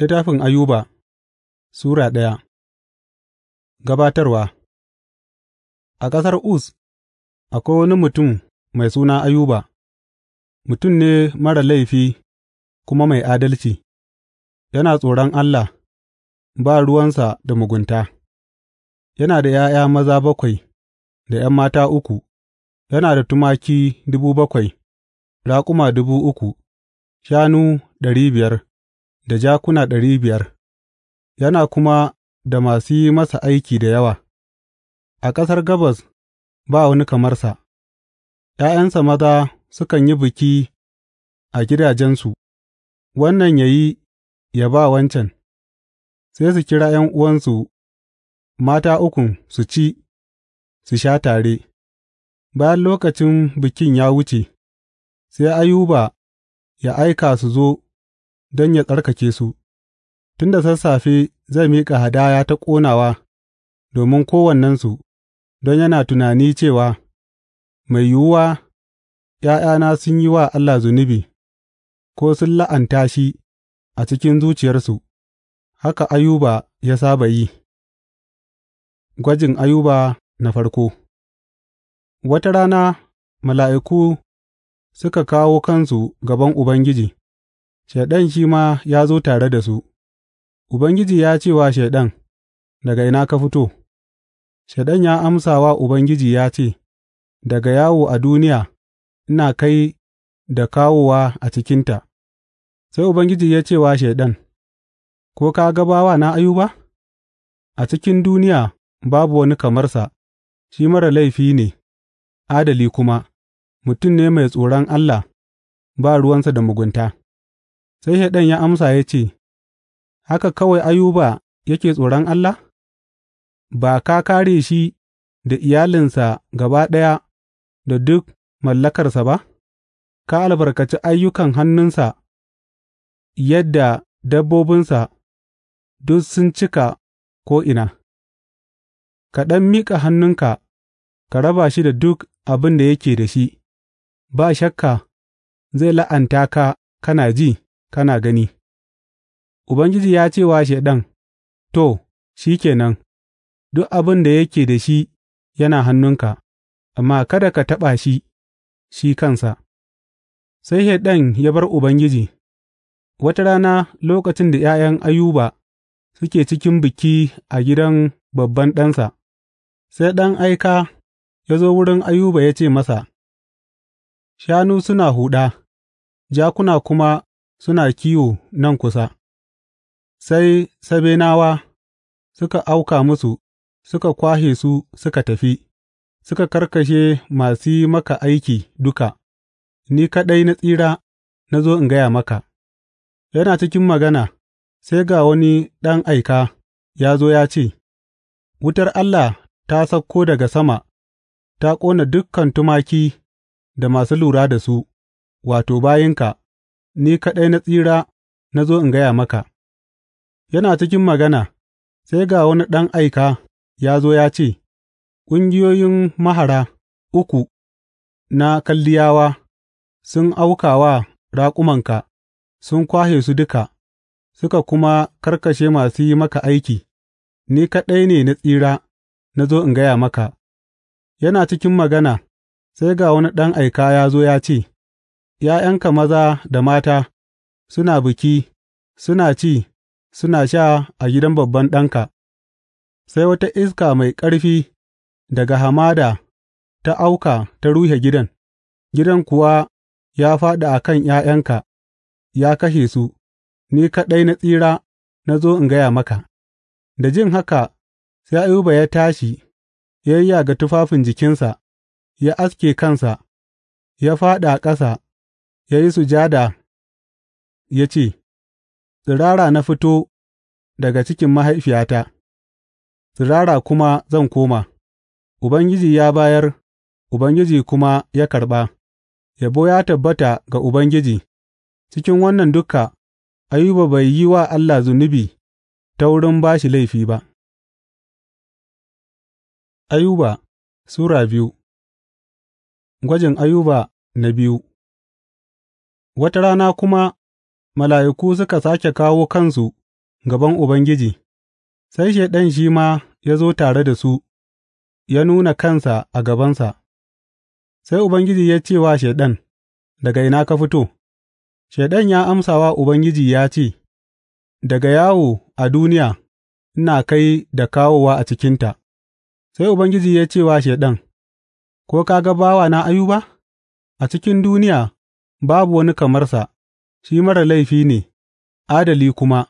Littafin Ayuba Sura ɗaya Gabatarwa A ƙasar Uz, akwai wani mutum mai suna Ayuba, mutum ne mara laifi kuma mai adalci, yana tsoron Allah, ba ruwansa da mugunta, yana da ’ya'ya maza bakwai da ’yan mata uku, yana da tumaki dubu bakwai, raƙuma dubu uku, shanu ɗari biyar. da jakuna ɗari biyar, yana kuma da masu yi masa aiki da yawa, a ƙasar gabas ba wani kamarsa, ’ya'yansa maza sukan yi biki a gidajensu, wannan ya yi ya ba wancan, sai su kira ’yan'uwansu mata ukun su ci, su sha tare, bayan lokacin bikin ya wuce, sai Ayuba ya aika su zo. don yă tsarkake su, tun da sassafe zai miƙa hadaya ta ƙonawa domin kowannensu, don yana tunani cewa, Mai yiwuwa ’ya'yana sun yi wa Allah zunubi, ko sun la'anta shi a cikin zuciyarsu, haka Ayuba ya saba yi. Gwajin Ayuba na farko Wata rana mala'iku suka kawo kansu gaban Ubangiji. Shaiɗan shi ma ya zo tare da su, Ubangiji ya ce wa Shaiɗan, Daga ina ka fito? Shaiɗan ya amsa wa Ubangiji ya ce, Daga yawo a duniya ina kai da kawowa a cikinta. Sai Ubangiji ya ce wa Shaiɗan, Ko ka ga bawa na Ayuba? A cikin duniya babu wani kamarsa, shi mara laifi ne, adali kuma, mutum ne mai tsoron Allah, ba ruwansa da mugunta. Sai Shaiɗan ya amsa ya ce, Haka kawai Ayuba yake tsoron Allah? Ba ka kare shi da iyalinsa gaba ɗaya da duk mallakarsa ba, ka albarkaci ayyukan hannunsa yadda dabbobinsa duk sun cika ko'ina, ka ɗan miƙa hannunka ka raba shi da duk abin da yake da shi, ba shakka zai la'anta ka kana ji. kana gani. Ubangiji ya ce wa Shaiɗan, To, shi ke nan, duk abin da yake da shi yana hannunka, amma kada ka taɓa shi, shi kansa. Sai Shaiɗan ya bar Ubangiji, wata rana lokacin da ’ya'yan Ayuba suke cikin biki a gidan babban ɗansa, sai ɗan aika ya zo wurin Ayuba ya ce masa, Shanu suna huɗa, jakuna kuma suna kiwo nan kusa, sai Sabenawa suka auka musu suka kwashe su suka tafi, suka karkashe masu yi maka aiki duka, ni kaɗai na tsira na zo in gaya maka. Yana cikin magana, sai ga wani ɗan aika ya zo ya ce, Wutar Allah ta sauko daga sama, ta ƙona dukkan tumaki da masu lura da su, wato, bayinka. ni kaɗai na tsira na zo in gaya maka. Yana cikin magana, sai ga wani ɗan aika ya zo ya ce, Ƙungiyoyin mahara uku na kalliyawa sun auka wa raƙumanka, sun kwashe su duka, suka kuma karkashe masu yi maka aiki, ni kaɗai ne na tsira na zo in gaya maka. Yana cikin magana, sai ga wani ɗan aika ya zo ya ce, ’Ya'yanka maza da mata suna biki, suna ci, suna sha a gidan babban ɗanka, sai wata iska mai ƙarfi daga hamada ta auka ta rushe gidan, gidan kuwa ya fāɗi a kan ’ya'yanka ya kashe su, ni kaɗai na tsira na zo in gaya maka!’ Da jin haka sai Ayuba ya tashi ya yayyaga tufafin jikinsa, ya aske kansa, ya fāɗi a ƙasa. ya yi sujada ya ce, Tsirara na fito daga cikin mahaifiyata, tsirara kuma zan koma, Ubangiji ya bayar, Ubangiji kuma ya karɓa, yabo ya tabbata ga Ubangiji, cikin wannan duka Ayuba bai yi wa Allah zunubi ta wurin ba shi laifi ba. Ayuba Sura biyu Gwajin Ayuba na biyu Wata rana kuma mala'iku suka sake kawo kansu gaban Ubangiji, sai Shaiɗan shi ma ya zo tare da su, ya nuna kansa a gabansa, sai Ubangiji ya ce wa Shaiɗan, Daga ina ka fito? Shaiɗan ya amsa wa Ubangiji ya ce, Daga yawo a duniya ina kai da kawowa a cikinta. Sai Ubangiji ya ce wa Shaiɗan, Ko ka ga bawa na Ayuba? A cikin duniya babu wani kamar sa shi marar laifi ne, adali kuma,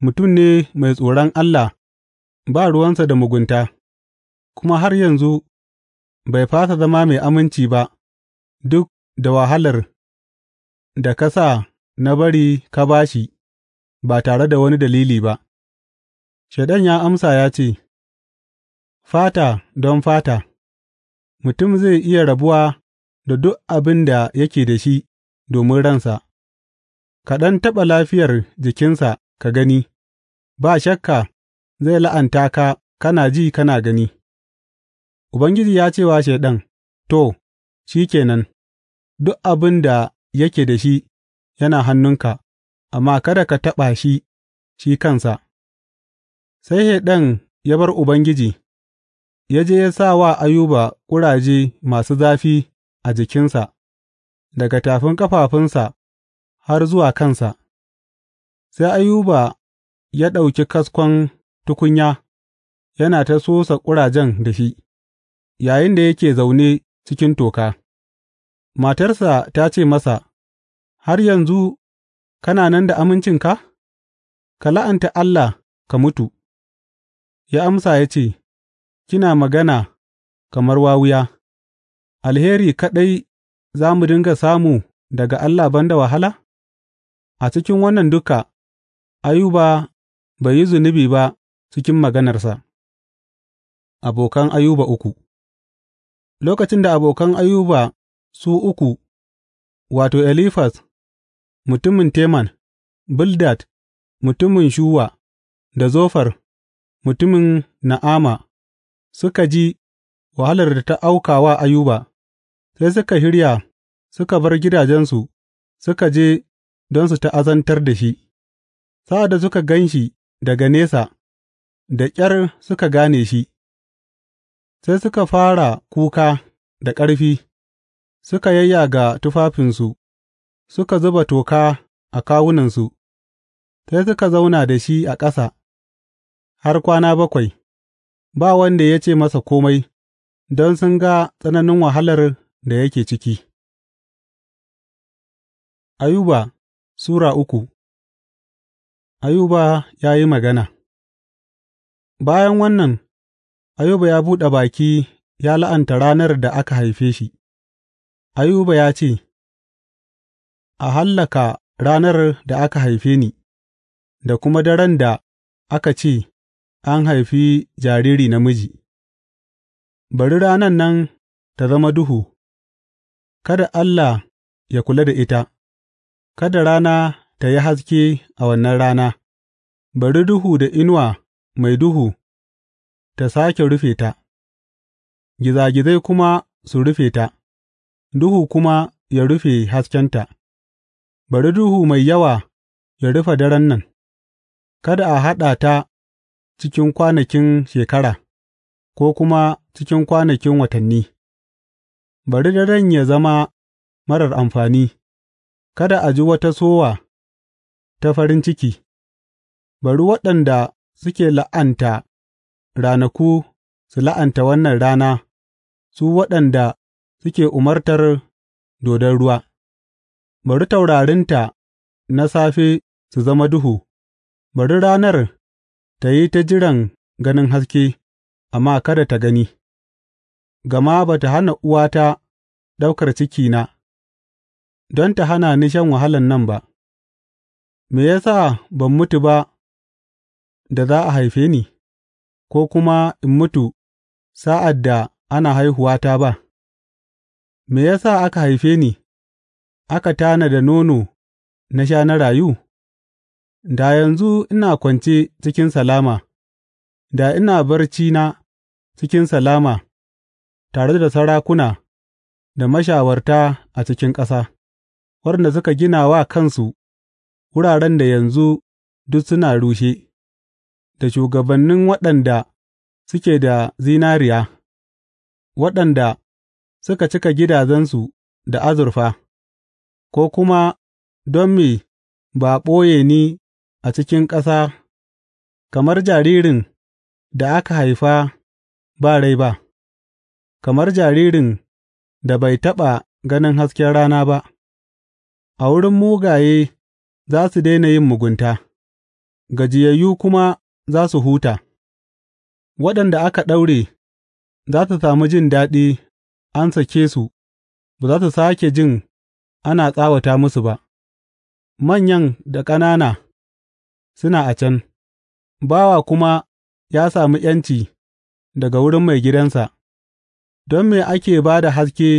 mutum ne mai tsoron Allah ba ruwansa da mugunta, kuma har yanzu bai fasa zama mai aminci ba, duk da wahalar da ka sa na bari ka ba shi ba tare da wani dalili ba. shaɗan ya amsa ya ce, Fata don fata, mutum zai iya rabuwa da duk abin da yake da shi domin ransa, ka ɗan taɓa lafiyar jikinsa ka gani, ba shakka zai la'anta ka kana ji kana gani. Ubangiji ya ce wa Shaiɗan, To, shi kenan duk abin da yake da shi yana hannunka, amma kada ka taɓa shi, shi kansa. Sai Shaiɗan ya bar Ubangiji, ya je ya sa wa Ayuba ƙuraje masu zafi a jikinsa. daga tafin ƙafafunsa har zuwa kansa, sai Ayuba ya ɗauki kaskon tukunya yana ta sosa ƙurajen da shi, Yayin yayinda yake zaune cikin toka. Matarsa ta ce masa, Har yanzu kana nan da amincinka? Ka la'anta Allah ka mutu. Ya amsa ya ce, Kina magana kamar wawuya. alheri kaɗai za mu dinga samu daga Allah ban da wahala? A cikin wannan duka, Ayuba bai yi zunubi ba cikin maganarsa. Abokan Ayuba uku Lokacin da abokan Ayuba su uku, wato, elifas mutumin Teman, Bildad, mutumin Shuwa, da Zofar, mutumin Na'ama, suka ji wahalar da ta auka wa Ayuba. sai suka shirya suka bar gidajensu suka je don su ta'azantar da shi, sa'ad da suka gan shi daga nesa, da ƙyar suka gane shi, sai suka fara kuka da ƙarfi, suka yayyaga tufafinsu, suka zuba toka a kawunansu, sai suka zauna da shi a ƙasa har kwana bakwai, ba wanda ya ce masa komai don sun ga tsananin wahalar da yake ciki Ayuba Sura uku Ayuba ya yi magana Bayan wannan, Ayuba ya buɗe baki ya la'anta ranar da aka haife shi, Ayuba ya ce, A hallaka ranar da aka haife ni, da kuma daren da aka ce, An haifi jariri namiji, bari ranan nan ta zama duhu. Kada Allah ya kula da ita; kada rana ta yi haske a wannan rana; bari duhu da inuwa mai duhu ta sake rufe ta, gizagizai kuma su rufe ta, duhu kuma ya rufe haskenta; bari duhu mai yawa ya rufe daren nan, kada a haɗa ta cikin kwanakin shekara ko kuma cikin kwanakin watanni. Bari daren yă zama marar amfani; kada a ji wata sowa ta farin ciki, bari waɗanda suke la'anta ranaku su la'anta wannan rana su waɗanda suke umartar dodon ruwa; bari taurarinta na safe su zama duhu, bari ranar ta yi ta jiran ganin haske, amma kada ta gani. gama ba tă hana uwata ɗaukar cikina, don ta hana ni shan wahalan nan ba, me ya sa ban mutu ba da za a haife ni, ko kuma in mutu sa'ad da ana haihuwata ba, me ya sa aka haife ni, aka tana da nono na sha na rayu? Da yanzu ina kwance cikin salama, da ina barcina cikin salama. tare da sarakuna da mashawarta a cikin ƙasa, waɗanda suka gina wa kansu wuraren da yanzu duk suna rushe, da shugabannin waɗanda suke da zinariya, waɗanda suka cika gidajensu da azurfa, ko kuma don me ba a ɓoye ni a cikin ƙasa kamar jaririn da aka haifa ba rai ba. kamar jaririn da bai taɓa ganin hasken rana ba, a wurin mugaye za su daina yin mugunta, gajiyayyu kuma za su huta, waɗanda aka ɗaure za su sami jin daɗi an sake su, ba za su sake jin ana tsawata musu ba, manyan da ƙanana suna a can, bawa kuma ya sami ’yanci daga wurin mai gidansa. Don me ake ba da haske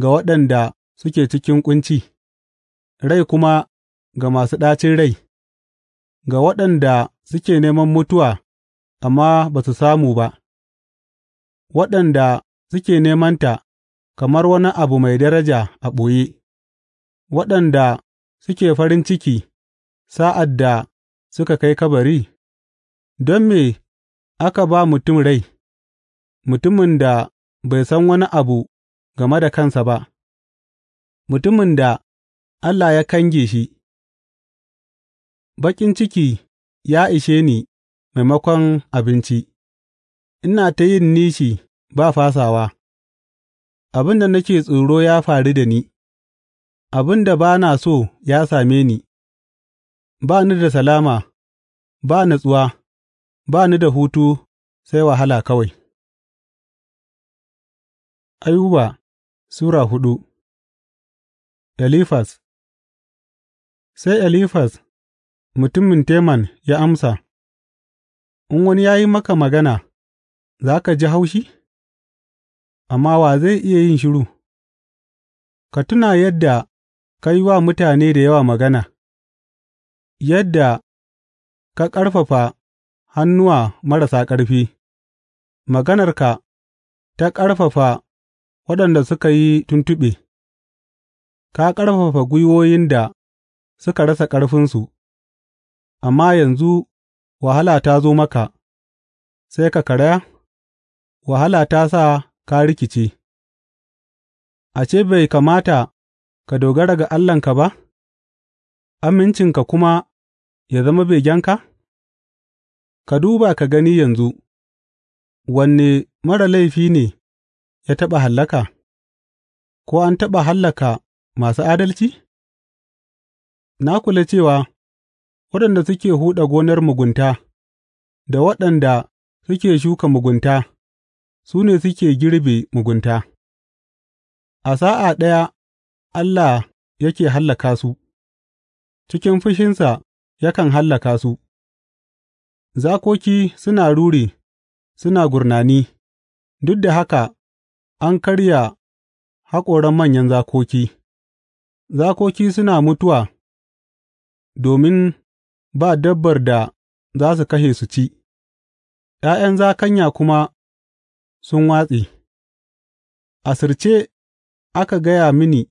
ga waɗanda suke cikin ƙunci, rai kuma ga masu ɗacin rai, ga waɗanda suke neman mutuwa amma ba su samu ba, waɗanda suke nemanta kamar wani abu mai daraja a ɓoye, waɗanda suke farin ciki sa'ad da suka kai kabari? Don me aka ba mutum rai, mutumin da bai san wani abu game da kansa ba, mutumin da Allah ya kange shi, baƙin ciki ya ishe ni maimakon abinci, ina ta yin nishi ba fasawa, abin da nake tsoro ya faru da ni, abin da ba na so ya same ni, ba ni da salama, ba natsuwa, ba ni da hutu sai wahala kawai. Ayuba Sura hudu Elifas. Sai Elifas mutumin Teman ya amsa, In wani ya yi maka magana, za ka ji haushi? Amma wa zai iya yin shiru, ka tuna yadda ka yi wa mutane da yawa magana, yadda ka ƙarfafa hannuwa marasa ƙarfi, maganarka ta ƙarfafa waɗanda suka yi tuntuɓe, ka ƙarfafa gwiwoyin da suka rasa ƙarfinsu, amma yanzu wahala ta zo maka, sai ka karaya, wahala ta sa ka rikice, ashe bai kamata ka dogara ga Allahnka ba, amincinka kuma ya zama begenka? Ka duba ka gani yanzu, wanne mara laifi ne ya taɓa hallaka, ko an taɓa hallaka masu adalci? Na kula cewa waɗanda suke huɗa gonar mugunta da waɗanda suke shuka mugunta, su ne suke girbe mugunta, a sa'a ɗaya Allah yake hallaka su, cikin fushinsa yakan hallaka su, zakoki suna ruri, suna gurnani, duk da haka An karya haƙoran manyan zakoki Zakoki suna mutuwa domin ba dabbar da za su kashe su ci, ’ya'yan zakanya kuma sun watsi. a sirce aka gaya mini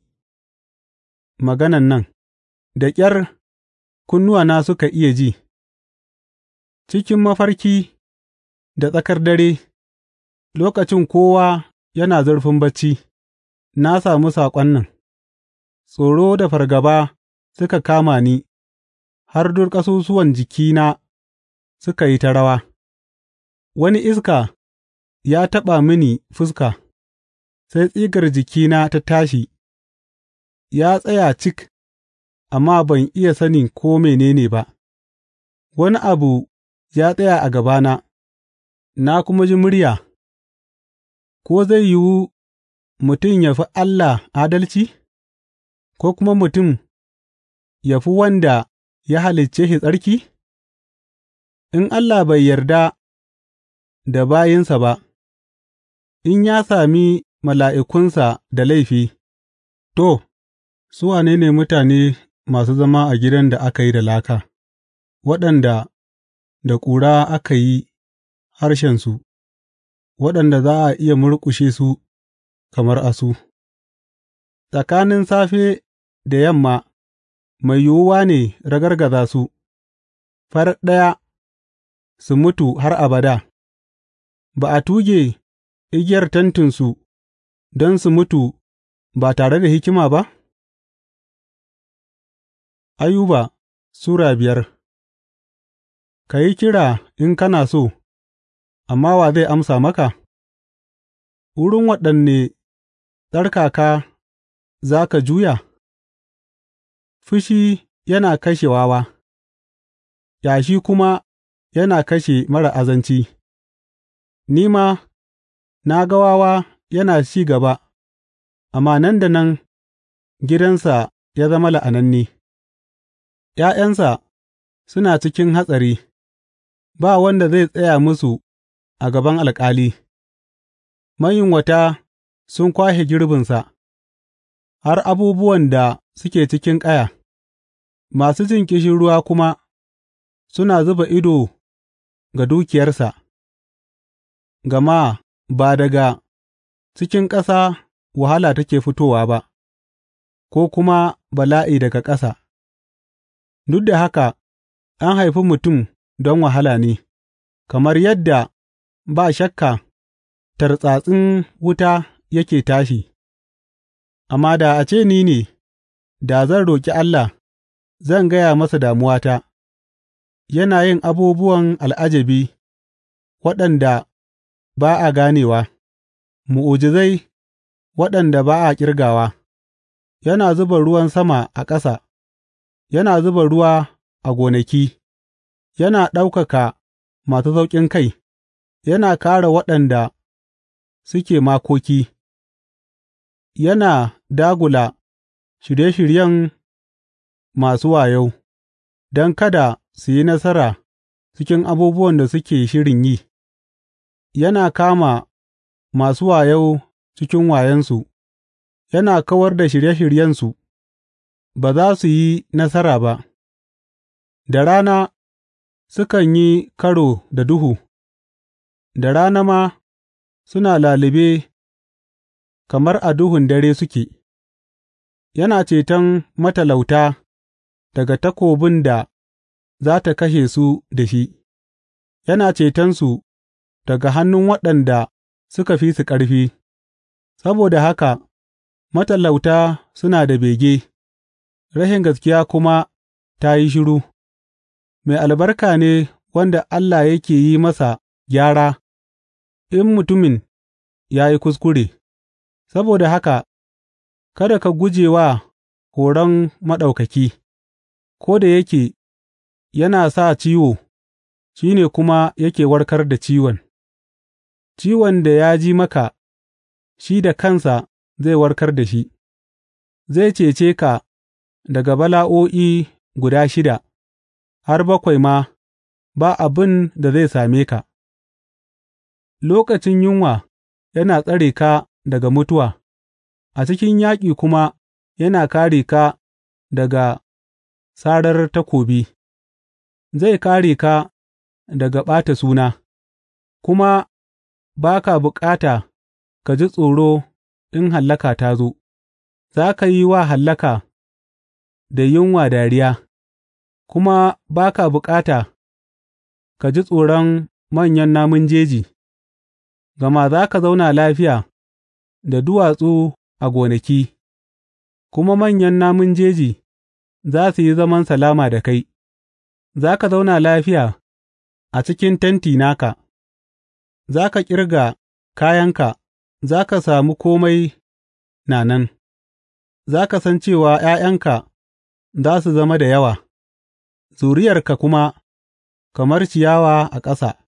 maganan nan, da ƙyar na suka iya ji, cikin mafarki da tsakar dare, lokacin kowa yana zurfin bacci. na sami saƙon nan, tsoro da fargaba suka kama ni, har duk ƙasusuwan jikina suka yi ta rawa, wani iska ya taɓa mini fuska, sai tsigar jikina ta tashi, ya tsaya cik, amma ban iya sani ko menene ba, wani abu ya tsaya a gabana, na kuma ji murya. Ko zai yiwu mutum yă fi Allah adalci, ko kuma mutum yă fi wanda ya halicce shi tsarki? In Allah bai yarda da bayinsa ba, in ya sami mala'ikunsa da laifi, to, su wane ne mutane masu zama a gidan da aka yi da laka, waɗanda da ƙura aka yi harshensu? waɗanda za a iya murƙushe su kamar asu. Tsakanin safe da yamma mai yiwuwa ne ragargaza su, farar ɗaya su mutu har abada, ba a tuge igiyar tentinsu don su mutu ba tare da hikima ba? Ayuba Sura biyar Ka yi kira in kana so. amma wa zai amsa maka? Wurin waɗanne tsarkaka za ka juya? Fushi yana kashe wawa, Yashi kuma yana kashe mara azanci, ni ma na ga wawa yana ci gaba, amma nan da nan gidansa ya zama la'ananni. ’ya'yansa suna cikin hatsari, ba wanda zai tsaya musu a gaban alƙali, mayunwata sun kwashe girbinsa, har abubuwan da suke cikin ƙaya, masu jin ruwa kuma suna zuba ido ga dukiyarsa, gama ba daga cikin ƙasa wahala take fitowa ba, ko kuma bala'i daga ƙasa, duk da haka an haifi mutum don wahala ne, kamar yadda ba shakka tartsatsin wuta yake tashi, amma da a ce ni ne, da zan roƙi Allah, zan gaya masa damuwata, yana yin abubuwan al'ajabi waɗanda ba a ganewa, mu'ujizai waɗanda ba a ƙirgawa, yana zuba ruwan sama a ƙasa, yana zuba ruwa a gonaki, yana ɗaukaka masu sauƙin kai. yana kāre waɗanda suke makoki, yana dagula shirye shiryen masu wayo, don kada su yi nasara cikin abubuwan da suke shirin yi, yana kama masu wayo cikin wayonsu, yana kawar da shirye shiryensu, ba za su yi nasara ba, da rana sukan yi karo da duhu. da rana ma suna lalube kamar a duhun dare suke; yana ceton matalauta daga takobin da za ta kashe su da shi, yana cetonsu daga hannun waɗanda suka fi su ƙarfi, saboda haka matalauta suna da bege, rashin gaskiya kuma ta yi shiru, mai albarka ne wanda Allah yake yi masa gyara. in mutumin ya yi kuskure Saboda haka kada ka guje wa horon Maɗaukaki, ko da yake yana sa ciwo shi ne kuma yake warkar da ciwon, ciwon da ya ji maka shi da kansa zai warkar da shi, zai cece ka daga bala'o'i guda shida, har bakwai ma ba abin da zai same ka. lokacin yunwa yana tsare ka daga mutuwa, a cikin yaƙi kuma yana kāre ka daga sarar takobi; zai kāre ka daga ɓata suna, kuma ba ka bukata ka ji tsoro in hallaka ta zo, za ka yi wa hallaka da yunwa dariya, kuma ba ka bukata ka ji tsoron manyan namun jeji. Gama za ka zauna lafiya da duwatsu a gonaki, kuma manyan namun jeji za su yi zaman salama da kai; za ka zauna lafiya a cikin tenti naka, za ka ƙirga kayanka za ka samu komai na nan, za ka san cewa ’ya'yanka za su zama da yawa zuriyarka kuma kamar ciyawa a ƙasa.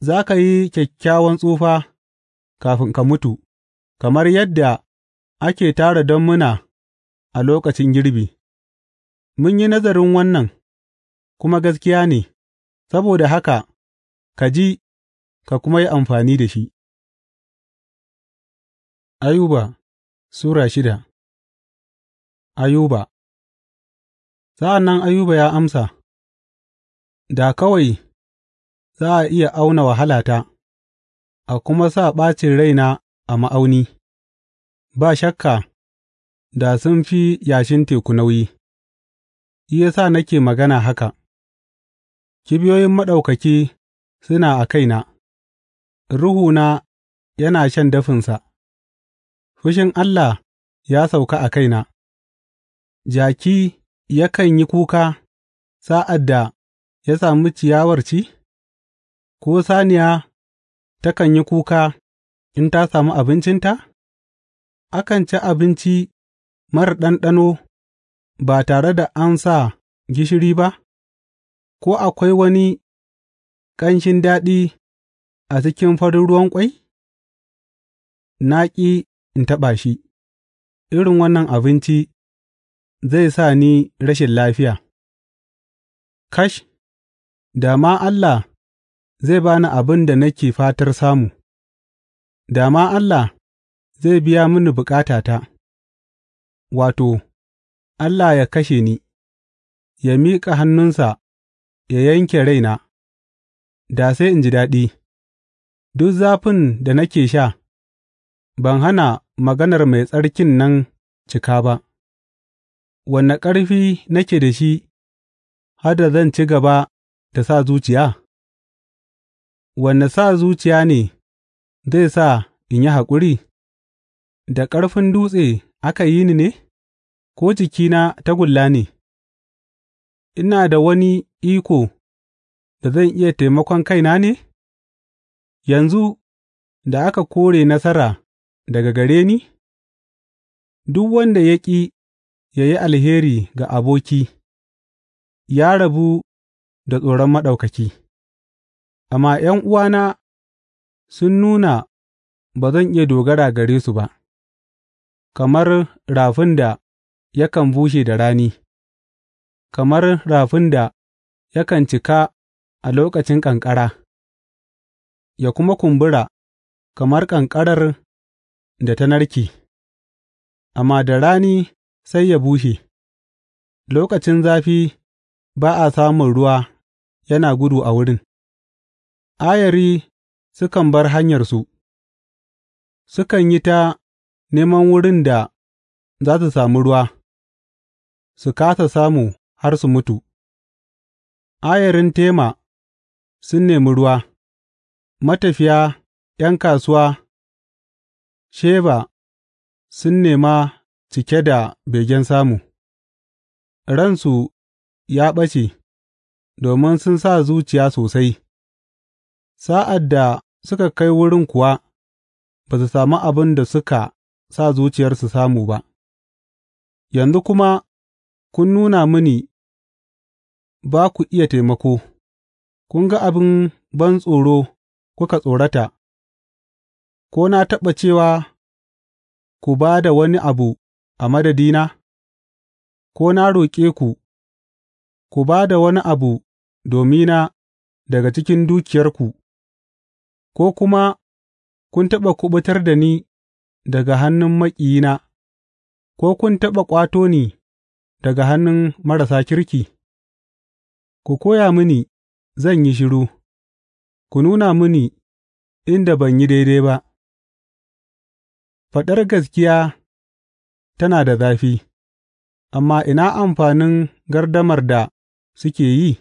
za ka yi kyakkyawan tsufa kafin ka mutu, kamar yadda ake tara dammuna a lokacin girbi. Mun yi nazarin wannan, kuma gaskiya ne, saboda haka ka ji ka kuma yi amfani da shi. Ayuba Sura shida Ayuba Sa'an nan Ayuba ya amsa, Da kawai za a iya auna wahalata a kuma sa ɓacin raina a ma'auni, ba shakka da sun fi yashin teku nauyi, shi sa nake magana haka, kibiyoyin maɗaukaki suna a kaina, ruhuna yana shan dafinsa, fushin Allah ya sauka a kaina, jaki yakan yi kuka sa'ad da ya sami ciyawar ci? ko saniya takan yi kuka in ta samu abincinta? Akan ci abinci marar ɗanɗano ba tare da an sa gishiri ba, ko akwai wani ƙanshin daɗi a cikin farin ruwan ƙwai? Na ƙi in taɓa shi, irin wannan abinci zai sa ni rashin lafiya. Kash, da ma Allah zai ba ni abin da nake fatar samu, da ma Allah zai biya mini bukatata, wato, Allah ya kashe ni, ya miƙa hannunsa ya yanke raina, da sai in ji daɗi, duk zafin da nake sha, ban hana maganar mai tsarkin nan cika ba, wanne ƙarfi nake da shi har da zan ci gaba da sa zuciya? wane sa zuciya ne zai sa in yi haƙuri? Da ƙarfin dutse aka yi ni ne, ko jikina tagulla ne, ina da wani iko da zan iya taimakon kaina ne? Yanzu da aka kore nasara daga gare ni? Duk wanda ya ƙi ya yi alheri ga aboki, ya rabu da tsoron Maɗaukaki. Amma ’yan'uwana sun nuna ba zan iya dogara gare su ba, kamar rafin da yakan bushe da rani, kamar rafin da yakan cika a lokacin ƙanƙara, ya kuma kumbura kamar ƙanƙarar da ta narke, amma da rani sai ya bushe, lokacin zafi ba a samun ruwa yana gudu a wurin. Ayari sukan bar hanyarsu; sukan yi ta neman wurin da za su sami ruwa, su kasa samu har su mutu; ayarin Tema sun nemi ruwa, matafiya ’yan kasuwa Sheba sun nema cike da begen samu; ransu ya ɓace domin sun sa zuciya sosai. Sa'ad da suka kai wurin kuwa ba su sami abin da suka sa zuciyarsu samu ba, yanzu kuma kun nuna mini ba ku iya taimako, kun ga abin ban tsoro kuka tsorata, ko na taɓa cewa ku ba da wani abu a madadina, ko na roƙe ku, ku ba da wani abu domina daga cikin dukiyarku. ko kuma kun taɓa kuɓutar da ni daga hannun maƙiyina, ko kun taɓa ƙwato ni daga hannun marasa kirki? Ku koya mini, zan yi shiru, ku nuna mini inda ban yi daidai ba. Faɗar gaskiya tana da zafi, amma ina amfanin gardamar da suke yi,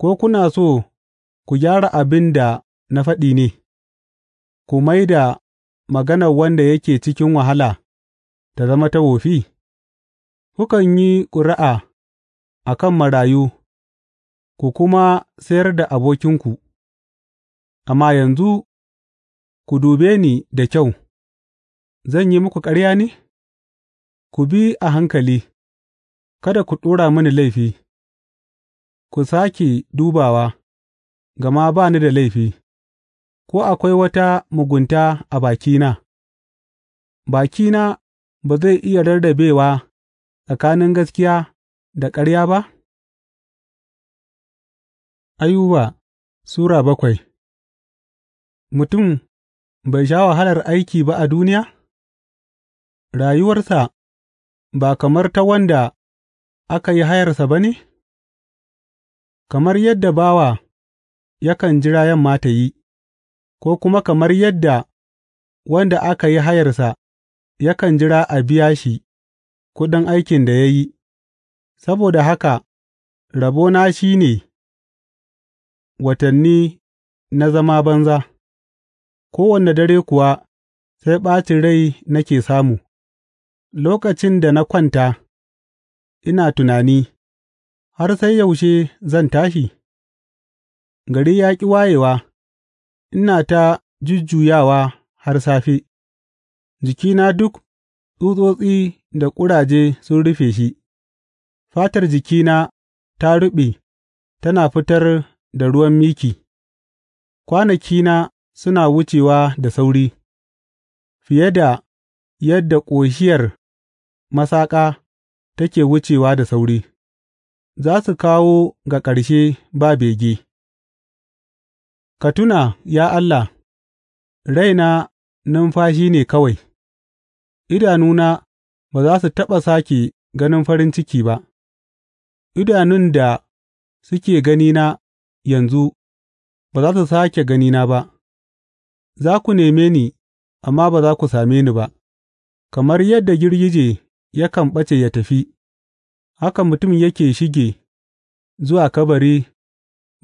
ko kuna so ku gyara abin da na faɗi ne, ku mai da maganar wanda yake cikin wahala ta zama ta wofi? Kukan yi ƙuri'a a kan marayu, ku kuma sayar da abokinku, amma yanzu ku dube ni da kyau, zan yi muku ƙarya ne? Ku bi a hankali, kada ku ɗora mini laifi, ku sāke dubawa, gama ba ni da laifi. Ko akwai wata mugunta a bakina, bakina ba zai iya rarrabewa tsakanin gaskiya da ƙarya ba? Ayuba Sura bakwai Mutum bai sha wahalar aiki ba a duniya? Rayuwarsa ba kamar ta wanda aka yi hayarsa ba ne? Kamar yadda bawa yakan jira yamma ta yi. ko kuma kamar yadda wanda aka yi hayarsa yakan jira a biya shi kuɗin aikin da ya yi, saboda haka rabona shi ne watanni na zama banza, kowane dare kuwa sai ɓacin rai nake samu, lokacin da na kwanta ina tunani, har sai yaushe zan tashi? Gari ya ƙi wayewa. Ina ta jujjuyawa har safe; jikina duk tsutsotsi da ƙuraje sun rufe shi, fatar jikina ta ruɓe tana fitar da ruwan miki, kwanakina suna wucewa da sauri fiye da yadda ƙoshiyar masaƙa take wucewa da sauri; za su kawo ga ƙarshe ba bege. Ka tuna, ya Allah, raina numfashi ne kawai; idanuna ba za su taɓa sake ganin farin ciki ba, idanun da suke ganina yanzu ba za su sāke ganina ba; za ku neme ni amma ba za ku same ni ba, kamar yadda girgije yakan ɓace ya tafi, haka mutum yake shige zuwa kabari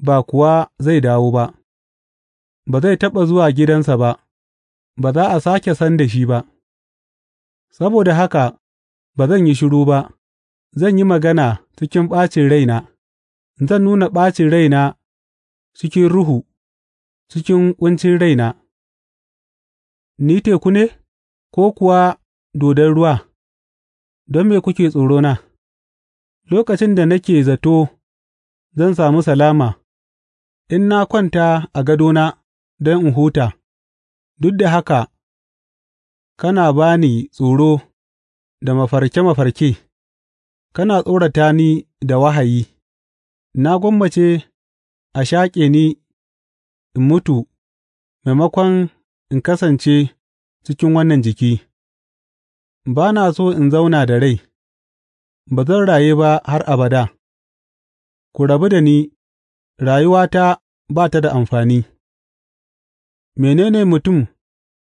ba kuwa zai dawo ba. ba zai taɓa zuwa gidansa ba, ba za a sake san da shi ba, saboda haka ba zan yi shiru ba, zan yi magana cikin ɓacin raina, zan nuna ɓacin raina cikin ruhu, cikin ƙuncin raina. Ni teku ne, ko kuwa dodon ruwa, don me kuke tsorona, lokacin da nake zato zan samu salama, in na kwanta a gadona. don in huta, duk da haka kana ba ni tsoro da mafarke mafarke, kana tsorata ni da wahayi; na gwammace a shaƙe ni in mutu maimakon in kasance cikin wannan jiki; ba na so in zauna da rai, ba zan raye ba har abada; ku rabu da ni, rayuwata ba ta da amfani. Mene ne mutum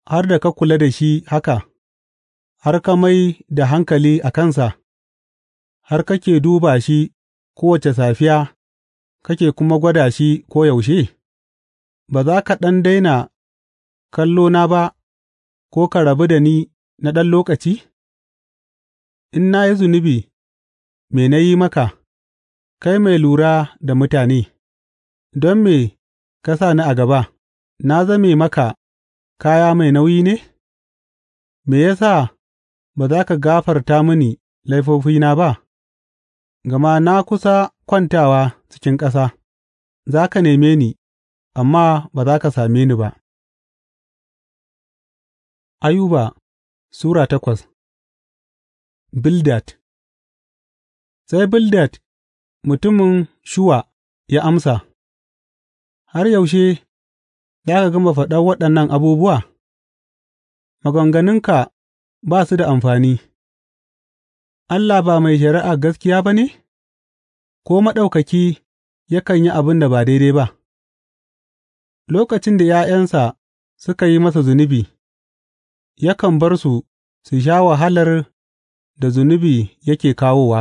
har da ka kula da shi haka, har ka mai da hankali a kansa, har kake duba shi kowace safiya kake kuma gwada shi koyaushe? Ba za ka ɗan daina kallona ba ko ka rabu da ni na ɗan lokaci? In na yi zunubi, me na yi maka, kai mai lura da mutane, don me ka sa ni a gaba? na zame maka kaya mai nauyi ne? Me ya sa ba za ka gafarta mini laifofina ba, gama na kusa kwantawa cikin ƙasa, za ka neme ni, amma ba za ka same ni ba. Ayuba Sura takwas Bildad Sai Bildad mutumin Shuwa ya amsa, Har yaushe za ka gama faɗa waɗannan abubuwa? Maganganunka ba su da amfani, Allah ba mai shari'a gaskiya ba ne, ko Maɗaukaki yakan yi abin da ba daidai ba, lokacin da ’ya'yansa suka yi masa zunubi, yakan bar su su sha wahalar da zunubi yake kawowa,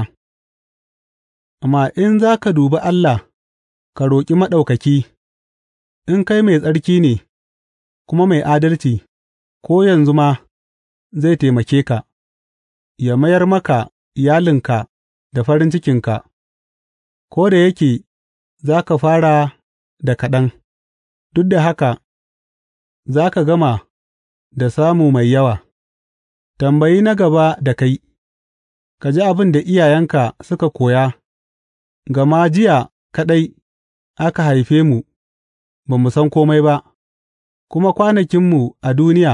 amma in za ka dubi Allah ka roƙi Maɗaukaki. In kai mai tsarki ne kuma mai adalci, ko yanzu ma zai taimake ka, ya mayar maka iyalinka da farin cikinka, ko da yake za ka fara da kaɗan, duk da haka za ka gama da samu mai yawa. Tambayi na gaba da kai, ka ji abin da iyayenka suka koya, gama jiya kaɗai aka haife mu. ba mu san kome ba, kuma kwanakinmu a duniya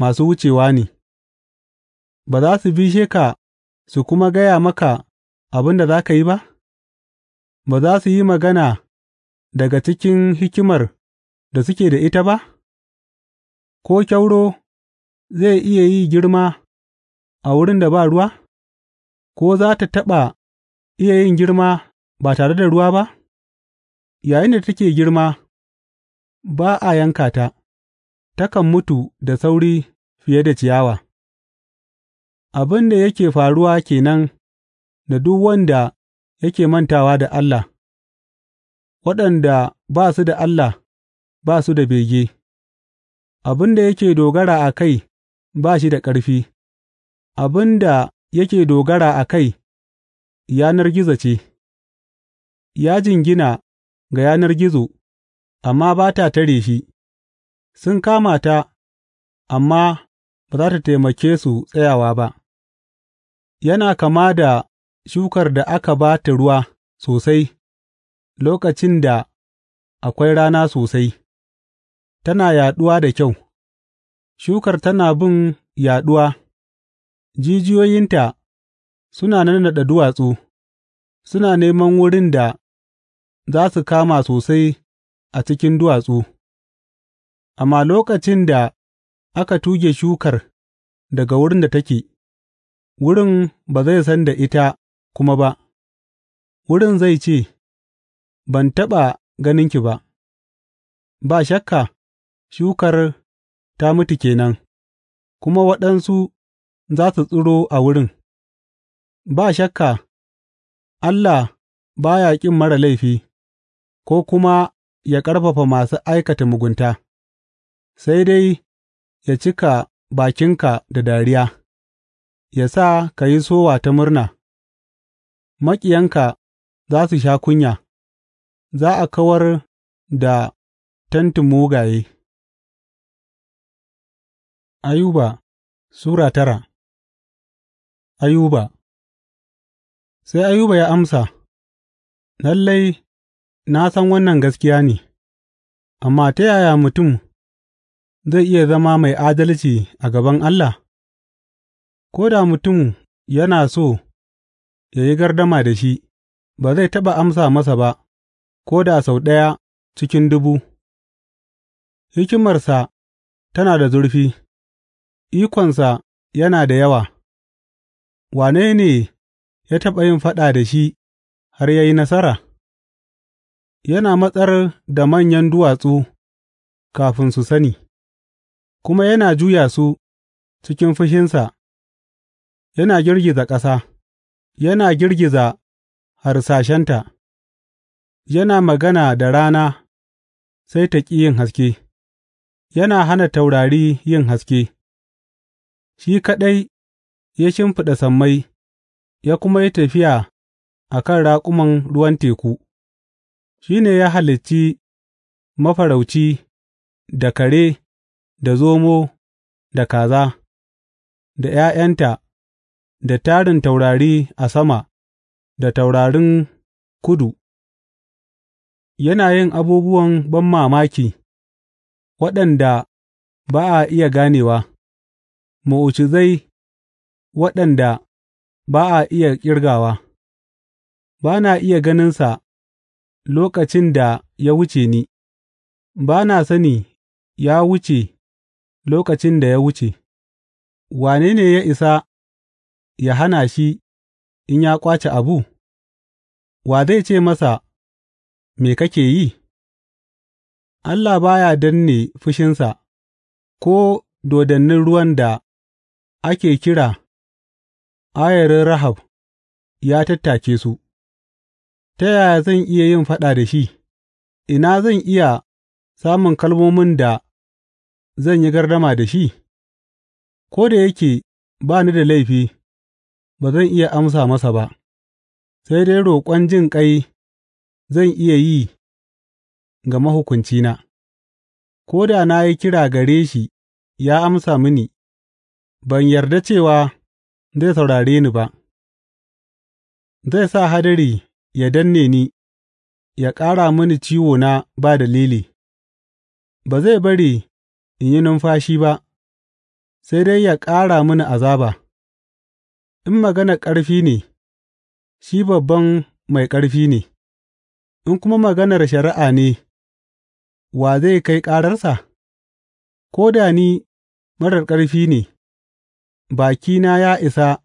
masu wucewa ne, ba za su bishe ka su kuma gaya maka abin da za ka yi ba? Ba za su yi magana daga cikin hikimar da suke da ita ba? Ko kyauro zai iya yi girma a wurin da ba ruwa? Ko za ta taɓa iya yin girma ba tare da ruwa ba? yayin da take girma, ba a yanka ta, takan mutu da sauri fiye da ciyawa, abin da yake faruwa kenan da duk wanda yake mantawa da Allah, waɗanda ba su da Allah ba su da bege, abin da yake dogara a kai ba shi da ƙarfi, abin da yake dogara a kai yanar gizo ce, ya jingina ga yanar gizo. amma ba ta tare shi; sun kama ta, amma ba za ta taimake su tsayawa ba, yana kama da shukar da aka ba ta ruwa sosai lokacin da akwai rana sosai, tana yaɗuwa da kyau, shukar tana bin yaɗuwa, jijiyoyinta suna nannaɗe duwatsu, suna neman wurin da za su kama sosai a cikin duwatsu, amma lokacin da aka tuge shukar daga wurin da take, wurin ba zai san da ita kuma ba, wurin zai ce, Ban taɓa ganin ki ba, ba shakka shukar ta mutu kenan. kuma waɗansu za su tsiro a wurin, ba shakka Allah ba ya ƙin mara laifi ko kuma ya ƙarfafa masu aikata mugunta, sai dai ya cika bakinka da dariya, ya sa ka yi sowa ta murna, maƙiyanka za su sha kunya, za a kawar da tantin mugaye. Ayuba Sura tara Ayuba Sai Ayuba ya amsa, Lallai Na san wannan gaskiya ne, amma ta yaya mutum zai iya zama mai adalci a gaban Allah? Ko da mutum yana so ya yi gardama da shi, ba zai taɓa amsa masa ba, ko da sau ɗaya cikin dubu. Hikimarsa tana da zurfi, ikonsa yana da yawa, wane ne ya taɓa yin faɗa da shi har ya yi nasara? Yana matsar da manyan duwatsu kafin su sani, kuma yana juya su cikin fushinsa; yana girgiza ƙasa, yana girgiza harsashenta, yana magana da rana sai ta ƙi yin haske, yana hana taurari yin haske; shi kaɗai ya shimfiɗa sammai ya kuma yi tafiya a kan raƙuman ruwan teku. Shi ne ya halicci mafarauci da kare da zomo da kaza, da ’ya'yanta, da tarin taurari a sama da taurarin kudu, yana yin abubuwan ban mamaki waɗanda ba a iya ganewa, mu'ucizai waɗanda ba a iya ƙirgawa, ba na iya ganinsa. lokacin da ya wuce ni, ba na sani ya wuce lokacin da ya wuce, wane ne ya isa ya hana shi in ya ƙwace abu, wa zai ce masa, Me kake yi? Allah ba ya danne fushinsa, ko dodannin ruwan da ake kira ayarin Rahab ya tattake su. ta yaya zan iya yin faɗa da shi, ina zan iya samun kalmomin da zan yi gardama da shi, ko da yake ba ni da laifi, ba zan iya amsa masa ba, sai dai roƙon jin ƙai zan iya yi ga mahukuncina, ko da na yi kira gare shi ya amsa mini, ban yarda cewa zai saurare ni ba, zai sa hadari yă danne ni, yă ƙara mini ciwona ba dalili, ba zai bari in yi numfashi ba, sai dai yă ƙara mini azaba, in magana ƙarfi ne, shi babban mai ƙarfi ne, in kuma maganar shari'a ne, wa zai kai ƙararsa? Ko da ni marar ƙarfi ne, bakina ya isa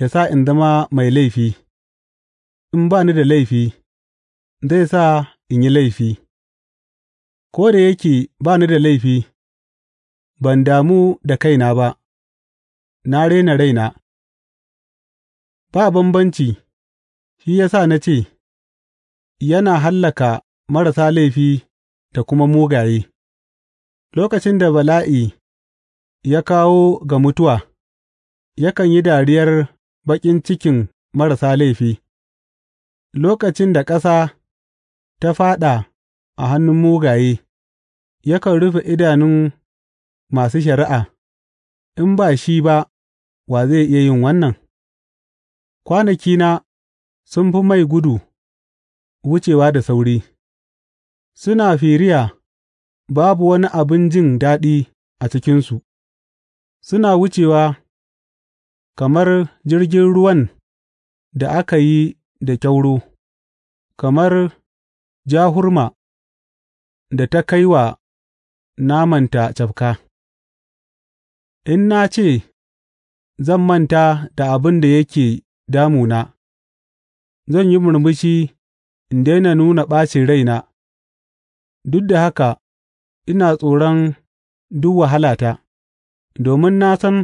ya sa in zama mai laifi. in ba ni da laifi, zai sa in yi laifi; ko da yake ba ni da laifi, ban damu da kaina ba, na raina raina; ba bambanci, shi ya sa na ce, Yana hallaka marasa laifi da kuma mugaye, lokacin da bala'i ya kawo ga mutuwa, yakan yi dariyar baƙin cikin marasa laifi. Lokacin da ƙasa ta fāɗa a hannun mugaye, yakan rufe idanun masu shari'a, in ba shi ba wa zai iya yin wannan? Kwanakina sun fi mai gudu wucewa da sauri; suna firiya babu wani abin jin daɗi a cikinsu, suna wucewa kamar jirgin ruwan da aka yi da kyauro, kamar jahurma da ta kai wa namanta cafka, in na ce zan manta da abin da yake damuna, zan yi murmushi in daina nuna ɓacin raina, duk da haka ina tsoron duk wahalata, domin na san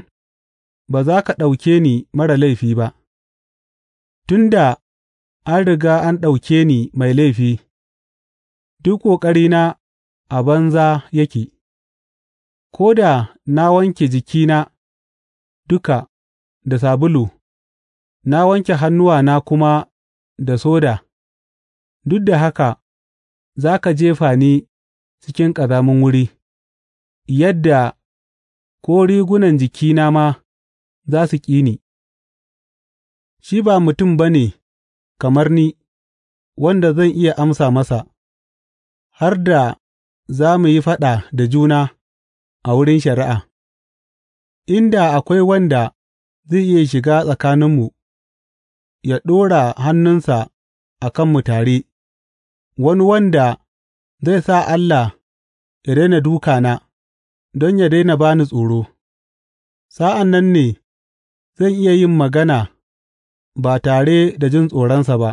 ba za ka ɗauke ni mara laifi ba. Tun da An riga an ɗauke ni mai laifi; duk ƙoƙarina a banza yake, ko da na wanke jikina duka da sabulu na wanke hannuwana kuma da soda, duk da haka za ka jefa ni cikin ƙazamin wuri, yadda ko rigunan jikina ma za su ƙi ni; shi ba mutum ba ne. kamar ni, wanda zan iya amsa masa, har da za mu yi faɗa da juna a wurin shari'a, inda akwai wanda zai iya shiga tsakaninmu, ya ɗora hannunsa a kanmu tare, wani wanda zai sa Allah ya daina dukana, don ya daina ba ni tsoro, sa'an nan ne zan iya yin magana. ba tare da jin tsoronsa ba,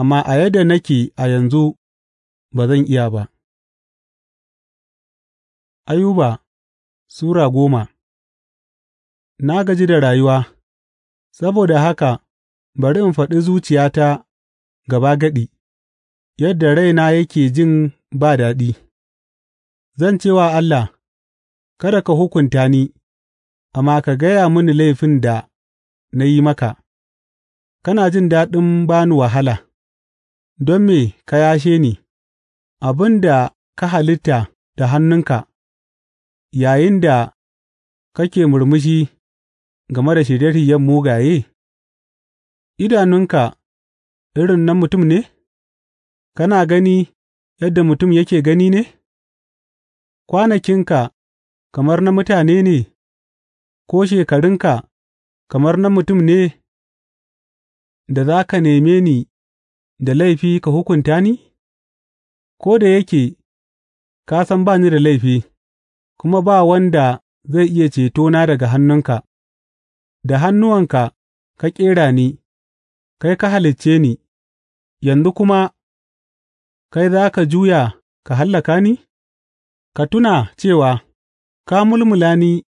amma a yadda nake a yanzu ba zan iya ba. Ayuba Sura goma Na gaji da rayuwa, saboda haka bari in faɗi zuciyata gaba gaɗi yadda raina yake jin ba daɗi. Zan ce wa Allah, Kada ka hukunta ni, amma ka gaya mini laifin da na yi maka. Kana jin daɗin ba ni wahala; don me ka yashe ni, abin da ka halitta da hannunka, yayinda kake murmushi game da shirye shiryen mugaye? Idanunka irin nan mutum ne, kana gani yadda mutum yake gani ne, kwanakinka kamar na mutane ne ko shekarunka kamar na mutum ne. da za ka neme ni da laifi ka hukunta ni? Ko da yake ka san ba ni da laifi, kuma ba wanda zai iya ceto na daga hannunka, da hannuwanka ka ƙera ni, kai ka halicce ni, yanzu kuma kai za ka juya ka hallaka ni? Ka tuna cewa ka mulmula ni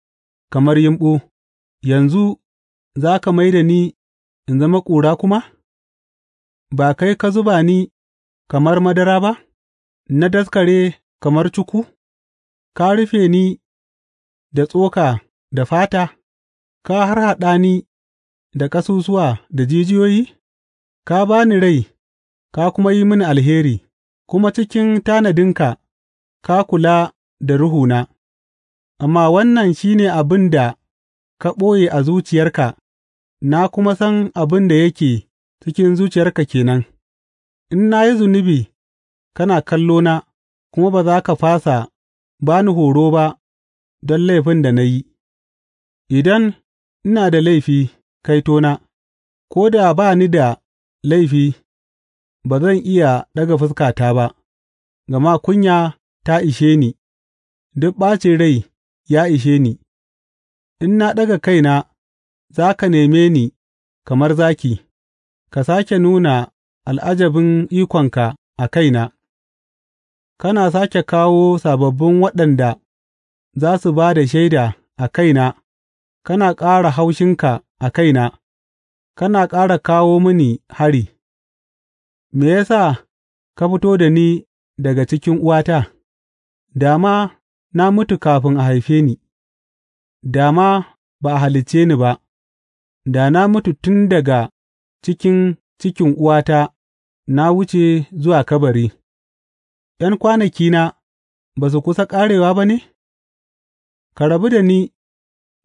kamar yumɓu, yanzu za ka mai da ni in zama ƙura kuma? Ba kai ka zuba ni kamar madara ba, na daskare kamar cuku, ka rufe ni da tsoka da fata, ka harhaɗa ni da ƙasusuwa da jijiyoyi? Ka ba ni rai, ka kuma yi mini alheri, kuma cikin tanadinka ka kula da ruhuna, amma wannan shi ne abin da ka ɓoye a zuciyarka. na kuma san abin da yake cikin zuciyarka ke nan, in na yi zunubi kana kallona kuma ba za ka fasa ba ni horo ba don laifin da na yi, idan ina da laifi kaitona, ko da ba ni da laifi ba zan iya ɗaga fuskata ba, gama kunya ta ishe ni, duk ɓacin rai ya ishe ni, in na ɗaga kaina. za ka neme ni kamar zaki, ka sake nuna al'ajabin ikonka a kaina, kana sake kawo sababbin waɗanda za su ba da shaida a kaina, kana ƙara haushinka a kaina, kana ƙara kawo mini hari, me ya sa ka fito da ni daga cikin uwata, da ma na mutu kafin a haife ni, Dama ba a halicce ni ba. Da na mutu tun daga cikin cikin uwata na wuce zuwa kabari, ’yan kwanakina ba su kusa ƙarewa ba ne? Ka rabu da ni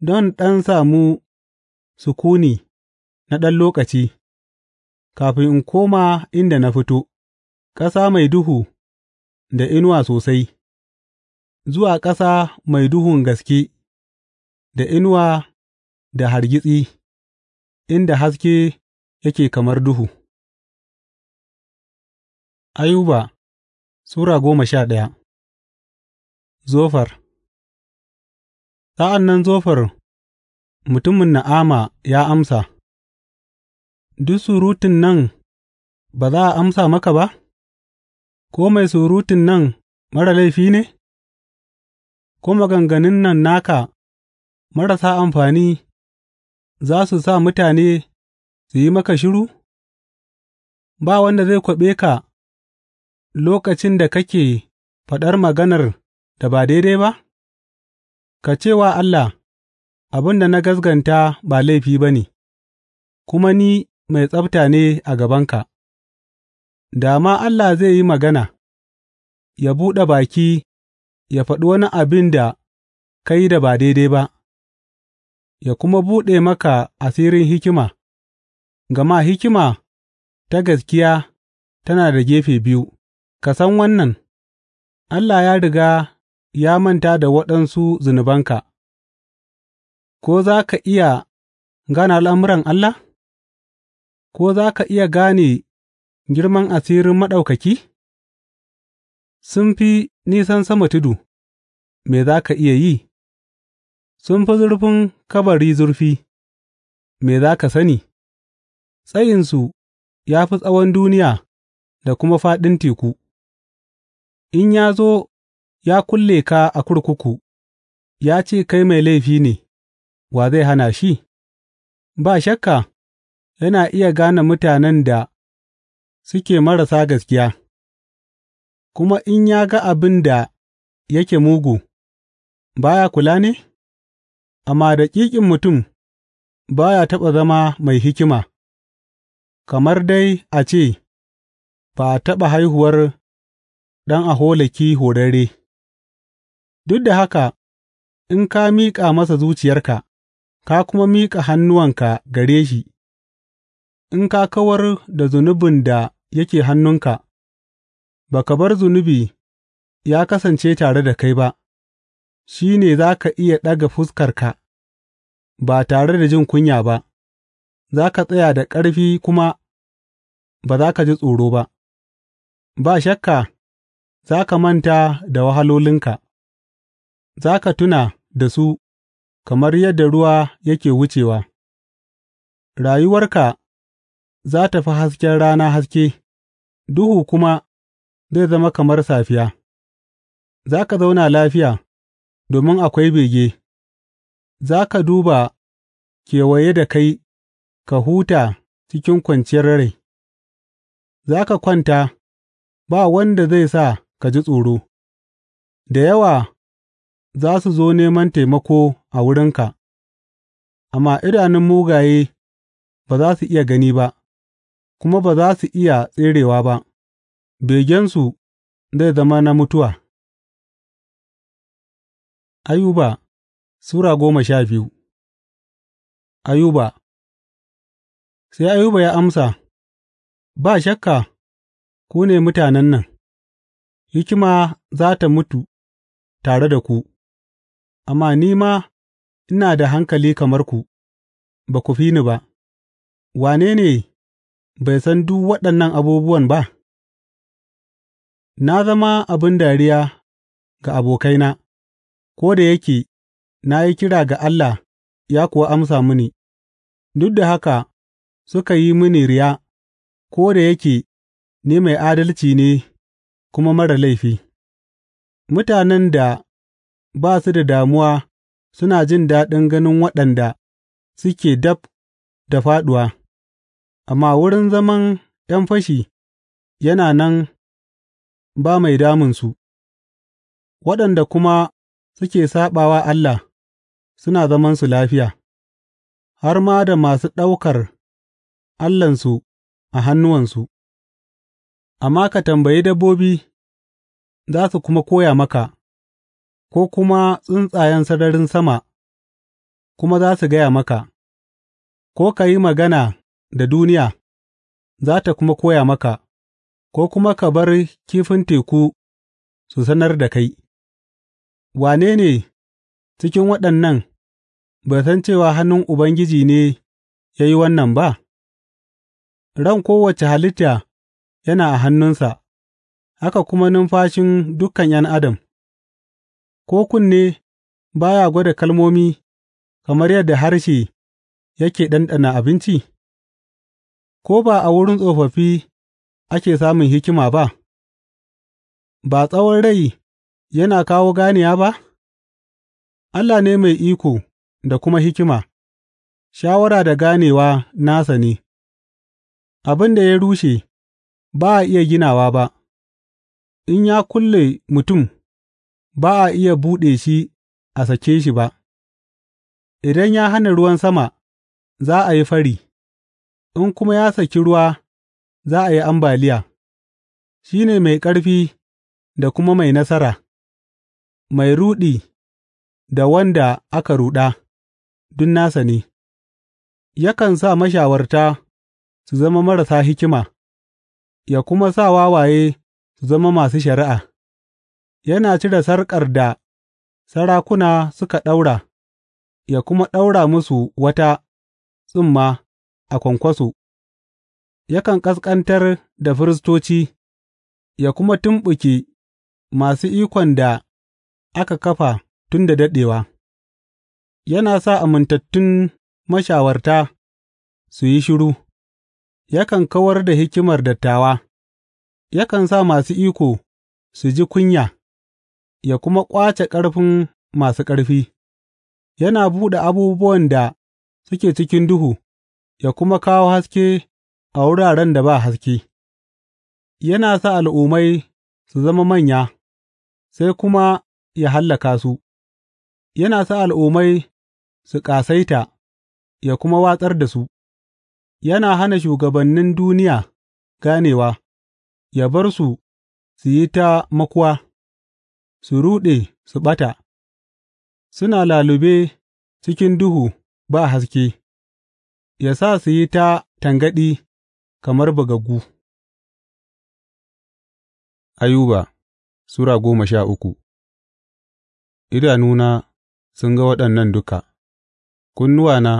don ɗan samu sukuni na ɗan lokaci, kafin in koma inda na fito, ƙasa mai duhu da inuwa sosai, zuwa ƙasa mai duhun gaske da inuwa da hargitsi. inda haske yake kamar duhu Ayuba Sura goma sha ɗaya Zofar Sa'an nan Zofar mutumin Na'ama ya amsa, Duk surutun nan ba za a amsa maka ba, ko mai surutun nan mara laifi ne, ko maganganun nan naka marasa amfani za su sa mutane su yi maka shiru? Ba wanda zai kwaɓe ka lokacin da kake faɗar maganar da ba daidai ba? Ka ce wa Allah, Abin da na gazganta ba laifi ba ne, kuma ni mai tsabta ne a gabanka, da ma Allah zai yi magana, ya buɗe baki ya faɗi wani abin da ka yi da ba daidai ba. ya kuma buɗe maka asirin hikima, gama hikima ta gaskiya tana da gefe biyu, ka san wannan, Allah ya riga ya manta da waɗansu zunubanka, ko za ka iya gane al'amuran Allah? Ko za ka iya gane girman asirin Maɗaukaki? Sun fi nisan sama tudu, me za ka iya yi? sun fi zurfin kabari zurfi, me za ka sani? Tsayinsu ya fi tsawon duniya da kuma faɗin teku, in ya zo ya kulle ka a kurkuku, ya ce kai mai laifi ne, wa zai hana shi? Ba shakka, yana iya gane mutanen da suke marasa gaskiya, kuma in ya ga abin da yake mugu, baya kula ne? Amma daƙiƙin mutum ba ya taɓa zama mai hikima, kamar dai a ce ba a taɓa haihuwar ɗan aholaki horarre, duk da haka in ka miƙa masa zuciyarka, ka kuma miƙa hannuwanka gare shi, in ka kawar da zunubin da yake hannunka, ba ka bar zunubi ya kasance tare da kai ba. shi ne za ka iya ɗaga fuskarka ba tare da jin kunya ba, za ka tsaya da ƙarfi kuma ba za ka ji tsoro ba, ba shakka za ka manta da wahalolinka, za ka tuna da su kamar yadda ruwa yake wucewa, rayuwarka za ta fi hasken rana haske, duhu kuma zai zama kamar safiya, za ka zauna lafiya. domin akwai bege; za ka duba kewaye da kai ka huta cikin kwanciyar rai, za ka kwanta ba wanda zai sa ka ji tsoro; da yawa za su zo neman taimako a wurinka, amma idanun mugaye ba za su iya gani ba, kuma ba za su iya tserewa ba; begensu zai zama na mutuwa. Ayuba Sura goma sha biyu Ayuba Sai Ayuba ya amsa, Ba shakka ku ne mutanen nan, hikima za tă mutu tare da ku, amma ni ma ina da hankali kamar ku, ba ku fi ni ba, wane ne bai san duk waɗannan abubuwan ba? Na zama abin dariya ga abokaina. Ko da yake na yi kira ga Allah ya kuwa amsa mini, duk da haka suka yi mini riya ko da yake ni mai adalci ne kuma marar laifi; mutanen da ba su da damuwa suna jin daɗin ganin waɗanda suke dab da fāɗuwa, amma wurin zaman ’yan fashi yana nan ba mai damunsu, waɗanda kuma suke saɓa wa Allah suna zamansu lafiya, har ma da masu ɗaukar allahnsu a hannuwansu, amma ka tambayi dabbobi za su kuma koya maka, ko kuma tsuntsayen sararin sama kuma za su gaya maka, ko ka yi magana da duniya za ta kuma koya maka, ko kuma ka bar kifin teku su sanar da kai. Wane ne cikin waɗannan bai san cewa hannun Ubangiji ne ya yi wannan ba? Ran kowace halitta yana a hannunsa, haka kuma numfashin dukan ’yan adam, ko kunne ba ya gwada kalmomi kamar yadda harshe yake ɗanɗana abinci? Ko ba a wurin tsofaffi ake samun hikima ba, ba tsawon rai. yana kawo ganiya ba? Allah ne mai iko da kuma hikima, shawara da ganewa nasa ne; abin da ya rushe ba a iya ginawa ba, in ya kulle mutum ba a iya buɗe shi a sake shi ba, idan ya hana ruwan sama za a yi fari, in kuma ya saki ruwa za a yi ambaliya; shi ne mai ƙarfi da kuma mai nasara. mai ruɗi da wanda aka ruɗa, duk nasa ne; yakan sa mashawarta su zama marasa hikima ya kuma sa wawaye su zama masu shari'a; yana cire sarƙar da sarakuna suka ɗaura ya kuma ɗaura musu wata tsumma a kwankwaso; yakan ƙasƙantar da firistoci ya kuma tumɓuke masu ikon da aka kafa tun da daɗewa, yana sa amintattun mashawarta su yi shiru, yakan kawar da hikimar dattawa, yakan sa masu iko su ji kunya, ya kuma ƙwace ƙarfin masu ƙarfi, yana buɗe abubuwan da suke cikin duhu, ya kuma kawo haske a wuraren da ba haske, yana sa al'ummai su zama manya, sai kuma ya hallaka su, yana sa al'ummai su ƙasaita ya kuma watsar da su, yana hana shugabannin duniya ganewa, ya bar su su yi ta makuwa, su ruɗe su ɓata, suna lalube cikin duhu ba haske, ya sa su yi ta tangaɗi kamar bugaggu. Ayuba Sura goma sha uku Idanuna sun ga waɗannan duka, kunnuwana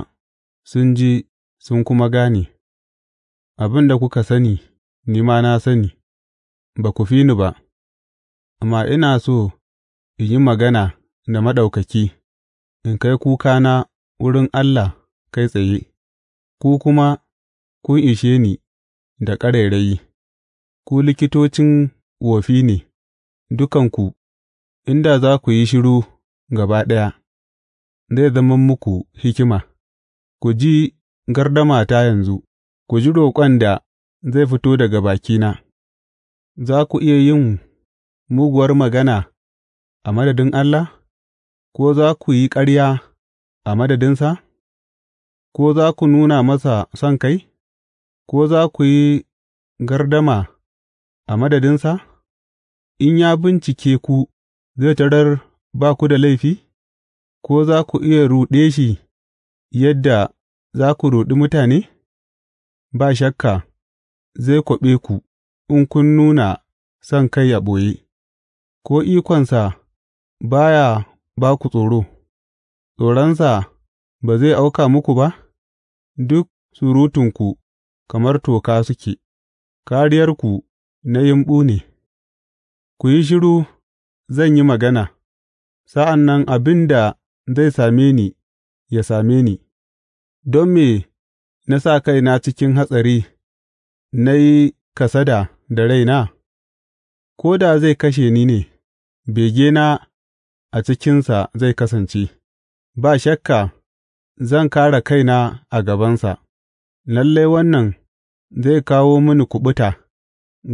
sun ji sun kuma gane; abin da kuka sani, ni ma na sani, ba ku fi ni ba, amma ina so in yi magana da Maɗaukaki in kai kuka na wurin Allah kai tsaye, ku kuma kun ishe ni da ƙarairayi; ku likitocin wofi ne, dukanku. in da za ku yi shiru gaba ɗaya, zai zama muku hikima, ku ji gardamata yanzu, ku ji roƙon da zai fito daga bakina, za ku iya yin muguwar magana a madadin Allah, ko za ku yi ƙarya a madadinsa, ko za ku nuna masa son kai? ko za ku yi gardama a madadinsa, in ya bincike ku. zai tarar ba ku da laifi, ko za ku iya ruɗe shi yadda za ku ruɗi mutane? Ba shakka, zai kwaɓe ku in kun nuna son kai ya ɓoye, ko ikonsa baya ya ba ku tsoro, tsoronsa ba zai auka muku ba? Duk surutunku kamar toka suke, Kariyarku na yimɓu ne, ku yi shiru zan yi magana, sa'an nan abin da zai same ni ya same ni, don me na sa kaina cikin hatsari, na yi kasada da raina, ko da zai kashe ni ne, begena a cikinsa zai kasance, ba shakka zan kara kaina a gabansa, lalle wannan zai kawo mini kuɓuta,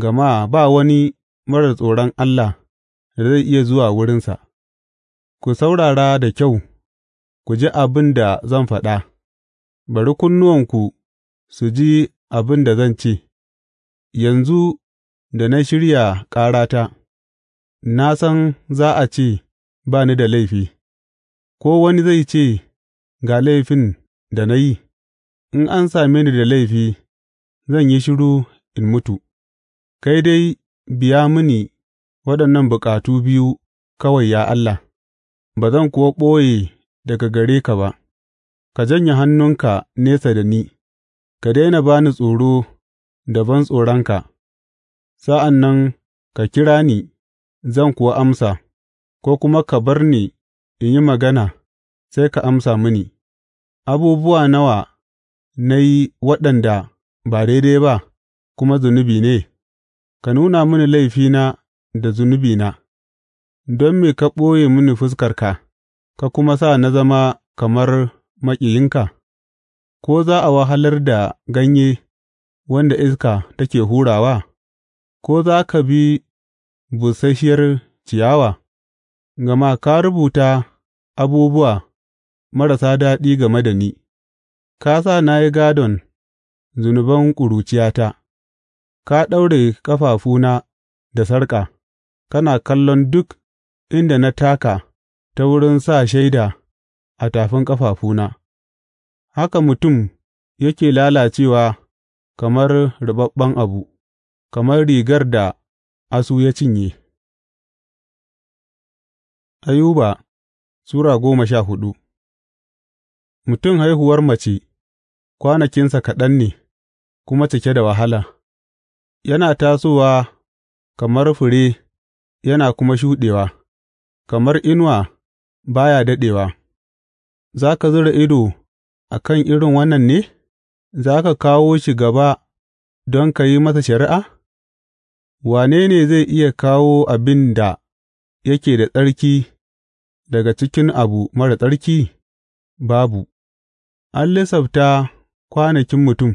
gama ba wani marar tsoron Allah. da zai iya zuwa wurinsa, ku saurara da kyau, ku ji abin da zan faɗa, bari kunnuwanku su ji abin da zan ce, yanzu da na shirya ƙarata, na san za a ce ba ni da laifi, ko wani zai ce ga laifin da na yi, in an same ni da laifi, zan yi shiru in mutu, kai dai biya mini waɗannan bukatu biyu kawai, ya Allah, ba zan kuwa ɓoye daga gare ka ba; ka janye hannunka nesa da ni, ka daina ba ni tsoro da tsoronka. sa'an nan ka kira ni zan kuwa amsa, ko kuma ka bar ni in yi magana sai ka amsa mini, abubuwa nawa na yi waɗanda ba daidai ba kuma zunubi ne, ka nuna mini laifina. da zunubina, don me ka ɓoye mini fuskarka ka kuma sa na zama kamar maƙiyinka, ko za a wahalar da ganye wanda iska take hurawa, ko za ka bi busasshiyar ciyawa, gama ka rubuta abubuwa marasa daɗi game da ni, ka sa na yi gadon zunuban ƙuruciyata, ka ɗaure ƙafafuna da sarƙa. kana kallon duk inda na taka ta wurin sa shaida a tafin ƙafafuna, haka mutum yake lalacewa kamar ribabban abu, kamar rigar da asu ya cinye. Ayuba Sura goma sha hudu Mutum haihuwar mace kwanakinsa kaɗan ne, kuma cike da wahala, yana tasowa kamar fure yana kuma shuɗewa, kamar inuwa ba ya daɗewa, za ka zura ido a kan irin wannan ne, za ka kawo shi gaba don ka yi masa shari'a? Wane ne zai iya kawo abin da yake da tsarki daga cikin abu mara tsarki? Babu, an lissafta kwanakin mutum,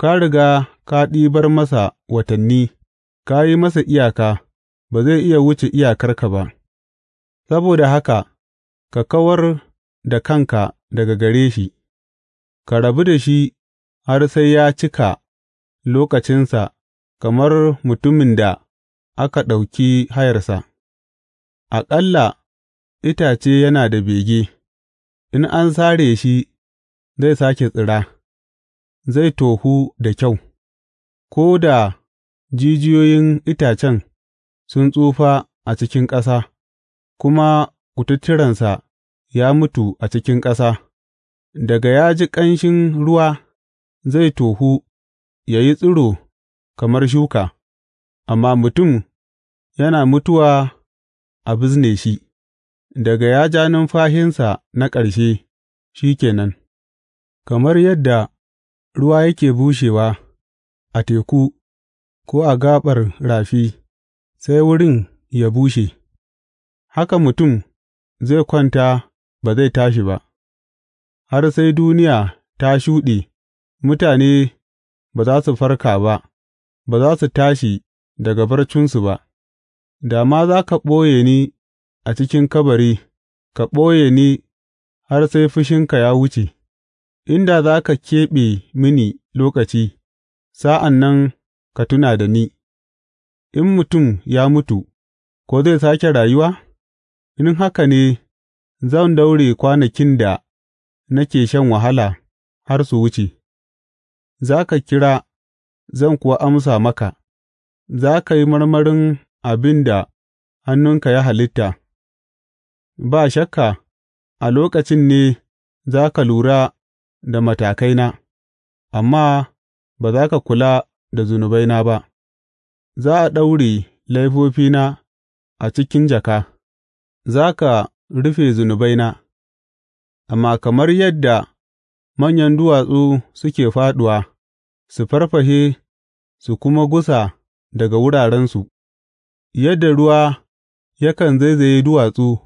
ka riga ka ɗibar masa watanni, ka yi masa iyaka. ba zai iya wuce iyakarka ba, saboda haka ka kawar da kanka daga gare shi, ka rabu da shi har sai ya cika lokacinsa kamar mutumin da aka ɗauki hayarsa, aƙalla itace yana da bege, in an sare shi zai sake tsira, zai tohu da kyau, ko da jijiyoyin itacen. sun tsufa a cikin ƙasa, kuma kututturensa ya mutu a cikin ƙasa, daga ya ji ƙanshin ruwa zai tohu ya yi tsiro kamar shuka, amma mutum yana mutuwa a bizne shi, daga ya ja numfashinsa na ƙarshe shi ke nan, kamar yadda ruwa yake bushewa a teku ko a gaɓar rafi. sai wurin ya bushe, haka mutum zai kwanta ba zai tashi ba, har sai duniya ta shuɗe, mutane ba za su farka ba, ba za su tashi daga barcinsu ba, da ma za ka ɓoye ni a cikin kabari, ka ɓoye ni har sai fushinka ya wuce, inda za ka keɓe mini lokaci, sa'an nan ka tuna da ni. In mutum ya mutu, ko zai sake rayuwa? In haka ne, zan daure kwanakin da nake shan wahala har su wuce; za ka kira zan kuwa amsa maka, za ka yi marmarin abin da hannunka ya halitta, ba shakka a lokacin ne za ka lura da matakaina, amma ba za ka kula da zunubaina ba. za a daure laifofina a cikin jaka, za ka rufe zunubaina, amma kamar yadda manyan duwatsu suke fāɗuwa, su farfahe su kuma gusa daga wurarensu, yadda ruwa yakan zaizaye duwatsu,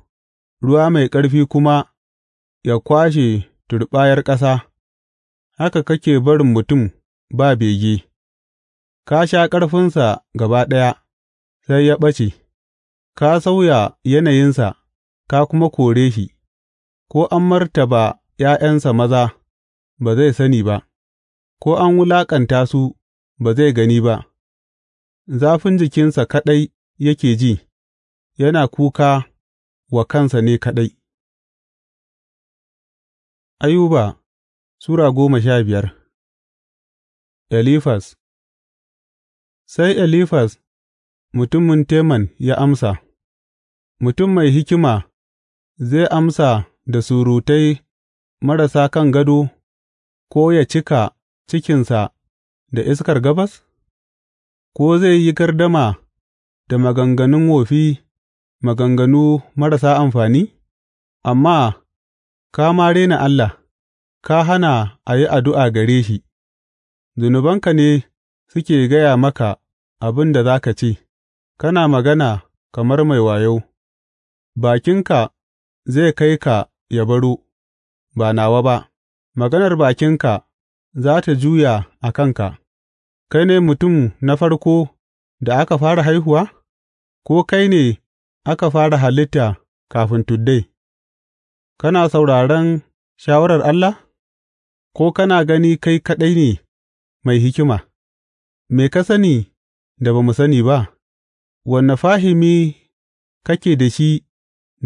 ruwa mai ƙarfi kuma ya kwashe turɓayar ƙasa, haka kake barin mutum ba bege. ka sha ƙarfinsa gaba ɗaya, sai ya ɓace, ka sauya yanayinsa, ka kuma kore shi, ko an martaba ’ya'yansa maza ba zai sani ba, ko an wulaƙanta su ba zai gani ba, zafin jikinsa kaɗai yake ji, yana kuka wa kansa ne kaɗai. Ayuba Sura goma sha biyar elifas Sai Elifas mutumin Teman ya amsa, Mutum mai hikima zai amsa da surutai marasa kan gado ko ya cika cikinsa da iskar gabas? Ko zai yi gardama da maganganun wofi, maganganu marasa amfani? Amma ka mare na Allah, ka hana a yi addu'a gare shi, zunubanka ne. suke gaya maka abin da za ka ce, kana magana kamar mai wayo, bakinka zai kai ka ya baro, ba nawa ba, maganar bakinka za ta juya a kanka, kai ne mutum na farko da aka fara haihuwa, ko kai ne aka fara halitta kafin tuddai, kana sauraren shawarar Allah, ko kana gani kai kaɗai ne mai hikima. Me ka sani da ba mu sani ba, wanne fahimi kake da shi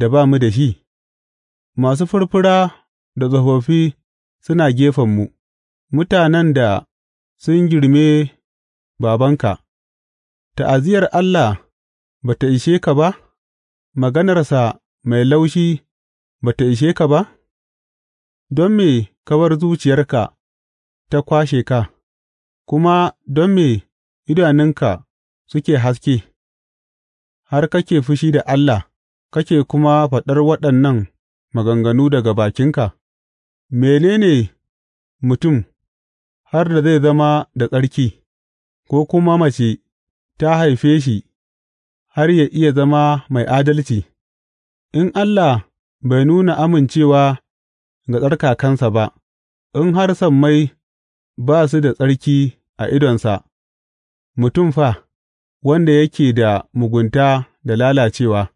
da ba mu da shi, masu furfura da tsofaffi suna gefenmu, mutanen da sun girme babanka, ta'aziyar Allah ba ta ishe ka ba, maganarsa mai laushi ba ta ishe ka ba, don me kawar zuciyarka ta kwashe ka. kuma don me idanunka suke haske, har kake fushi da Allah kake kuma faɗar waɗannan maganganu daga bakinka? Mene ne mutum har da zai zama da tsarki, ko kuma mace ta haife shi har ya iya zama mai adalci, in Allah bai nuna amincewa ga tsarkakansa ba, in har sammai ba su da tsarki a idonsa, mutum fa, wanda yake da mugunta da lalacewa,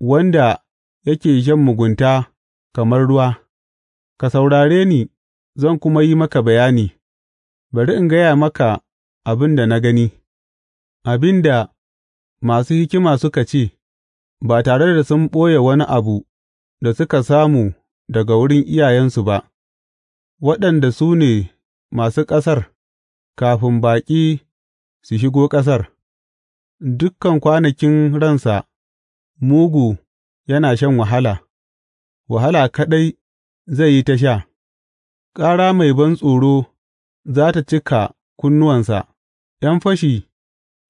wanda yake shan mugunta kamar ruwa, ka saurare ni zan kuma yi maka bayani, bari in gaya maka abin da na gani, abin da masu hikima suka ce, ba tare da sun ɓoye wani abu da suka samu daga wurin iyayensu ba, waɗanda su ne masu ƙasar kafin baƙi su shigo ƙasar, dukan kwanakin ransa mugu yana shan wahala, wahala kaɗai zai yi ta sha, ƙara mai bantsoro za ta cika kunnuwansa, ’yan fashi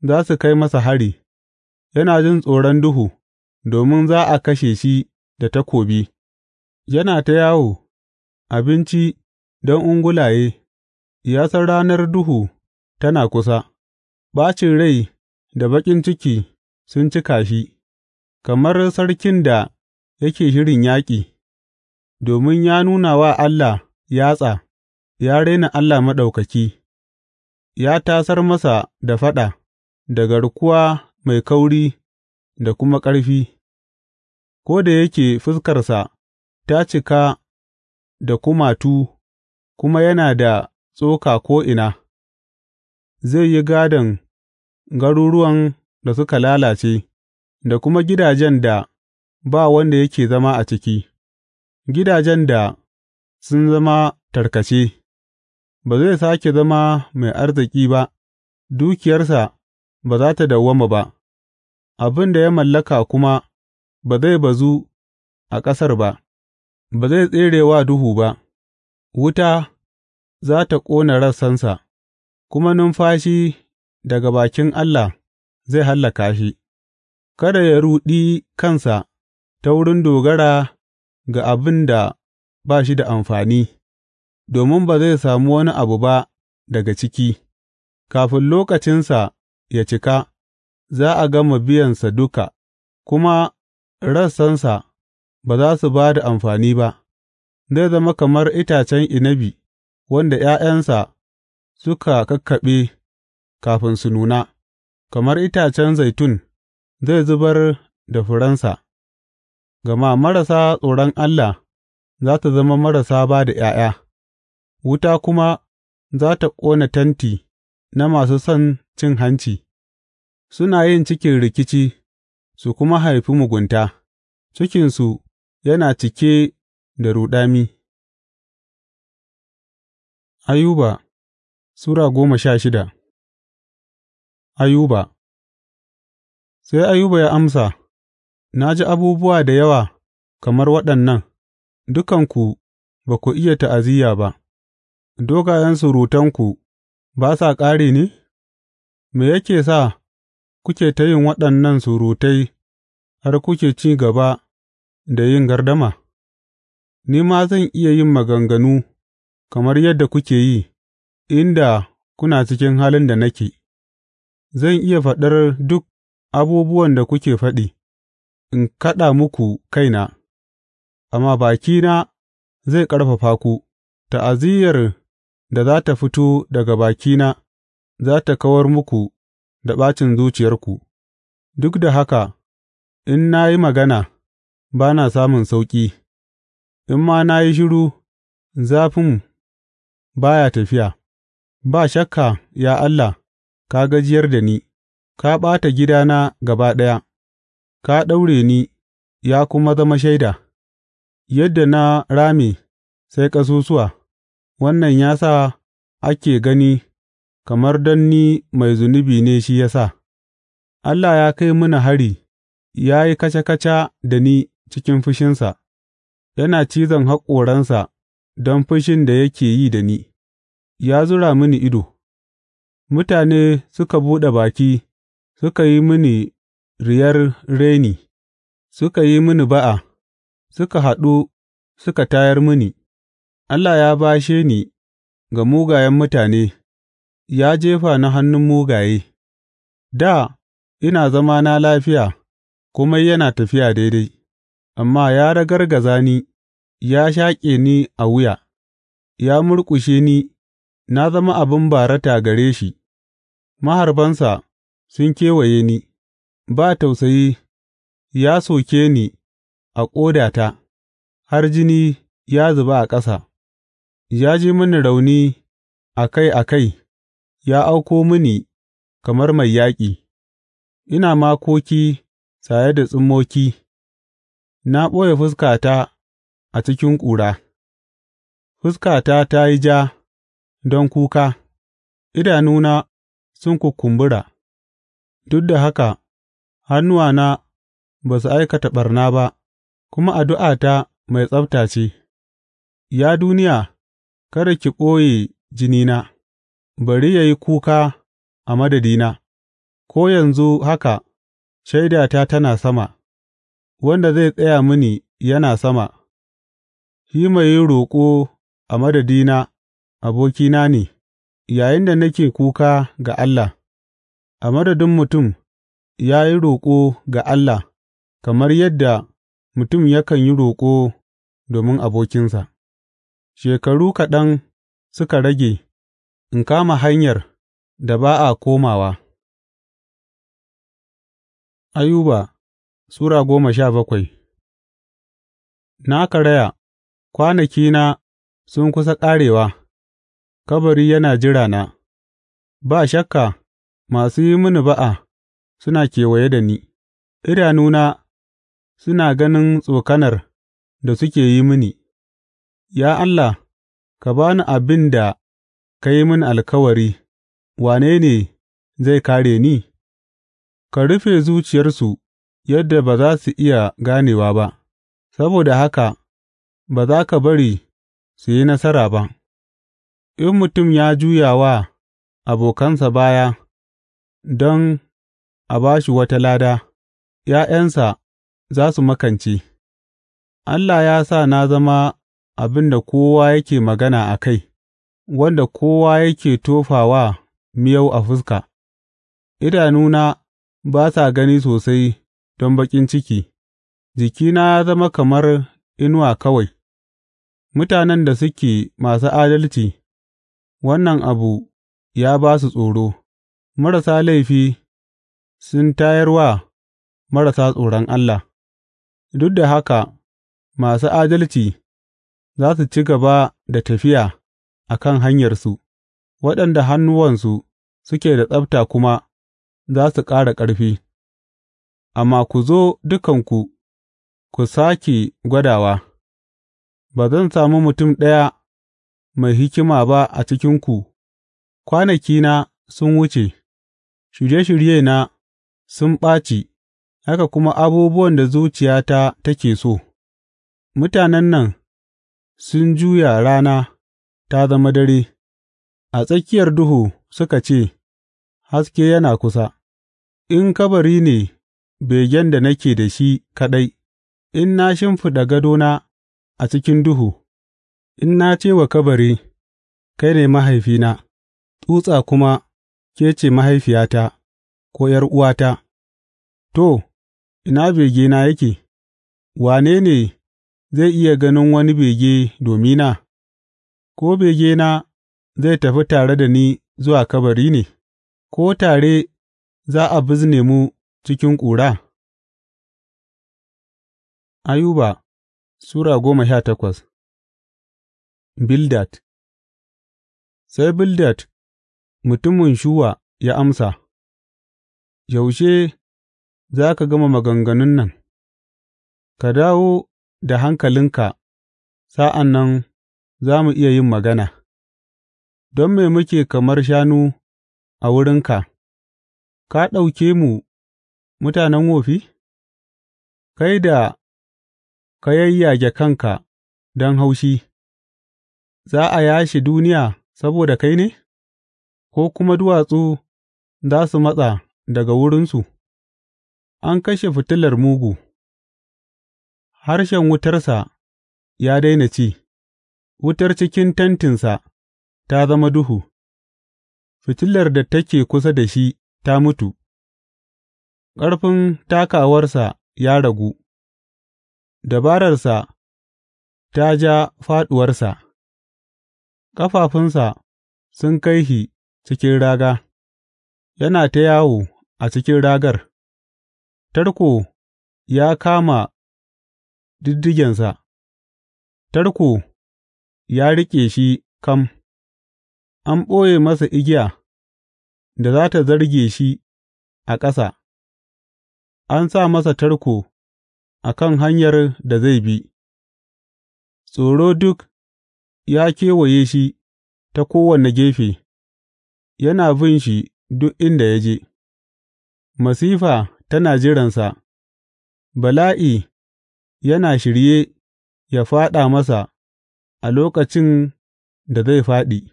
za su kai masa hari, yana jin tsoron duhu, domin za a kashe shi da takobi, yana ta yawo, abinci don ungulaye. ya san ranar duhu tana kusa; ɓacin rai da baƙin ciki sun cika shi, kamar sarkin da yake shirin yaƙi, domin ya nuna wa Allah yatsa ya rena Allah Maɗaukaki, ya tasar masa da faɗa, da garkuwa mai kauri da kuma ƙarfi, ko da yake fuskarsa ta cika da kumatu kuma yana da tsoka ko'ina, zai yi gādon garuruwan da suka lalace, da kuma gidajen da ba wanda yake zama a ciki, gidajen da sun zama tarkace, ba zai sake zama mai arziki ba, dukiyarsa ba za ta dawwama ba, abin da ya mallaka kuma ba zai bazu a ƙasar ba, ba zai tsere wa duhu ba, wuta za tă ƙona rassansa, kuma numfashi daga bakin Allah zai hallaka shi; kada ya ruɗi kansa ta wurin dogara ga abin da ba shi da amfani, domin ba zai sami wani abu ba daga ciki; kafin lokacinsa ya cika, za a gama biyansa duka, kuma rassansa ba za su ba da amfani ba, zai zama kamar itacen inabi. wanda ’ya'yansa suka kakkaɓe kafin su nuna, kamar itacen zaitun zai zubar da furensa, gama marasa tsoron Allah za ta zama marasa ba da ’ya'ya, wuta kuma za ta ƙona tenti na masu son cin hanci, suna yin cikin rikici su kuma haifi mugunta, cikinsu yana cike da ruɗami. Ayuba Sura goma sha shida Ayuba Sai Ayuba ya amsa, Na ji abubuwa da yawa kamar waɗannan, dukanku ba ku iya ta'aziyya ba, dogayen surutanku ba sa ƙare ne? Me yake sa kuke ta yin waɗannan surutai har kuke ci gaba da yin gardama? Ni ma zan iya yin maganganu. kamar yadda kuke yi, inda kuna cikin halin da nake, zan iya faɗar duk abubuwan da kuke faɗi, in kaɗa muku kaina, amma bakina zai ƙarfafa ku, ta'aziyyar da za ta fito daga bakina za ta kawar muku da ɓacin zuciyarku, duk da haka, in na yi magana, ba na samun sauƙi, in ma na yi shiru, zafin ba ya tafiya, ba shakka, ya Allah, ka gajiyar da ni, ka ɓata gidana gaba ɗaya, ka ɗaure ni ya kuma zama shaida, yadda na rame sai ƙasusuwa, wannan ya sa ake gani kamar don ni mai zunubi ne shi ya sa, Allah ya kai mini hari, ya yi kaca-kaca da ni cikin fushinsa, yana cizon haƙoransa don fushin da yake yi da ni, ya zura mini ido, mutane suka buɗe baki suka yi mini riyar reni, suka yi mini ba'a, suka haɗu suka tayar mini, Allah ya bashe ni ga mugayen mutane, ya jefa na hannun mugaye, da ina zama na lafiya kuma yana tafiya daidai, amma ya ragargaza ni. ya shaƙe ni a wuya, ya murƙushe ni na zama abin barata gare shi, maharbansa sun kewaye ni, ba tausayi, ya soke ni a ƙodata, har jini ya zuba a ƙasa, ya ji mini rauni a kai a kai, ya auko mini kamar mai yaƙi, ina makoki saye da tsummoki, na ɓoye fuskata. a cikin ƙura, fuskata ta yi ja don kuka, idanuna sun kukumbura, duk da haka hannuwana ba su aikata ɓarna ba, kuma addu'ata mai tsabta ce, Ya duniya, kada ki ɓoye jinina, bari ya yi kuka a madadina, ko yanzu haka shaidata tana sama, wanda zai tsaya mini yana sama. shi mai yin roƙo a madadina abokina ne yayinda nake kuka ga Allah; a madadin mutum ya yi roƙo ga Allah kamar yadda mutum yakan yi roƙo domin abokinsa, shekaru kaɗan suka rage in kama hanyar da ba a komawa. Ayuba Sura goma sha bakwai Na karaya Kwanakina sun kusa ƙarewa, kabari yana jira na ba shakka masu yi mini ba'a suna kewaye da ni, idanuna suna ganin tsokanar da suke yi mini; Ya Allah, ka ba ni abin da ka yi mini alkawari, wane ne zai kare ni? Ka rufe zuciyarsu yadda ba za su iya ganewa ba; saboda haka. ba za ka bari su yi nasara ba, in mutum ya juya wa abokansa baya don a ba shi wata lada, ’ya'yansa za su makance, Allah ya sa na zama abin da kowa yake magana a kai, wanda kowa yake tofa wa miyau a fuska, idanuna ba sa gani sosai don baƙin ciki, jikina ya zama kamar inuwa kawai, mutanen da suke masu adalci, wannan abu ya ba su tsoro, marasa laifi sun tayar wa marasa tsoron Allah, duk da haka masu adalci za su ci gaba da tafiya a kan hanyarsu, waɗanda hannuwansu suke da tsabta kuma za su ƙara ƙarfi, amma ku zo dukanku. ku sāke gwadawa, ba zan sami mutum ɗaya mai hikima ba a cikinku, kwanakina sun wuce, shirye shiryena sun ɓaci, haka kuma abubuwan da zuciyata take so, mutanen nan sun juya rana ta zama dare, a tsakiyar duhu suka ce, Haske yana kusa, in kabari ne begen da nake da shi kaɗai. In na shimfiɗa gadona a cikin duhu, in na ce wa kabari, Kai ne mahaifina,’ tsutsa kuma, Ke ce mahaifiyata ko ’yar'uwata,’ to, ina begena yake, wane ne zai iya ganin wani bege domina, ko begena zai tafi tare da ni zuwa kabari ne, ko tare za a bizne mu cikin ƙura? Ayuba Sura goma sha takwas Bildad Sai Bildad mutumin Shuwa ya amsa, Yaushe za ka gama maganganun nan, ka dawo da hankalinka sa'an nan za mu iya yin magana, don me muke kamar shanu a wurinka, ka ɗauke mu mutanen wofi? Kai da ka yayyage kanka don haushi, za a yashe duniya saboda kai ne, ko kuma duwatsu za su matsa daga wurinsu, an kashe fitilar mugu, harshen wutarsa ya daina ci, wutar cikin tentinsa ta zama duhu, fitilar da take kusa da shi ta mutu, ƙarfin takawarsa ya ragu. Dabararsa ta ja fāɗuwarsa; ƙafafunsa sun kai shi cikin raga, yana ta yawo a cikin ragar, tarko ya kama diddigensa tarko ya riƙe shi kam, an ɓoye masa igiya da za ta zarge shi a ƙasa, an sa masa tarko. a kan hanyar da zai bi, tsoro duk ya kewaye shi ta kowane gefe, yana bin shi duk inda ya je, masifa tana jiransa, bala'i yana shirye ya fāɗa masa a lokacin da zai fāɗi,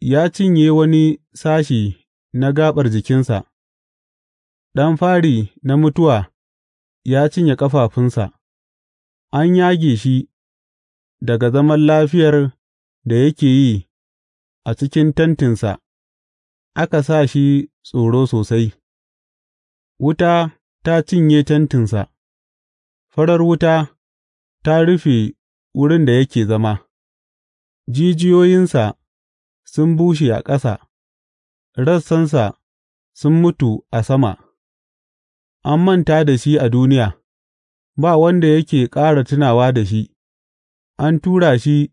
ya cinye wani sashi na gaɓar jikinsa, ɗan fari na mutuwa. ya cinye ƙafafunsa; an yage shi daga zaman lafiyar da yake yi a cikin tentinsa aka sa shi tsoro sosai; wuta ta cinye tentinsa, farar wuta ta rufe wurin da yake zama; jijiyoyinsa sun bushe a ƙasa, rassansa sun mutu a sama. An manta da shi a duniya, ba wanda yake ƙara tunawa da shi; an tura shi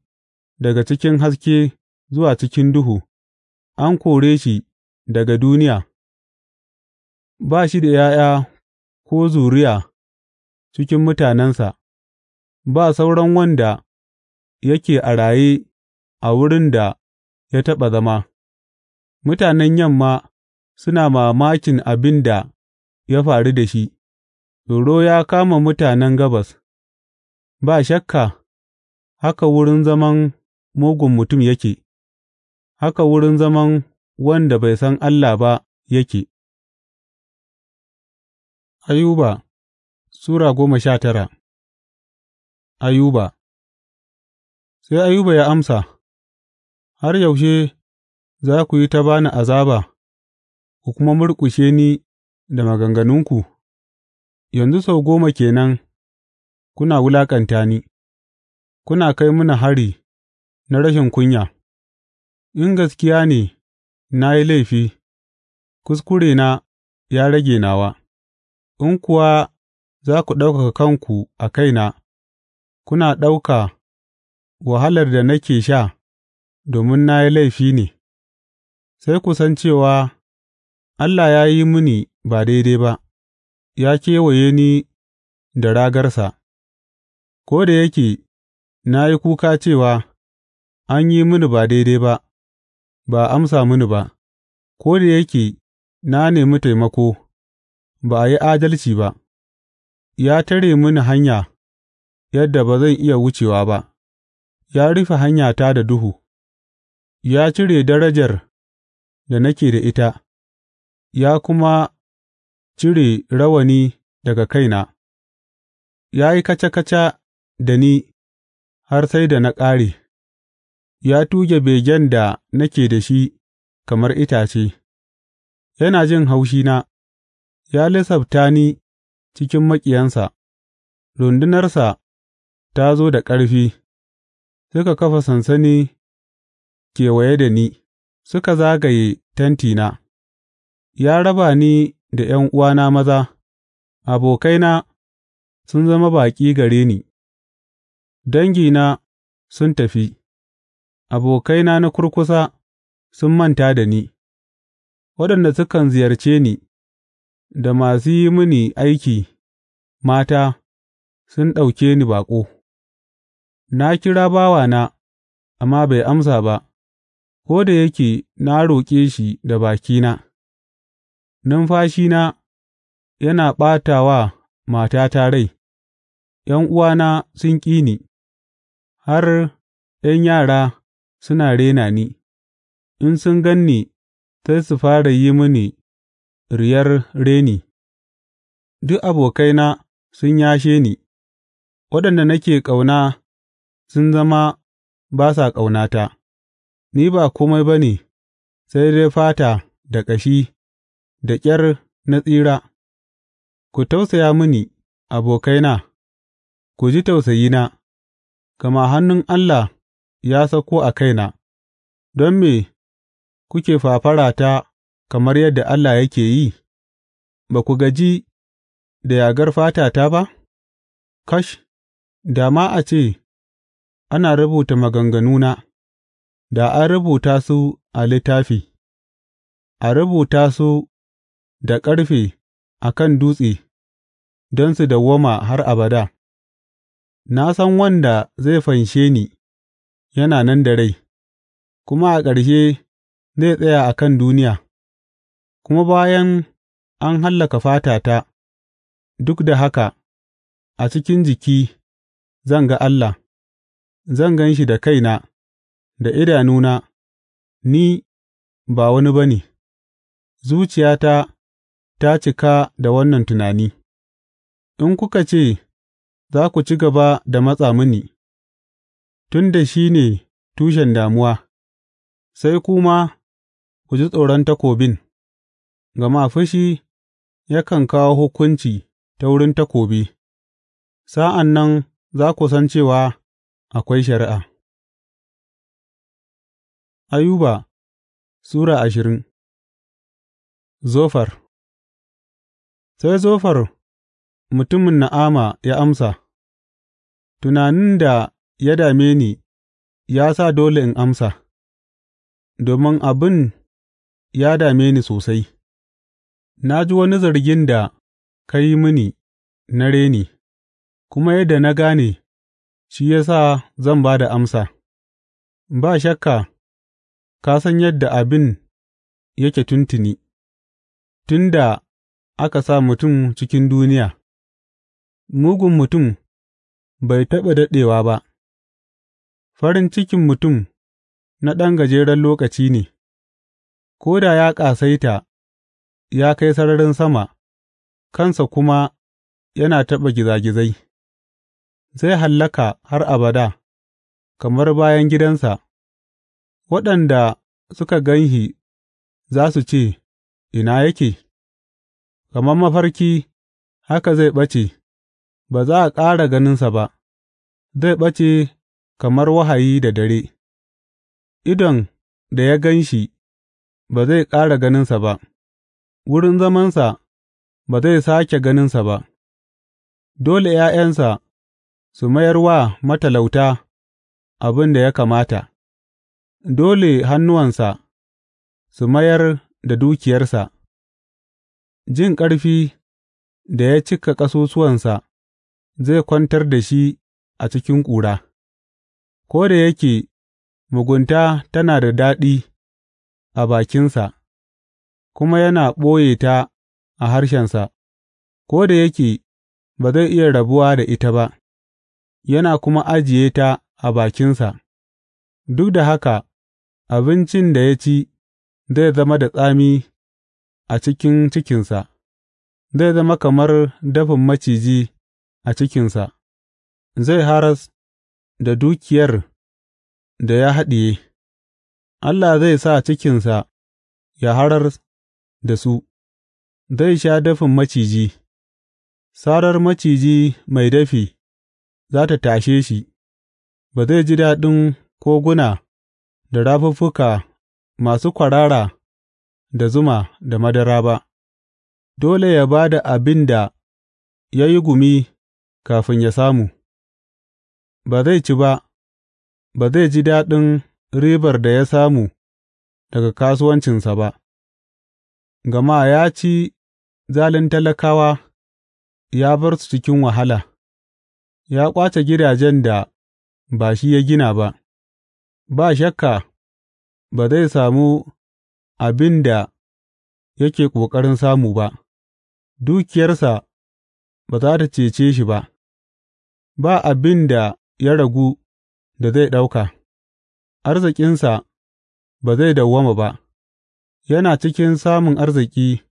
daga cikin haske zuwa cikin duhu, an kore shi daga duniya, ba shi da ’ya'ya ko zuriya cikin mutanensa, ba sauran wanda yake a raye a wurin da ya taɓa zama; mutanen Yamma suna mamakin abin da. ya faru da shi, tsoro ya kama mutanen gabas, ba shakka haka wurin zaman mugun mutum yake, haka wurin zaman wanda bai san Allah ba yake. Ayuba Sura goma sha tara Ayuba Sai Ayuba ya amsa, Har yaushe za ku yi ta bani azaba, ku kuma murƙushe ni da maganganunku, yanzu sau goma ke nan kuna wulaƙanta ni, kuna kai mini hari na rashin kunya, in gaskiya ne na yi laifi, kuskurena ya rage nawa, in kuwa za ku ɗaukaka kanku a kaina, kuna ɗauka wahalar da nake sha domin na yi laifi ne, sai ku san cewa Allah ya yi mini ba daidai ba, ya kewaye ni da ragarsa, ko da yake na yi kuka cewa an yi mini ba daidai ba, ba amsa mini ba, ko da yake na nemi taimako, ba a yi adalci ba, ya tare mini hanya yadda ba zan iya wucewa ba, ya rufe hanya ta da duhu, ya cire darajar da nake da ita, ya kuma cire rawani daga kaina, ya yi kaca kaca da ni har sai da na ƙare, ya tuge begen da nake da shi kamar itace, yana jin haushina, ya lissafta ni cikin maƙiyansa, rundunarsa ta zo da ƙarfi, suka kafa sansani kewaye da ni, suka zagaye tentina, ya raba ni da ’yan'uwana maza, abokaina sun zama baƙi gare ni, dangina sun tafi, abokaina na kurkusa sun manta da ni, waɗanda sukan ziyarce ni, da masu yi mini aiki mata sun ɗauke ni baƙo. Na kira bawana, amma bai amsa ba, ko da yake na roƙe shi da bakina. Numfashina yana ɓata wa matata rai; uwana sun ƙi ni, har ’yan yara suna rena ni; in sun gan ni sai su fara yi mini riyar reni, duk abokaina sun yashe ni, waɗanda nake ƙauna sun zama ba sa ƙaunata; ni ba kome ba ne sai dai fata da ƙashi. da ƙyar na tsira, ku tausaya mini, abokaina, ku ji tausayina, gama hannun Allah ya sauko a kaina, don me kuke fafarata kamar yadda Allah yake yi, ba ku gaji da yagar fata ta ba? Kash, da ma a ce, ana rubuta maganganuna, da an rubuta su a littafi, a rubuta su da ƙarfe a kan dutse don su dawwama har abada; na san wanda zai fanshe ni yana nan da rai, kuma a ƙarshe zai tsaya a kan duniya, kuma bayan an hallaka fatata, duk da haka a cikin jiki zan ga Allah, zan gan shi da kaina, da idanuna, ni ba wani ba ne, zuciyata. ta cika da wannan tunani, In kuka ce, Za ku ci gaba da matsa mini, tun da shi ne tushen damuwa, sai kuma ku ji tsoron takobin, gama fushi yakan kawo hukunci ta wurin takobi, sa'an nan za ku san cewa akwai shari'a. Ayuba Sura ashirin Zofar Sai Zofar mutumin Na'ama ya amsa, Tunanin da ya dame ni ya sa dole in amsa, domin abin ya dame ni sosai, na ji wani zargin da ka yi mini na reni, kuma yadda na gane shi ya sa zan ba da amsa, ba shakka ka san yadda abin yake tuntuni, tun da aka sa mutum cikin duniya, mugun mutum bai taɓa daɗewa ba, farin cikin mutum na ɗan gajeren lokaci ne, ko da ya ƙasaita ya kai sararin sama, kansa kuma yana taɓa gizagizai, zai hallaka har abada, kamar bayan gidansa, waɗanda suka gan shi za su ce, Ina yake?’ Kamar mafarki haka zai ɓace, ba za a ƙara ganinsa ba; zai ɓace kamar wahayi da dare, idon da ya gan shi ba zai ƙara ganinsa ba, wurin zamansa ba zai sake ganinsa ba; dole ’ya'yansa su mayar wa matalauta abin da ya kamata, dole hannuwansa su mayar da dukiyarsa. Jin ƙarfi da ya cika ƙasusuwansa zai kwantar da shi a cikin ƙura; ko da yake mugunta tana da daɗi a bakinsa kuma yana ɓoye ta a harshensa, ko da yake ba zai iya rabuwa da ita ba, yana kuma ajiye ta a bakinsa, duk da haka abincin da ya ci zai zama da tsami. a cikin cikinsa, zai zama kamar dafin maciji a cikinsa, zai haras da dukiyar da ya haɗiye, Allah zai sa cikinsa ya harar da su, zai sha dafin maciji, sarar maciji mai dafi za ta tashe shi, ba zai ji daɗin koguna da rafuffuka masu kwarara. da zuma da madara ba, dole ya ba da abin da ya yi gumi kafin ya samu, ba zai ci ba, ba zai ji daɗin ribar da ya samu daga kasuwancinsa ba, gama ya ci zalin talakawa ya bar su cikin wahala, ya ƙwace gidajen da ba shi ya gina ba, ba shakka ba zai samu abin da yake ƙoƙarin samu ba, dukiyarsa ba za ta cece shi ba, ba abin da ya ragu da zai ɗauka, arzikinsa ba zai dawwama ba, yana cikin samun arziki,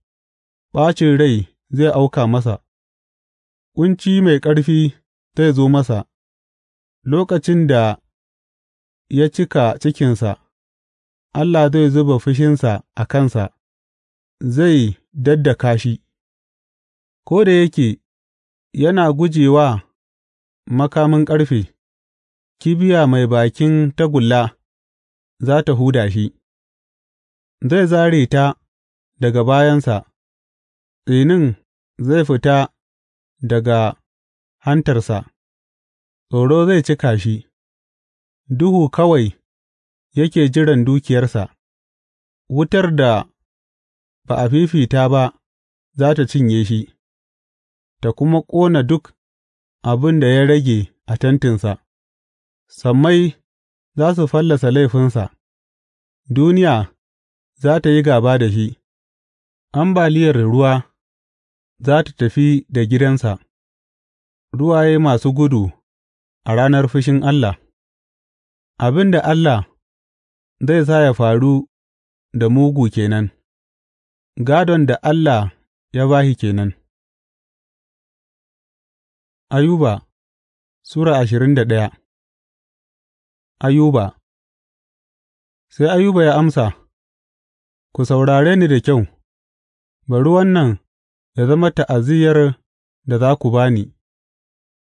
ɓacin rai zai auka masa, ƙunci mai ƙarfi zai zo masa lokacin da ya cika cikinsa. Allah zai zuba fushinsa a kansa, zai daddaka shi, ko da yake yana guje wa makamin ƙarfe, kibiya mai bakin tagulla za tă huda shi, zai zare ta daga bayansa, tsinin zai fita daga hantarsa, tsoro zai cika shi, duhu kawai. yake jiran dukiyarsa, wutar da ba a fifita ba za ta cinye shi, ta kuma ƙona duk abin da ya rage a tentinsa, sammai za su fallasa laifinsa, duniya za ta yi gaba da shi, ambaliyar ruwa za ta tafi da gidansa, ruwaye masu gudu a ranar fushin Allah, abin da Allah zai sa ya faru da mugu ke nan, gādon da Allah ya ba shi ke nan. Ayuba Sura ashirin da ɗaya Ayuba Sai Ayuba ya amsa, Ku saurare ni da kyau, bari wannan ya zama ta'aziyar da za ku ba ni,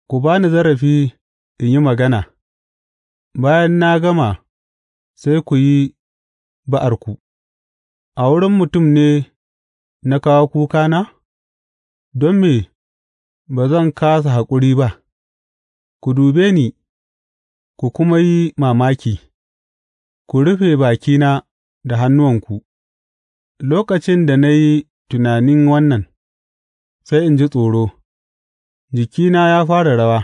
ku ba ni zarafi in yi magana, bayan na gama sai ku yi ba'arku, A wurin mutum ne na kawo kukana, don me ba zan kāsa haƙuri ba, ku dube ni ku kuma yi mamaki, ku rufe bakina da hannuwanku, lokacin da na yi tunanin wannan, sai in ji tsoro, jikina ya fara rawa,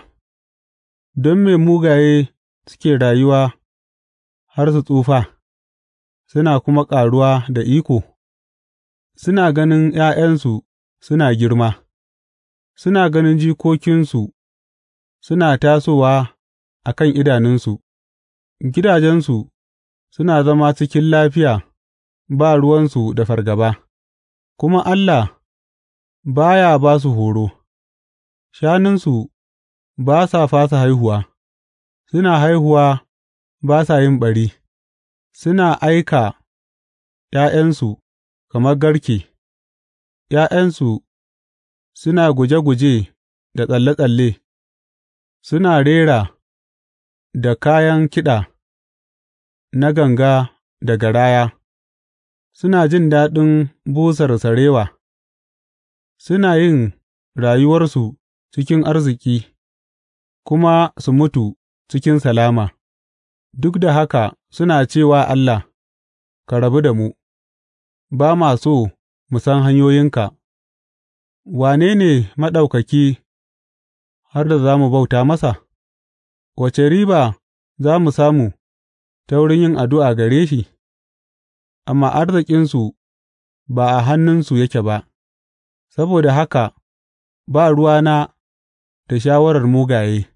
don me mugaye suke rayuwa. har su tsufa, suna kuma ƙaruwa da iko, suna ganin ’ya'yansu suna girma, suna ganin jikokinsu suna tasowa a kan idanunsu, gidajensu suna zama cikin lafiya ba ruwansu da fargaba, kuma Allah ba ya ba su horo, shanunsu ba sa fasa haihuwa, suna haihuwa ba sa yin ɓari; suna aika ’ya'yansu kamar garke, ’ya'yansu suna guje guje da tsalle tsalle, suna rera da kayan kiɗa na ganga da garaya, suna jin daɗin busar sarewa, suna yin rayuwarsu cikin arziki kuma su mutu cikin salama. duk da haka suna cewa Allah, Ka rabu da mu, ba ma so mu san hanyoyinka, wane ne Maɗaukaki har da za mu bauta masa? Wace riba za mu samu ta wurin yin addu'a gare shi? Amma arzikinsu ba a hannunsu yake ba, saboda haka ba ruwana da shawarar mugaye,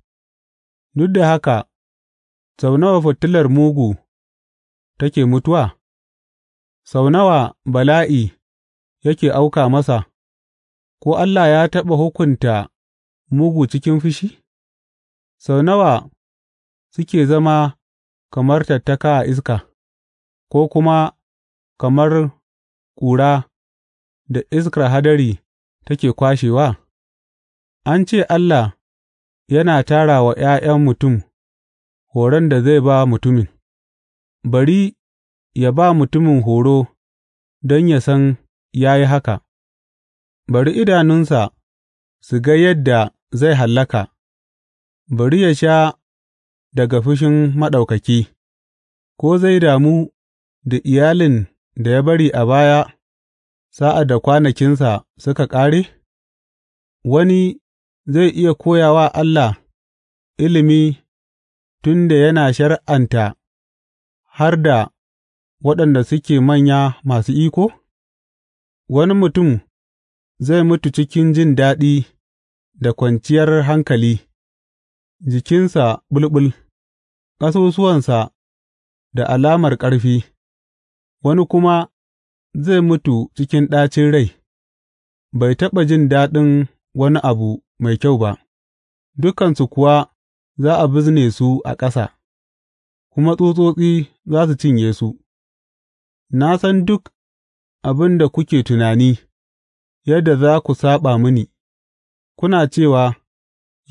duk da haka Sau nawa fitilar mugu take mutuwa, sau nawa bala'i yake auka masa, ko Allah ya taɓa hukunta mugu cikin fushi, sau nawa suke zama kamar tattaka a iska, ko kuma kamar ƙura da iskar hadari take kwashewa? An ce Allah yana tara wa ’ya'yan mutum. horon da zai ba mutumin Bari ya ba mutumin horo don ya san ya yi haka, bari idanunsa su ga yadda zai hallaka, bari ya sha daga fushin Maɗaukaki, ko zai damu da iyalin da ya bari a baya sa'ad da kwanakinsa suka ƙare? Wani zai iya koya wa Allah ilimi tun da yana shari'anta har da waɗanda suke manya masu iko? Wani mutum zai mutu cikin jin daɗi da kwanciyar hankali, jikinsa ɓulɓul, ƙasusuwansa da alamar ƙarfi, wani kuma zai mutu cikin ɗacin rai, bai taɓa jin daɗin wani abu mai kyau ba, dukansu kuwa za a bizne su a ƙasa, kuma tsutsotsi za su cinye su, na san duk abin da kuke tunani, yadda za ku saɓa mini, kuna cewa,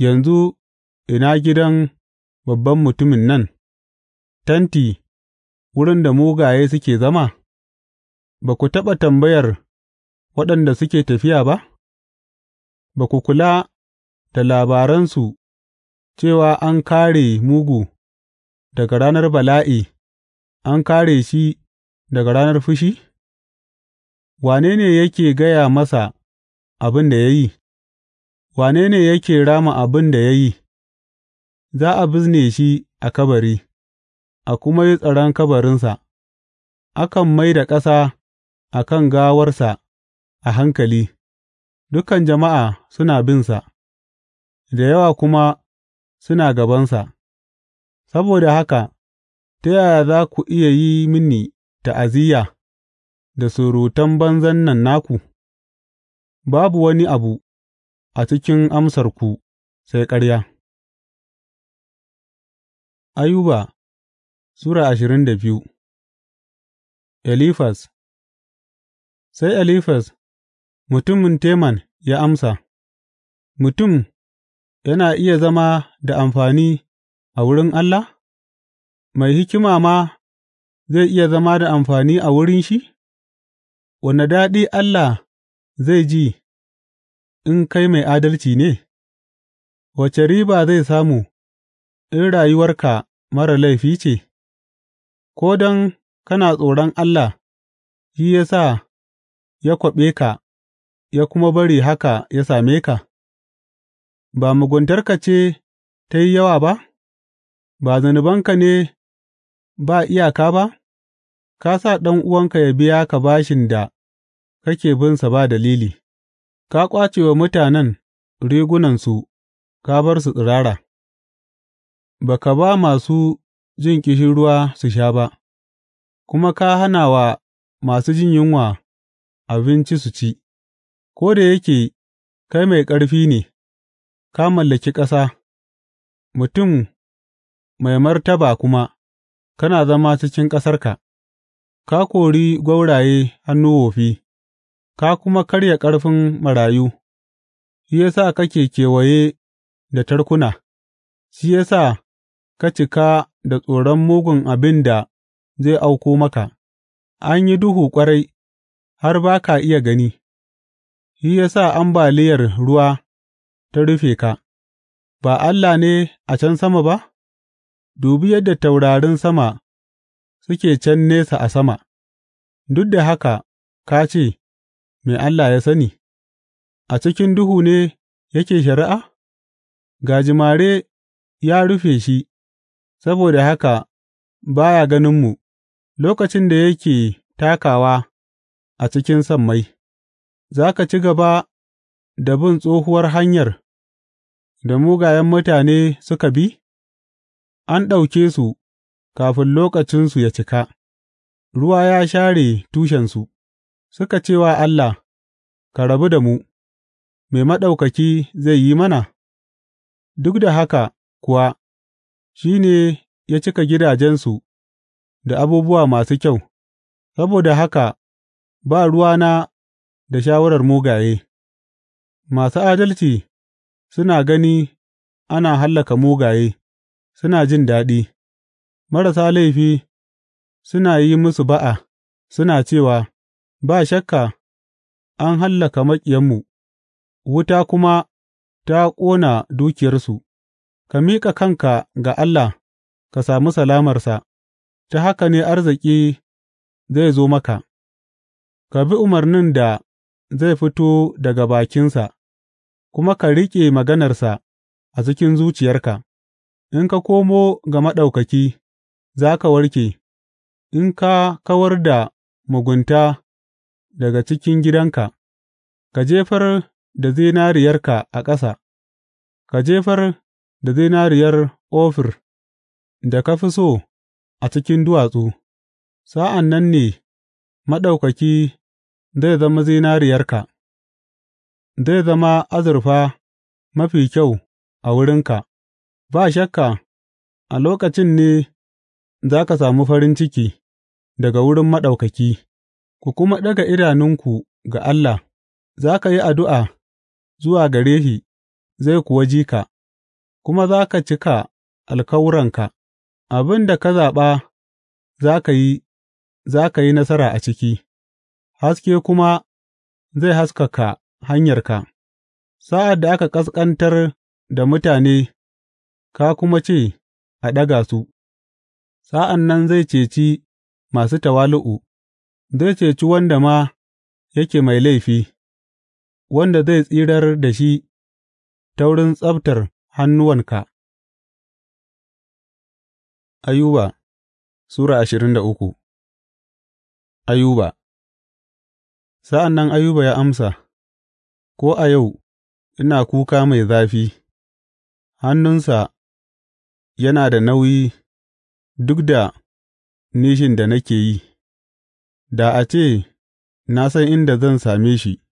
Yanzu ina gidan babban mutumin nan, Tanti wurin da mugaye suke zama? Ba ku taɓa tambayar waɗanda suke tafiya ba? Ba ku kula da labaransu cewa an kāre mugu daga ranar bala'i, an kāre shi daga ranar fushi? Wane ne yake gaya masa abin da ya yi, wane ne yake rama abin da ya yi, za a bizne shi a kabari, a kuma yi tsaron kabarinsa, akan mai da ƙasa a kan gawarsa a hankali, dukan jama'a suna binsa, da yawa kuma suna gabansa, saboda haka ta yaya za ku iya yi mini ta'aziyya da surutan banzan nan naku, babu wani abu a cikin amsarku sai ƙarya. Ayuba Sura ashirin da biyu elifas Sai elifas mutumin Teman ya amsa, Mutum yana iya zama da amfani a wurin Allah, mai hikima ma zai iya zama da amfani a wurin shi, wane daɗi Allah zai ji in kai mai adalci ne, wace riba zai samu in rayuwarka mara laifi ce, ko don kana tsoron Allah, shi ya sa ya kwaɓe ka, ya kuma bari haka ya same ka? Ba muguntarka ce ta yi yawa ba, ba zunubanka ne ba iyaka ba, ka sa ɗan'uwanka ya biya ka bashin da kake binsa ba dalili, ka ƙwace wa mutanen rigunansu ka bar su tsirara, ba ka ba masu jin ruwa su sha ba, kuma ka hana wa masu jin yunwa abinci su ci, ko da yake kai mai ƙarfi ne. ka mallaki ƙasa, mutum mai martaba kuma kana zama cikin ƙasarka, ka kori gwauraye hannu wofi, ka kuma karya ƙarfin marayu, shi ya sa kake kewaye da tarkuna, shi ya sa ka cika da tsoron mugun abin da zai auko maka, an yi duhu ƙwarai har ba ka iya gani, shi ya sa ambaliyar ruwa. ta rufe ka, ba Allah ne a can sama ba? Dubi yadda taurarin sama suke can nesa a sama, duk da haka ka ce, Me Allah ya sani, a cikin duhu ne yake shari'a? Gajimare ya rufe shi, saboda haka ba ya ganinmu lokacin da yake takawa a cikin sammai, za ka ci gaba da bin tsohuwar hanyar. da mugayen mutane suka bi? An ɗauke su kafin lokacinsu ya cika, ruwa ya share tushensu, suka ce wa Allah, Ka rabu da mu, mai Maɗaukaki zai yi mana? Duk da haka kuwa, shi ne ya cika gidajensu da abubuwa masu kyau, saboda haka ba ruwana da shawarar mugaye, masu adalci. Suna gani ana hallaka mugaye, suna jin daɗi; marasa laifi suna yi musu ba'a, suna cewa, Ba shakka an hallaka maƙiyanmu, wuta kuma ta ƙona dukiyarsu; ka miƙa kanka ga Allah ka sami salamarsa, ta haka ne arziki zai zo maka, ka bi umarnin da zai fito daga bakinsa. kuma ka riƙe maganarsa a cikin zuciyarka; in ka komo ga Maɗaukaki, za ka warke, in ka kawar da mugunta daga cikin gidanka, ka jefar da zinariyarka a ƙasa, ka jefar da zinariyar Ofir da ka fi so a cikin duwatsu, sa'an nan ne Maɗaukaki zai zama zinariyarka. zai zama azurfa mafi kyau a wurinka, ba shakka a lokacin ne za ka sami farin ciki daga wurin Maɗaukaki, ku kuma ɗaga idanunku ga Allah, za ka yi addu'a zuwa gare shi zai kuwa ji ka, kuma za ka cika alkawuranka, abin da ka zaɓa za ka yi, za ka yi nasara a ciki, haske kuma zai haskaka. hanyarka, sa'ad da aka ƙasƙantar da mutane ka kuma ce a ɗaga su, sa'an nan zai ceci masu tawali'u, zai ceci wanda ma yake mai laifi, wanda zai tsirar da shi ta wurin tsabtar hannuwanka. Ayuba Sura ashirin da uku Ayuba Sa'an nan Ayuba ya amsa. Ko a yau, ina kuka mai zafi; hannunsa yana da nauyi duk da nishin da nake yi, Da a ce na san inda zan same shi,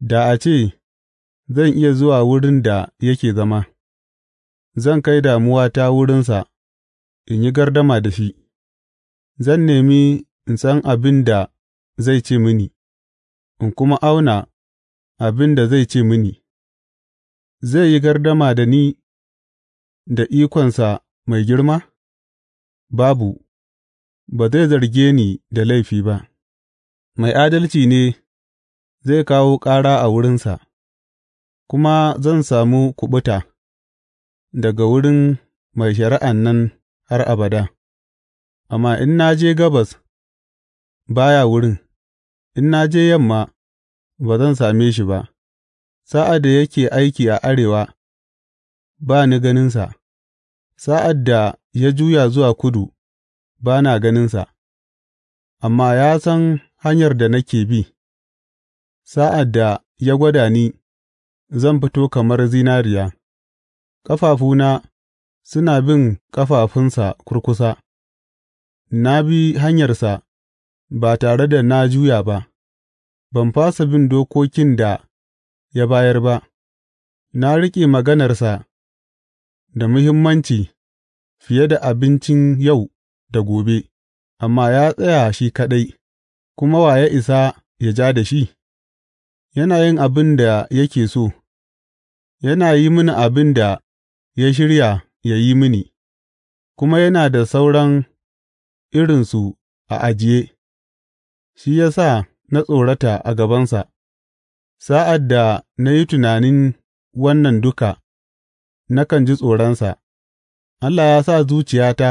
da a ce zan iya zuwa wurin da yake zama, zan kai damuwata wurinsa in yi gardama da shi; zan nemi in san abin da zai ce mini, in kuma auna. abin da zai ce mini, zai yi gardama da ni da ikonsa mai girma? Babu, ba zai zarge ni da laifi ba, mai adalci ne zai kawo ƙara a wurinsa, kuma zan samu kuɓuta daga wurin mai shari'an nan har abada. Amma in na je gabas, baya wurin, in na je yamma, ba zan same shi ba, sa'ad da yake aiki a arewa, ba ni ganinsa, sa'ad da ya juya zuwa kudu, ba na ganinsa, amma ya san hanyar da nake bi, sa'ad da ya gwada ni, zan fito kamar zinariya, ƙafafuna suna bin ƙafafunsa kurkusa, na bi hanyarsa ba tare da na juya ba. Ban fasa bin dokokin da ya bayar ba; na riƙe maganarsa da muhimmanci fiye da abincin yau da gobe, amma ya tsaya shi kaɗai, kuma wa ya isa ya ja da shi, yana yin abin da yake so, yana yi mini abin da ya shirya ya yi mini, kuma yana da sauran irinsu a ajiye, shi ya sa. na tsorata a gabansa, sa'ad da na yi tunanin wannan duka, nakan ji tsoronsa, Allah ya sa zuciyata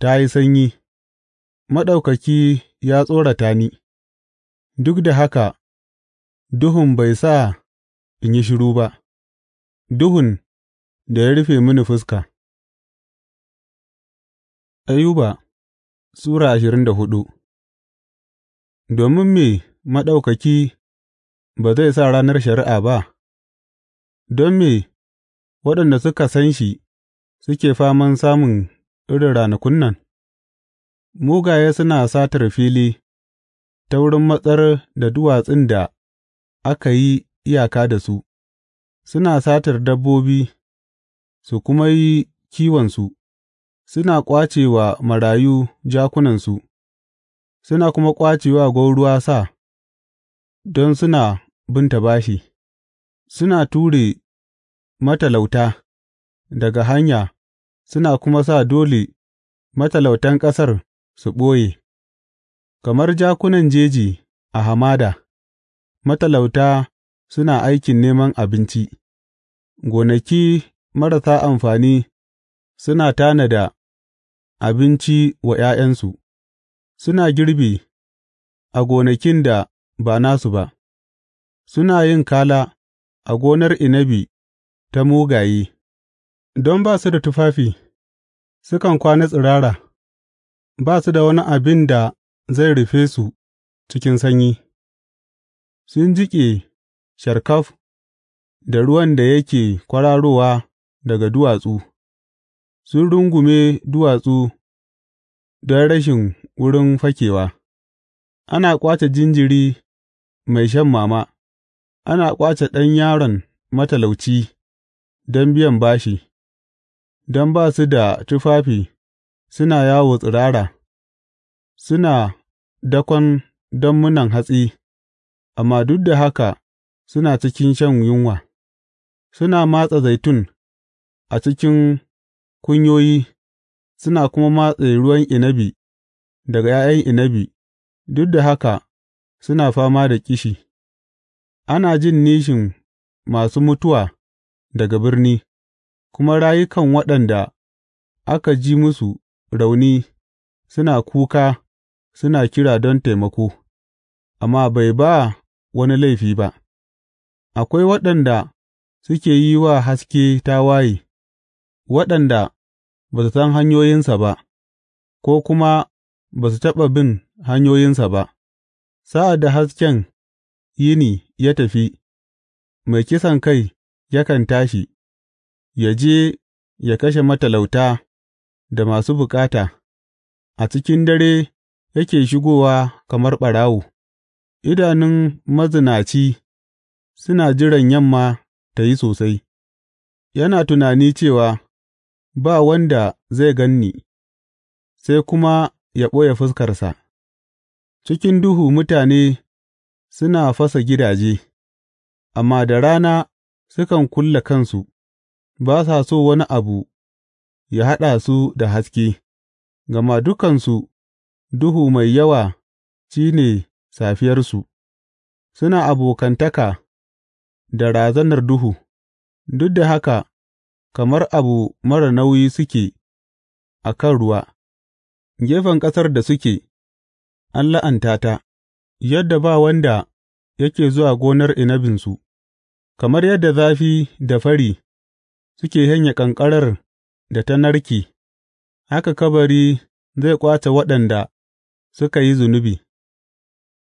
ta yi sanyi, Maɗaukaki ya tsorata ni, duk da haka duhun bai sa in yi shiru ba, duhun da ya rufe mini fuska. Ayuba Sura ashirin da hudu Domin me Maɗaukaki ba zai sa ranar shari'a ba, don me waɗanda suka san shi suke faman samun irin ranakun nan? Mugaye suna satar fili ta wurin matsar da duwatsun da aka yi iyaka da su, suna satar dabbobi su kuma yi kiwonsu, suna ƙwace wa marayu jakunansu. suna kuma ƙwace wa gwauruwa sa don suna binta bashi; suna ture matalauta daga hanya suna kuma sa dole matalautan ƙasar su ɓoye; kamar jakunan jeji a hamada, matalauta suna aikin neman abinci, gonaki marasa amfani suna tanada abinci wa ’ya'yansu. suna girbi a gonakin da ba nasu ba, suna yin kala a gonar inabi ta mugaye, don ba su da tufafi, sukan kwana tsirara, ba su da wani abin da zai rufe su cikin sanyi, sun jiƙe sharkaf da ruwan da yake kwararowa daga duwatsu, sun rungume duwatsu don rashin wurin fakewa, ana ƙwace jinjiri mai shan mama, ana ƙwace ɗan yaron matalauci don biyan bashi, don ba su da tufafi suna yawo tsirara, suna dakon munan hatsi, amma duk da haka suna cikin shan yunwa, suna matsa zaitun a cikin kunyoyi, suna kuma matse ruwan inabi daga ’ya'yan inabi, duk da haka suna fama da ƙishi; ana jin nishin masu mutuwa daga birni, kuma rayukan waɗanda aka ji musu rauni suna kuka suna kira don taimako, amma bai ba wani laifi ba, akwai waɗanda suke yi wa haske tawaye, waɗanda ba su san hanyoyinsa ba, ko kuma ba su taɓa bin hanyoyinsa ba, sa'ad da hasken yini ya tafi, mai kisan kai yakan tashi, ya je ya kashe matalauta da masu bukata, a cikin dare yake shigowa kamar ɓarawo, idanun mazinaci suna jiran yamma ta yi sosai, yana tunani cewa, Ba wanda zai gan ni, sai kuma ya ɓoye fuskarsa; cikin duhu mutane suna fasa gidaje, amma da rana sukan kulle kansu; ba sa so wani abu ya haɗa su da haske, gama dukansu duhu mai yawa ci ne safiyarsu; suna abokantaka da razanar duhu, duk da haka kamar abu mara nauyi suke a kan ruwa. gefen ƙasar da suke, an la'anta ta, yadda ba wanda yake zuwa gonar inabinsu, kamar yadda zafi da fari suke hanya ƙanƙarar da ta narki, haka kabari zai ƙwace waɗanda suka yi zunubi,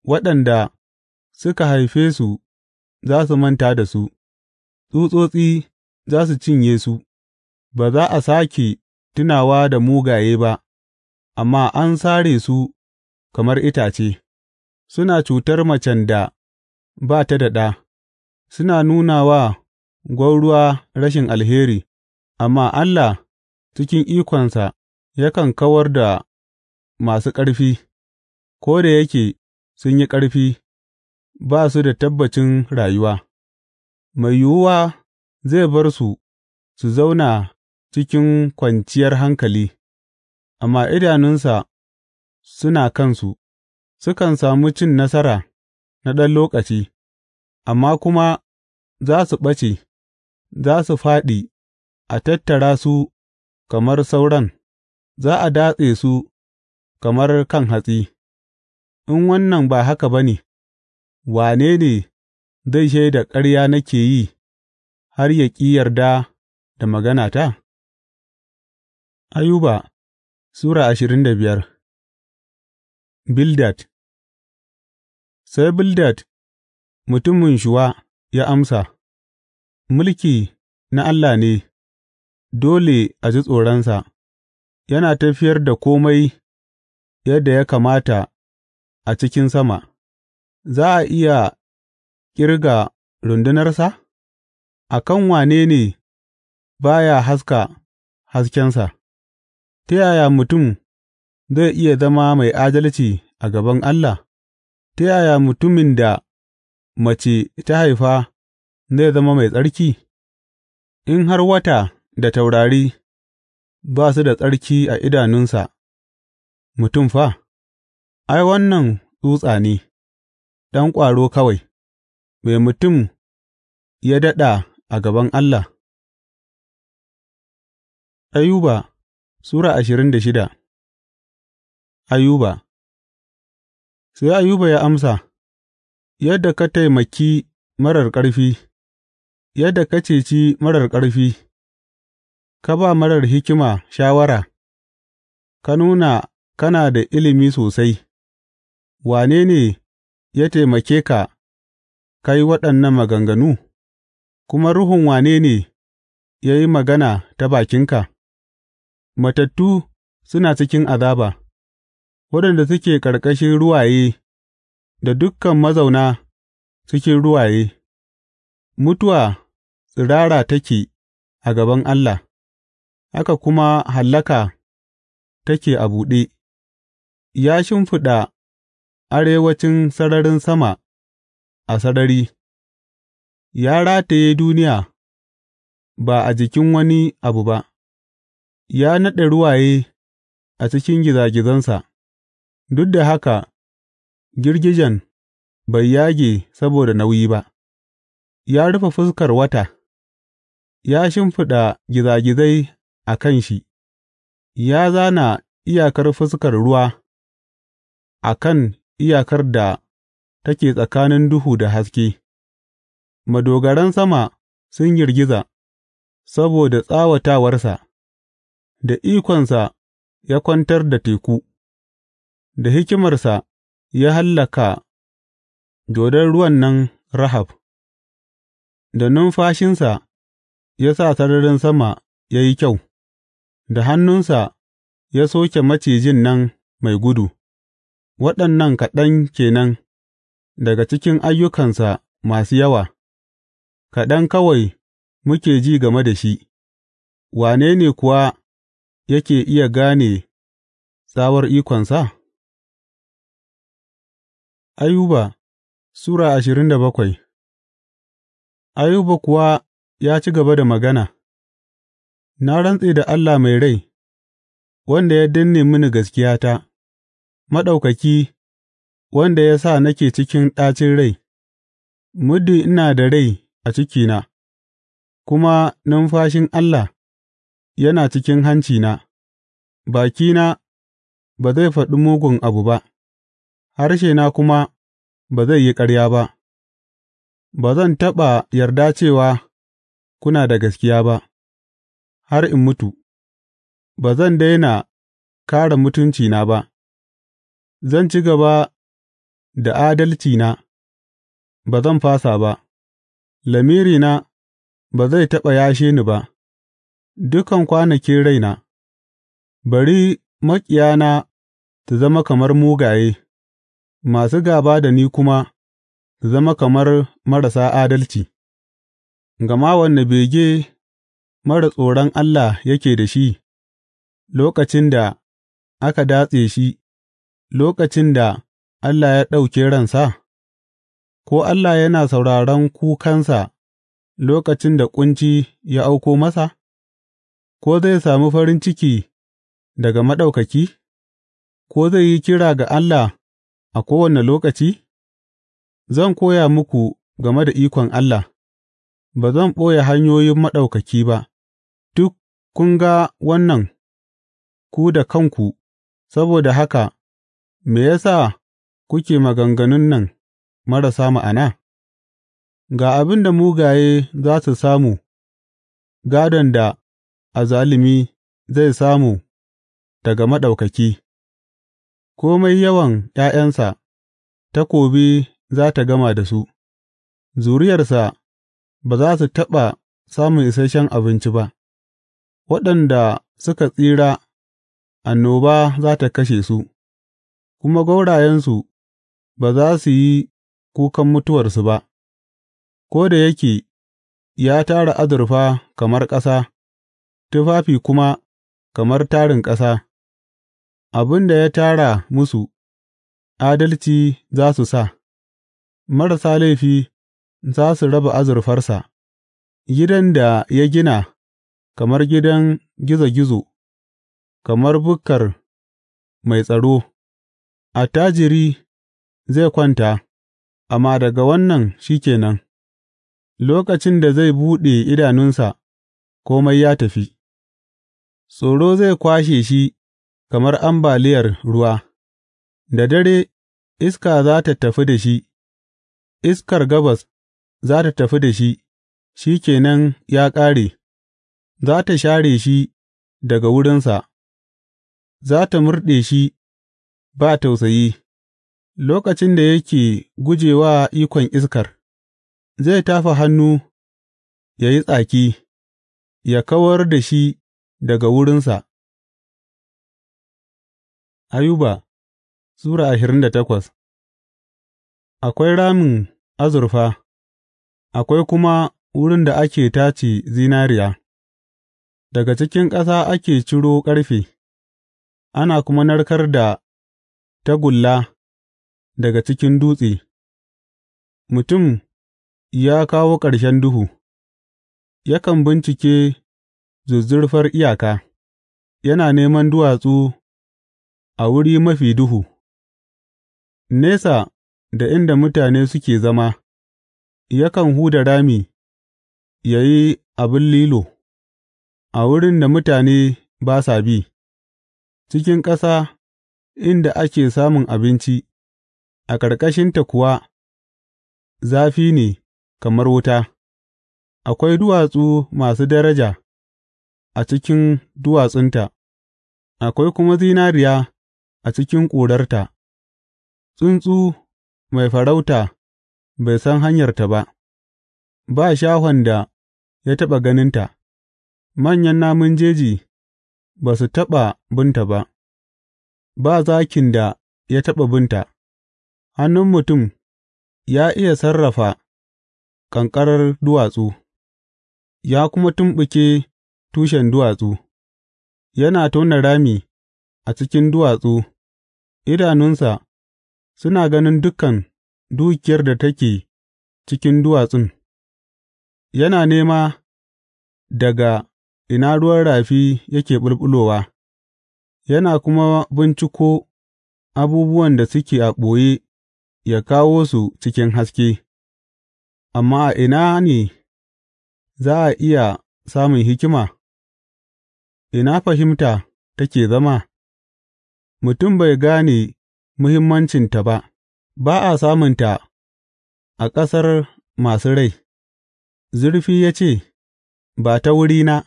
waɗanda suka haife su za su manta da su, tsutsotsi za su cinye su, ba za a sāke tunawa da mugaye ba. amma an sare su kamar itace, suna cutar macen da ba ta da ɗa, suna nuna wa gwauruwa rashin alheri, amma Allah cikin ikonsa yakan kawar da masu ƙarfi, ko da yake sun yi ƙarfi, ba su da tabbacin rayuwa, mai yiwuwa zai bar su su zauna cikin kwanciyar hankali. amma idanunsa suna kansu; sukan sami cin nasara na ɗan lokaci, amma kuma za su ɓace, za su fāɗi a tattara su kamar sauran, za a datse su kamar kan hatsi, in wannan ba haka ba ne, wane ne zai shaida ƙarya nake yi har yă ƙi yarda da maganata? Ayuba Sura ashirin da biyar Bildad Sai Bildad mutumin Shuwa ya amsa, Mulki na Allah ne, dole a ji tsoronsa, yana tafiyar da komai yadda ya kamata a cikin sama, za a iya ƙirga rundunarsa? A kan wane ne ba ya haska haskensa? Ta yaya mutum zai iya zama mai adalci a gaban Allah, ta yaya mutumin da mace ta haifa zai zama mai tsarki, in har wata da taurari ba su da tsarki a idanunsa, mutum fa, ai, wannan tsutsa ne, ɗan ƙwaro kawai, mai mutum ya daɗa a gaban Allah. Ayuba Sura ashirin da shida Ayuba Sai Ayuba ya amsa, Yadda ka taimaki marar ƙarfi, yadda ka ceci marar ƙarfi, ka ba marar hikima shawara, ka nuna kana da ilimi sosai, wane ne ya taimake ka ka yi waɗannan maganganu, kuma ruhun wane ne ya yi magana ta bakinka? matattu suna cikin azaba, waɗanda suke ƙarƙashin ruwaye da dukan mazauna cikin ruwaye, mutuwa tsirara take a gaban Allah, haka kuma hallaka take a buɗe, ya shimfiɗa arewacin sararin sama a sarari, ya rataye duniya ba a jikin wani abu ba. Ya naɗe ruwaye a cikin gizagizansa, duk da haka girgijen bai yage saboda nauyi ba; ya rufe fuskar wata, ya shimfiɗa gizagizai a kan shi, ya zana iyakar fuskar ruwa a kan iyakar da take tsakanin duhu da haske; madogaran sama sun girgiza saboda tsawatawarsa. Da ikonsa ya kwantar da teku, da hikimarsa ya hallaka dodon ruwan nan Rahab, da numfashinsa ya sa sararin sama ya yi kyau, da hannunsa ya soke macijin nan mai gudu, waɗannan kaɗan kenan daga cikin ayyukansa masu yawa, kaɗan kawai muke ji game da shi, wane ne kuwa yake iya gane tsawar ikonsa? Ayuba Sura ashirin da bakwai Ayuba kuwa ya ci gaba da magana, Na rantse da Allah mai rai, wanda ya danne mini gaskiyata, Maɗaukaki, wanda ya sa nake cikin ɗacin rai, muddin ina da rai a cikina, kuma numfashin Allah yana cikin hancina, bakina ba zai faɗi mugun abu ba, harshena kuma ba zai yi ƙarya ba, ba zan taɓa yarda cewa kuna da gaskiya ba, har in mutu, ba zan daina mutunci mutuncina ba, zan ci gaba da adalcina, ba zan fasa ba, lamirina ba zai taɓa yashe ni ba. dukan kwanakin raina, bari maƙiyana su zama kamar mugaye, masu gaba da ni kuma su zama kamar marasa adalci, gama wanne bege mara tsoron Allah yake da shi lokacin da aka datse shi, lokacin da Allah ya ɗauke ransa? Ko Allah yana sauraron kukansa lokacin da ƙunci ya auko masa? ko zai sami farin ciki daga Maɗaukaki, ko zai yi kira ga Allah a kowane lokaci? Zan koya muku game da ikon Allah, ba zan ɓoye hanyoyin Maɗaukaki ba, duk kun ga wannan ku da kanku, saboda haka, me ya sa kuke maganganun nan marasa ma'ana? Ga abin da mugaye za su samu, gādon da azalimi zai samu daga Maɗaukaki, kome yawan ’ya'yansa, takobi za tă gama da su, zuriyarsa ba za su taɓa samun isasshen abinci ba, waɗanda suka tsira annoba za ta kashe su, kuma gwaurayensu ba za su yi kukan mutuwarsu ba, ko da yake ya tara azurfa kamar ƙasa. tufafi kuma kamar tarin ƙasa; abin da ya tara musu, adalci za su sa, marasa laifi za su raba azurfarsa; gidan da ya gina kamar gidan gizo gizo, kamar bukkar mai tsaro, attajiri zai kwanta, amma daga wannan shi ke nan, lokacin da zai buɗe idanunsa, komai ya tafi. Tsoro zai kwashe shi kamar ambaliyar ruwa; da dare iska za ta tafi da shi, iskar gabas za ta tafi da shi, shi ke ya ƙare; za ta share shi daga wurinsa, za ta murɗe shi ba tausayi lokacin da yake guje wa ikon iskar, zai tafa hannu ya yi tsaki, Ya kawar da shi. daga wurinsa. Ayuba Sura ashirin da takwas Akwai ramin azurfa, akwai kuma wurin da ake tace zinariya, daga cikin ƙasa ake ciro ƙarfe, ana kuma narkar da tagulla daga cikin dutse, mutum ya kawo ƙarshen duhu, yakan bincike zuzzurfar iyaka, yana neman duwatsu a wuri mafi duhu, nesa da inda mutane suke zama, yakan huda rami ya yi abin lilo a wurin da mutane ba sa bi, cikin ƙasa inda ake samun abinci, a ƙarƙashinta kuwa zafi ne kamar wuta, akwai duwatsu masu daraja. a cikin duwatsunta, akwai kuma zinariya a cikin ƙurarta; tsuntsu mai farauta bai san hanyarta ba, ba shahon da ya taɓa ganinta, manyan namun jeji ba su taɓa binta ba, ba zakin da ya taɓa binta, hannun mutum ya iya sarrafa ƙanƙarar duwatsu, ya kuma tumɓuke tushen duwatsu, yana tona rami a cikin duwatsu, idanunsa suna ganin dukan dukiyar da take cikin duwatsun, yana nema daga ina ruwan rafi yake ɓulɓulowa, yana kuma binciko abubuwan da suke a ɓoye ya kawo su cikin haske, amma ina ne za a iya samun hikima? ina fahimta take zama, mutum bai gane muhimmancinta ba, ba a samunta a ƙasar masu rai, zurfi ya ce, Ba ta wuri na.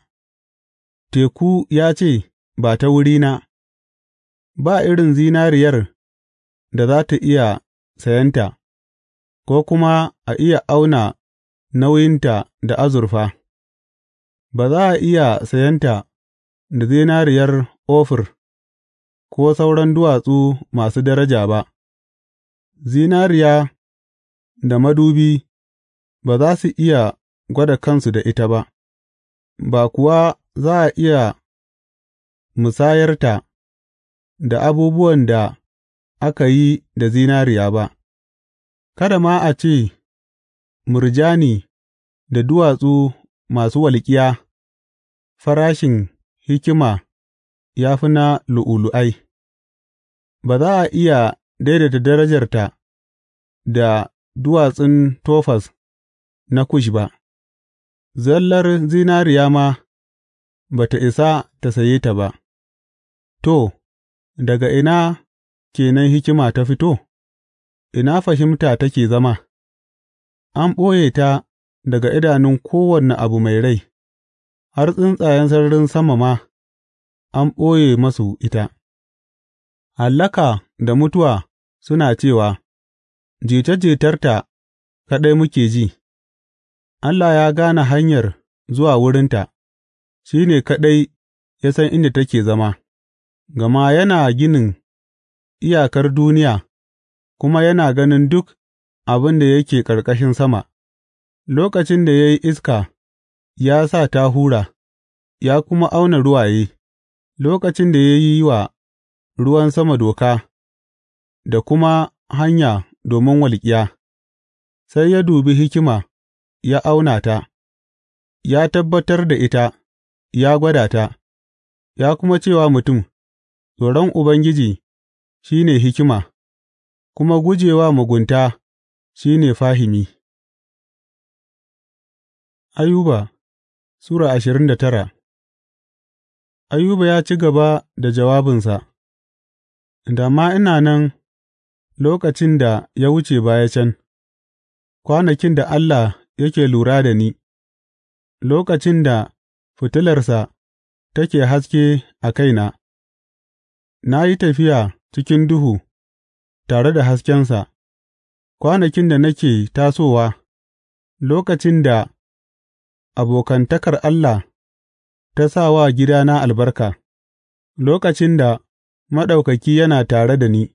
teku ya ce, Ba ta wuri na. ba irin zinariyar da za ta iya sayanta, ko kuma a iya auna nauyinta da azurfa, ba za a iya sayanta. da zinariyar Ofir ko sauran duwatsu masu daraja ba, zinariya da madubi ba za su iya gwada kansu da ita ba, ba kuwa za a iya musayarta da abubuwan da aka yi da zinariya ba, kada ma a ce murjani da duwatsu masu walƙiya farashin hikima ya fi na lu'ulu'ai; ba za a iya daidaita darajarta da duwatsun tofas na Kush ba, zallar zinariya ma ba ta isa ta saye ta ba, to, daga ina kenan hikima ta fito, ina fahimta take zama, an ɓoye ta daga idanun kowane abu mai rai. har tsuntsayen sararin sama ma an ɓoye masu ita, hallaka da mutuwa suna cewa, Jita jitarta kaɗai muke ji, Allah ya gane hanyar zuwa wurinta, shi ne kaɗai ya san inda take zama, gama yana ginin iyakar duniya kuma yana ganin duk abin da yake ƙarƙashin sama, lokacin da ya yi iska. ya sa ta hura, ya kuma auna ruwaye, lokacin da ya yi wa ruwan sama doka da kuma hanya domin walƙiya, sai ya dubi hikima ya auna ta, ya tabbatar da ita, ya gwada ta, ya kuma cewa mutum, Tsoron Ubangiji shi ne hikima, kuma guje wa mugunta shi ne fahimi. Ayuba Sura ashirin da tara Ayuba ya ci gaba da jawabinsa Da ma ina nan lokacin da ya wuce baya can, kwanakin da Allah yake lura da ni, lokacin da fitilarsa take haske a kaina, na yi tafiya cikin duhu tare da haskensa, kwanakin da nake tasowa, lokacin da abokantakar Allah ta sa wa gidana albarka, lokacin da Maɗaukaki yana tare da ni,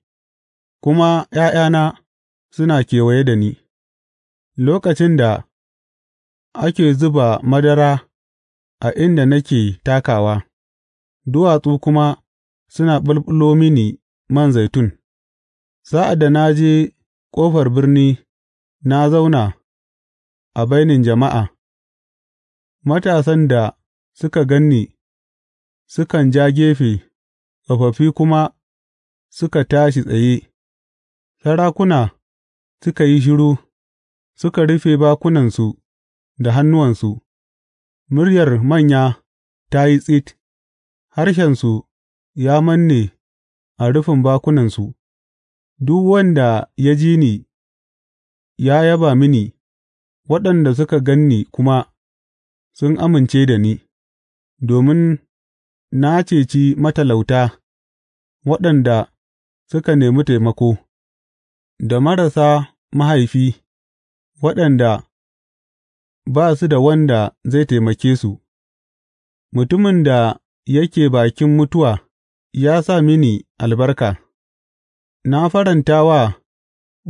kuma ’ya'yana suna kewaye da ni, lokacin da ake zuba madara a inda nake takawa, duwatsu kuma suna ɓulɓulo mini man zaitun, sa'ad da na je ƙofar birni na zauna a bainin jama'a. Matasan da suka gan ni sukan ja gefe tsofaffi kuma suka tashi tsaye; sarakuna suka yi shiru suka rufe bakunansu da hannuwansu; muryar manya ta yi tsit, harshensu ya manne a rufin bakunansu; duk wanda ya ji ni ya yaba mini, waɗanda suka gan ni kuma. sun amince da ni, domin na ceci matalauta waɗanda suka nemi taimako, da marasa mahaifi waɗanda ba su da wanda zai taimake su, mutumin da yake bakin mutuwa ya sa mini albarka, na faranta wa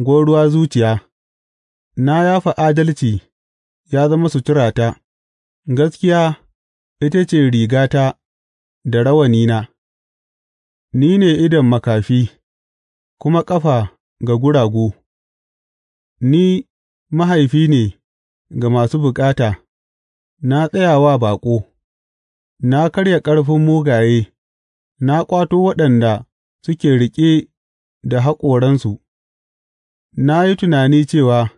gwauruwa zuciya, na yafa adalci ya zama suturata. Gaskiya ita ce rigata da rawanina; ni ne idon makafi, kuma ƙafa ga guragu; ni mahaifi ne ga masu bukata, na tsaya wa baƙo, na karya ƙarfin mugaye, na ƙwato waɗanda suke riƙe da haƙoransu; na yi tunani cewa,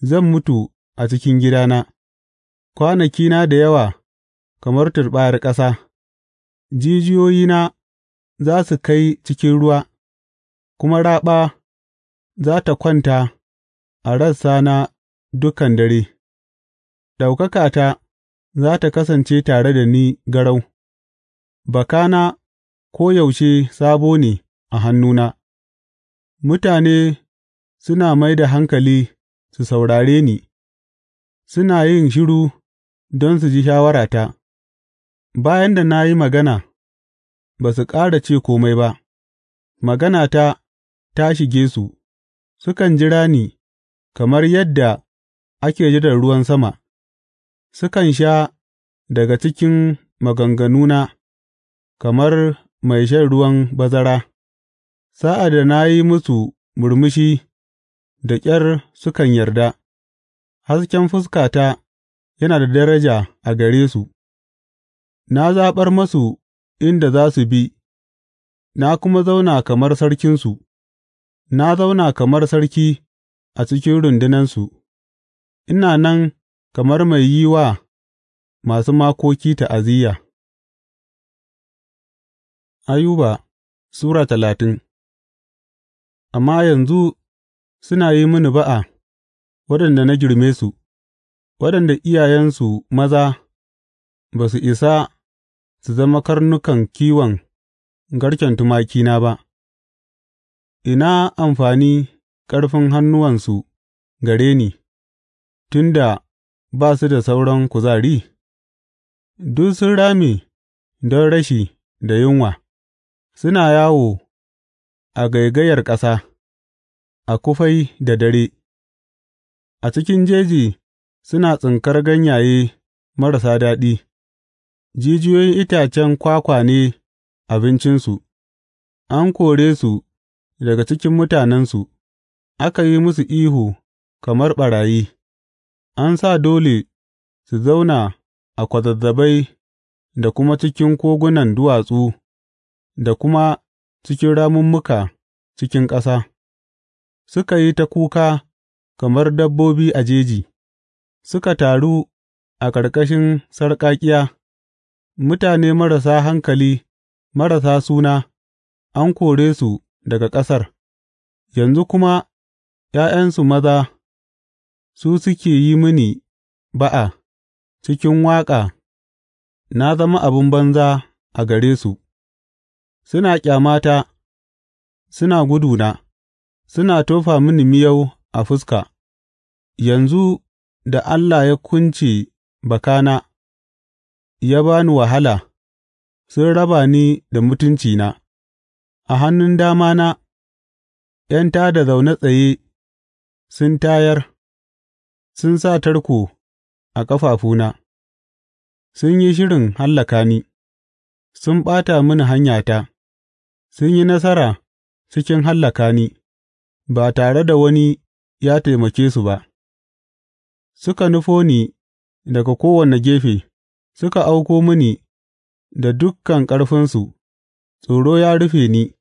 Zan mutu a cikin gidana. Kwanakina da yawa kamar turɓayar ƙasa, jijiyoyina za su kai cikin ruwa, kuma raɓa za ta kwanta a rassana dukan dare; ɗaukakata za ta kasance tare da ni garau, bakana koyaushe sabo ne a hannuna, mutane suna mai da hankali su saurare ni, suna yin shiru. don su ji shawarata, bayan da na yi magana, ba su ƙara ce kome ba, maganata ta shige su, sukan jira ni kamar yadda ake jiran ruwan sama, sukan sha daga cikin maganganuna kamar mai shan ruwan bazara, sa'ad da na yi musu murmushi da ƙyar sukan yarda, hasken fuskata. yana da daraja a gare su, na zaɓar masu inda za su bi, na kuma zauna kamar sarkinsu, na zauna kamar sarki a cikin rundunansu, ina nan kamar mai yi wa masu makoki ta'aziyya. Ayuba Sura talatin Amma yanzu suna yi mini ba'a waɗanda na girme su. waɗanda iyayensu maza ba su isa su zama karnukan kiwon garken tumakina ba, ina amfani ƙarfin hannuwansu gare ni, tun da ba su da sauran kuzari? Duk sun rame don rashi da yunwa, suna yawo a gaigayar ƙasa, a kufai da dare, a cikin jeji suna tsinkar ganyaye marasa daɗi, jijiyoyin itacen kwakwa ne abincinsu, an kore su daga cikin mutanensu, aka yi musu ihu kamar ɓarayi, an sa dole su zauna a kwazazzabai da kuma cikin kogunan duwatsu da kuma cikin ramummuka cikin ƙasa, suka yi ta kuka kamar dabbobi a jeji. suka taru a ƙarƙashin sarƙaƙiya, mutane marasa hankali, marasa suna, an kore su daga ƙasar, yanzu kuma ’ya'yansu maza su suke yi mini ba'a cikin waƙa, na zama abin banza a gare su, suna ƙyamata, suna guduna, suna tofa mini miyau a fuska, yanzu da Allah ya kunce bakana ya ba ni wahala, sun raba ni da mutuncina, a hannun damana, ’yan ta da zaune tsaye sun tayar, sun sa tarko a ƙafafuna, sun yi shirin hallaka ni, sun ɓata mini hanyata, sun yi nasara cikin hallaka ni, ba tare da wani ya taimake su ba. Suka nufo ni daga kowane gefe; suka auko mini da dukkan ƙarfinsu, tsoro ya rufe ni,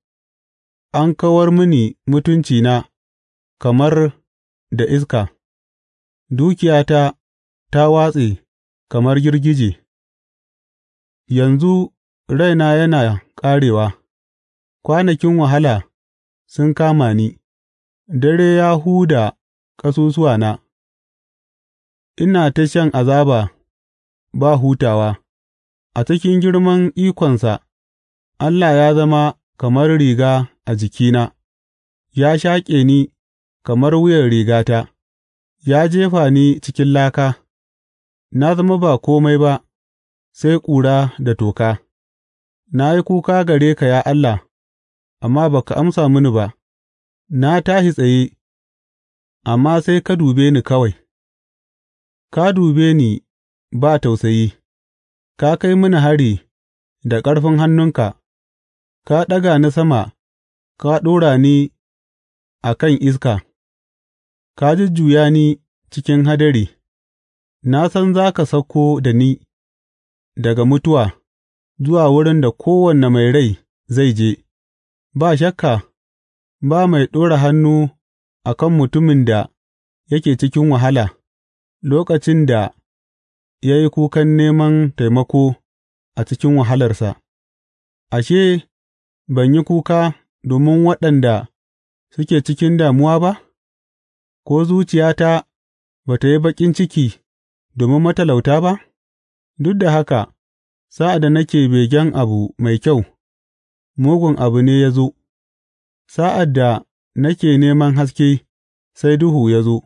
an kawar mini mutuncina kamar da iska, dukiyata ta watse kamar girgije, yanzu raina yana ƙarewa, kwanakin wahala sun kama ni, dare ya huda ƙasusuwana. Ina ta shan azaba ba hutawa; a cikin girman ikonsa Allah ya zama kamar riga a jikina, ya shaƙe ni kamar wuyan rigata, ya jefa ni cikin laka, na zama ba kome ba sai ƙura da toka; na yi kuka gare ka ya Allah, amma ba ka amsa mini ba, na tashi tsaye, amma sai ka dube ni kawai. Ka dube ni ba tausayi, ka kai mini hari da ƙarfin hannunka; ka ɗaga ni sama ka ɗora ni a kan iska, ka jujjuya ni cikin hadari, na san za ka sauko da ni daga mutuwa zuwa wurin da kowane mai rai zai je, ba shakka ba mai ɗora hannu a kan mutumin da yake cikin wahala. lokacin da ya yi kukan neman taimako a cikin wahalarsa, ashe, ban yi kuka domin waɗanda suke cikin damuwa ba, ko zuciyata ba ta yi baƙin ciki domin matalauta ba? Duk da haka, sa'ad da nake begen abu mai kyau, mugun abu ne ya zo, sa'ad da nake neman haske, sai duhu ya zo,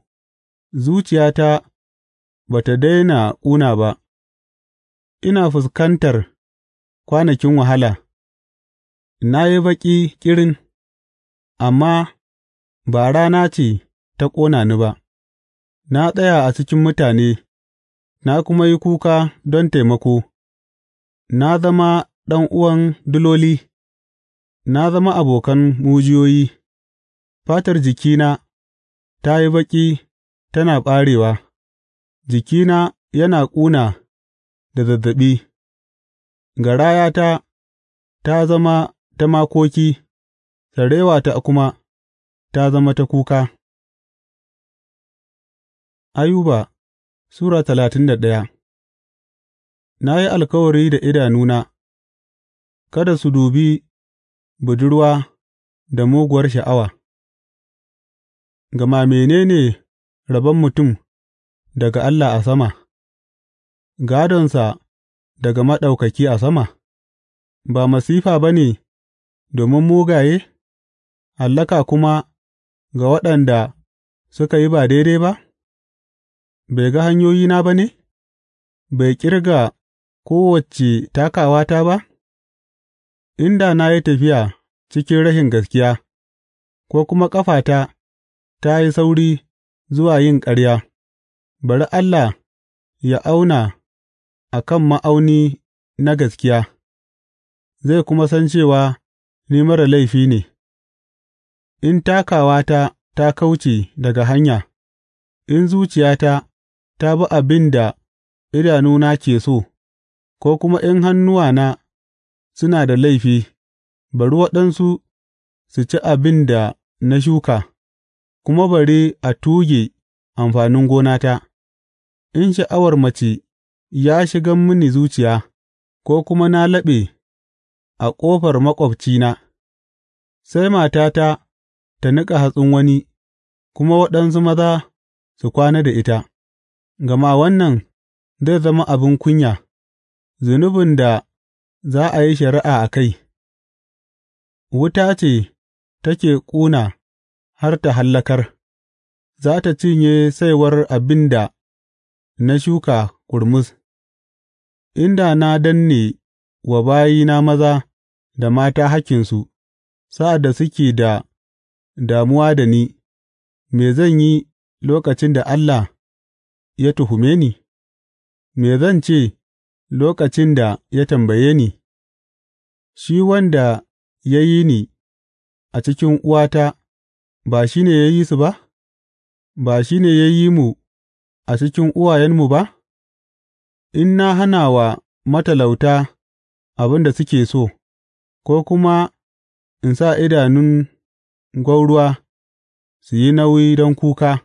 zuciyata ba ta daina ƙuna ba, ina fuskantar kwanakin wahala, na yi baƙi ƙirin, amma ba rana ce ta ƙona ni ba, na tsaya a cikin mutane, na kuma yi kuka don taimako, na zama ɗan uwan duloli. na zama abokan mujiyoyi, fatar jikina ta yi baƙi tana ɓarewa. jikina yana ƙuna da zazzaɓi, garayata ta zama ta makoki, sarewata kuma ta zama ta kuka. Ayuba Sura talatin da ɗaya Na yi alkawari da idanuna, kada su dubi budurwa da muguwar sha'awa, gama menene ne rabon mutum? daga Allah a sama, gādonsa daga Maɗaukaki a sama? Ba masifa ba ne domin mugaye, hallaka kuma ga waɗanda suka yi ba daidai ba? Bai ga hanyoyina ba ne? Bai ƙirga kowace takawata ba? Inda na yi tafiya cikin rashin gaskiya, ko kuma ƙafata ta yi sauri zuwa yin ƙarya. Bari Allah yă auna a kan ma'auni na gaskiya, zai kuma san cewa ni marar laifi ne, in takawata ta kauce daga hanya, in zuciyata ta bi abin da idanuna ke so, ko kuma in hannuwana suna da laifi, bari waɗansu su ci abin da na shuka, kuma bari a tuge amfanin gonata. in sha'awar mace ya shiga mini zuciya ko kuma na laɓe a ƙofar maƙwabcina, sai matata ta niƙa hatsin wani, kuma waɗansu maza su kwana da ita, gama wannan zai zama abin kunya, zunubin da za a yi shari'a a kai, wuta ce take ƙuna har ta hallakar, za ta cinye saiwar abin da na shuka ƙurmus, inda na danne wa bayina maza da mata hakkinsu sa'ad da suke da damuwa da ni, me zan yi lokacin da Allah ya tuhume ni? Me zan ce lokacin da ya tambaye ni, Shi wanda ya yi ni a cikin uwata, ba shi ne ya yi su ba? Ba shi ne ya yi mu a cikin uwayenmu ba, in na hana wa matalauta abin da suke so, ko kuma in sa idanun gwauruwa su yi nauyi don kuka,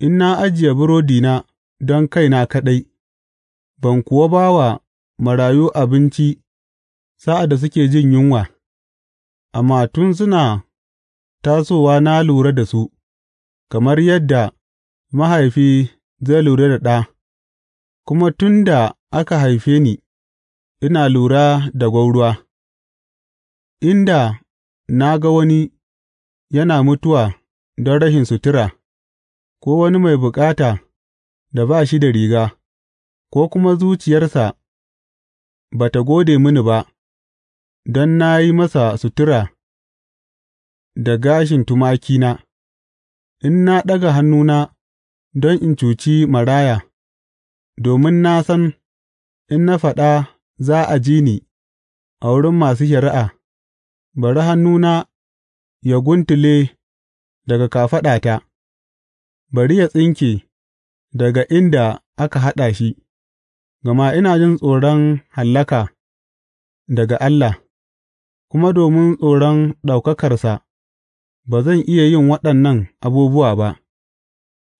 in na ajiye burodina don kaina kaɗai, ban kuwa ba wa marayu abinci sa'ad da suke jin yunwa, amma tun suna tasowa na lura da su, kamar yadda mahaifi zai lura da ɗa, kuma tun da aka haife ni, ina lura da gwauruwa, inda na ga wani yana mutuwa don rashin sutura, ko wani mai bukata da ba shi da riga, ko kuma zuciyarsa ba ta gode mini ba, don na yi masa sutura da gashin tumakina, in na ɗaga hannuna don in cuci maraya, domin na san in na faɗa za a ji ni a wurin masu shari'a, bari hannuna ya guntule daga kafaɗata, bari ya tsinke daga inda aka haɗa shi, gama ina jin tsoron hallaka daga Allah, kuma domin tsoron ɗaukakarsa ba zan iya yin waɗannan abubuwa ba.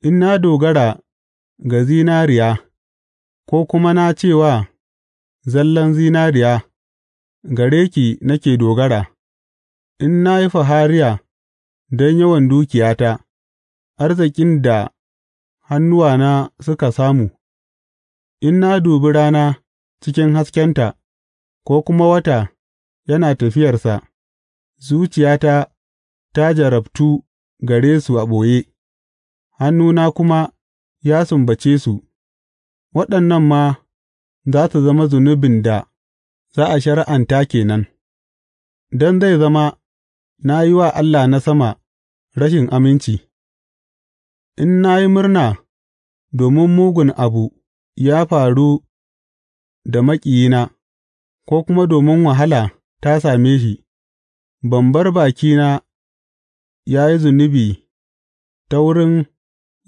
In na dogara ga zinariya ko kuma na ce wa zallan zinariya, Gare ki nake dogara,’ in na yi fahariya don yawan dukiyata, arzikin da hannuwana suka samu, in na dubi rana cikin haskenta ko kuma wata yana tafiyarsa, zuciyata ta jarabtu gare su a ɓoye. hannuna kuma ya sumbace su, waɗannan ma za su zama zunubin da za a shari'anta ke nan, don zai zama na yi wa Allah na sama rashin aminci, in na yi murna domin mugun abu ya faru da maƙiyina, ko kuma domin wahala ta same shi, ban bar bakina ya yi zunubi ta wurin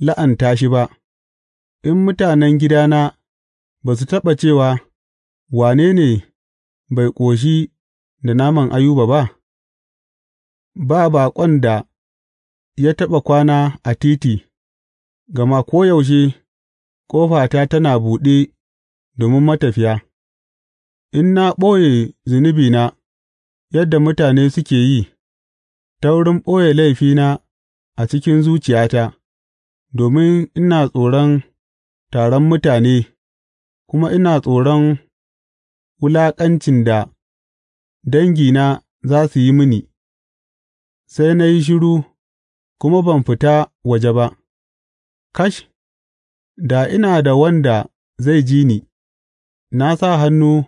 la'anta shi ba, in mutanen gidana ba su taɓa cewa, Wane ne bai ƙoshi da naman Ayuba ba, ba baƙon da ya taɓa kwana a titi, gama koyaushe ƙofata tana buɗe domin matafiya, in na ɓoye zunubina yadda mutane suke yi, ta wurin ɓoye laifina a cikin zuciyata. domin ina tsoron taron mutane kuma ina tsoron wulaƙancin da dangina za su yi mini, sai na yi shiru kuma ban fita waje ba, kash, da ina da wanda zai ji ni, na sa hannu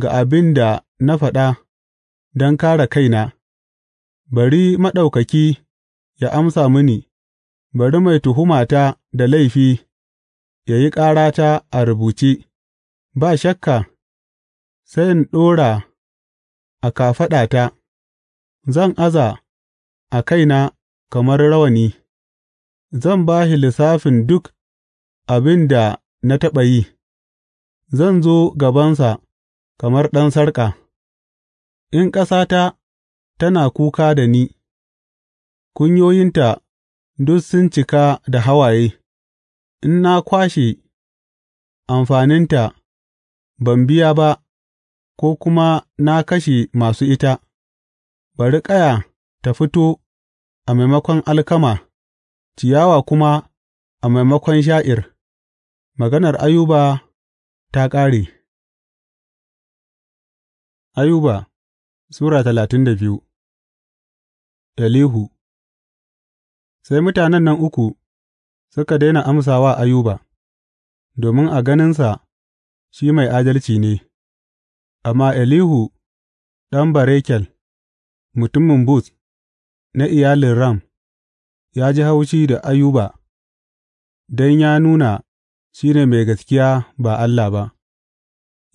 ga abin da na faɗa don kāre kaina, bari Maɗaukaki ya amsa mini. bari mai tuhumata da laifi ya yi ƙarata a rubuce, ba shakka sai in ɗora a kafaɗata, zan aza a kaina kamar rawani, zan ba shi lissafin duk abin da na taɓa yi, zan zo gabansa kamar ɗan sarƙa, in ƙasata tana kuka da ni, kunyoyinta duk sun cika da hawaye, in na kwashe amfaninta ban biya ba ko kuma na kashe masu ita, bari ƙaya ta fito a maimakon alkama, ciyawa kuma a maimakon sha'ir, maganar Ayuba ta ƙare. Ayuba Sura talatin da biyu Elihu Sai mutanen nan uku suka daina amsa wa Ayuba, domin a ganinsa shi mai adalci ne, amma Elihu ɗan Barekel, mutumin bus na iyalin Ram, ya ji haushi da Ayuba don ya nuna shi ne mai gaskiya ba Allah ba,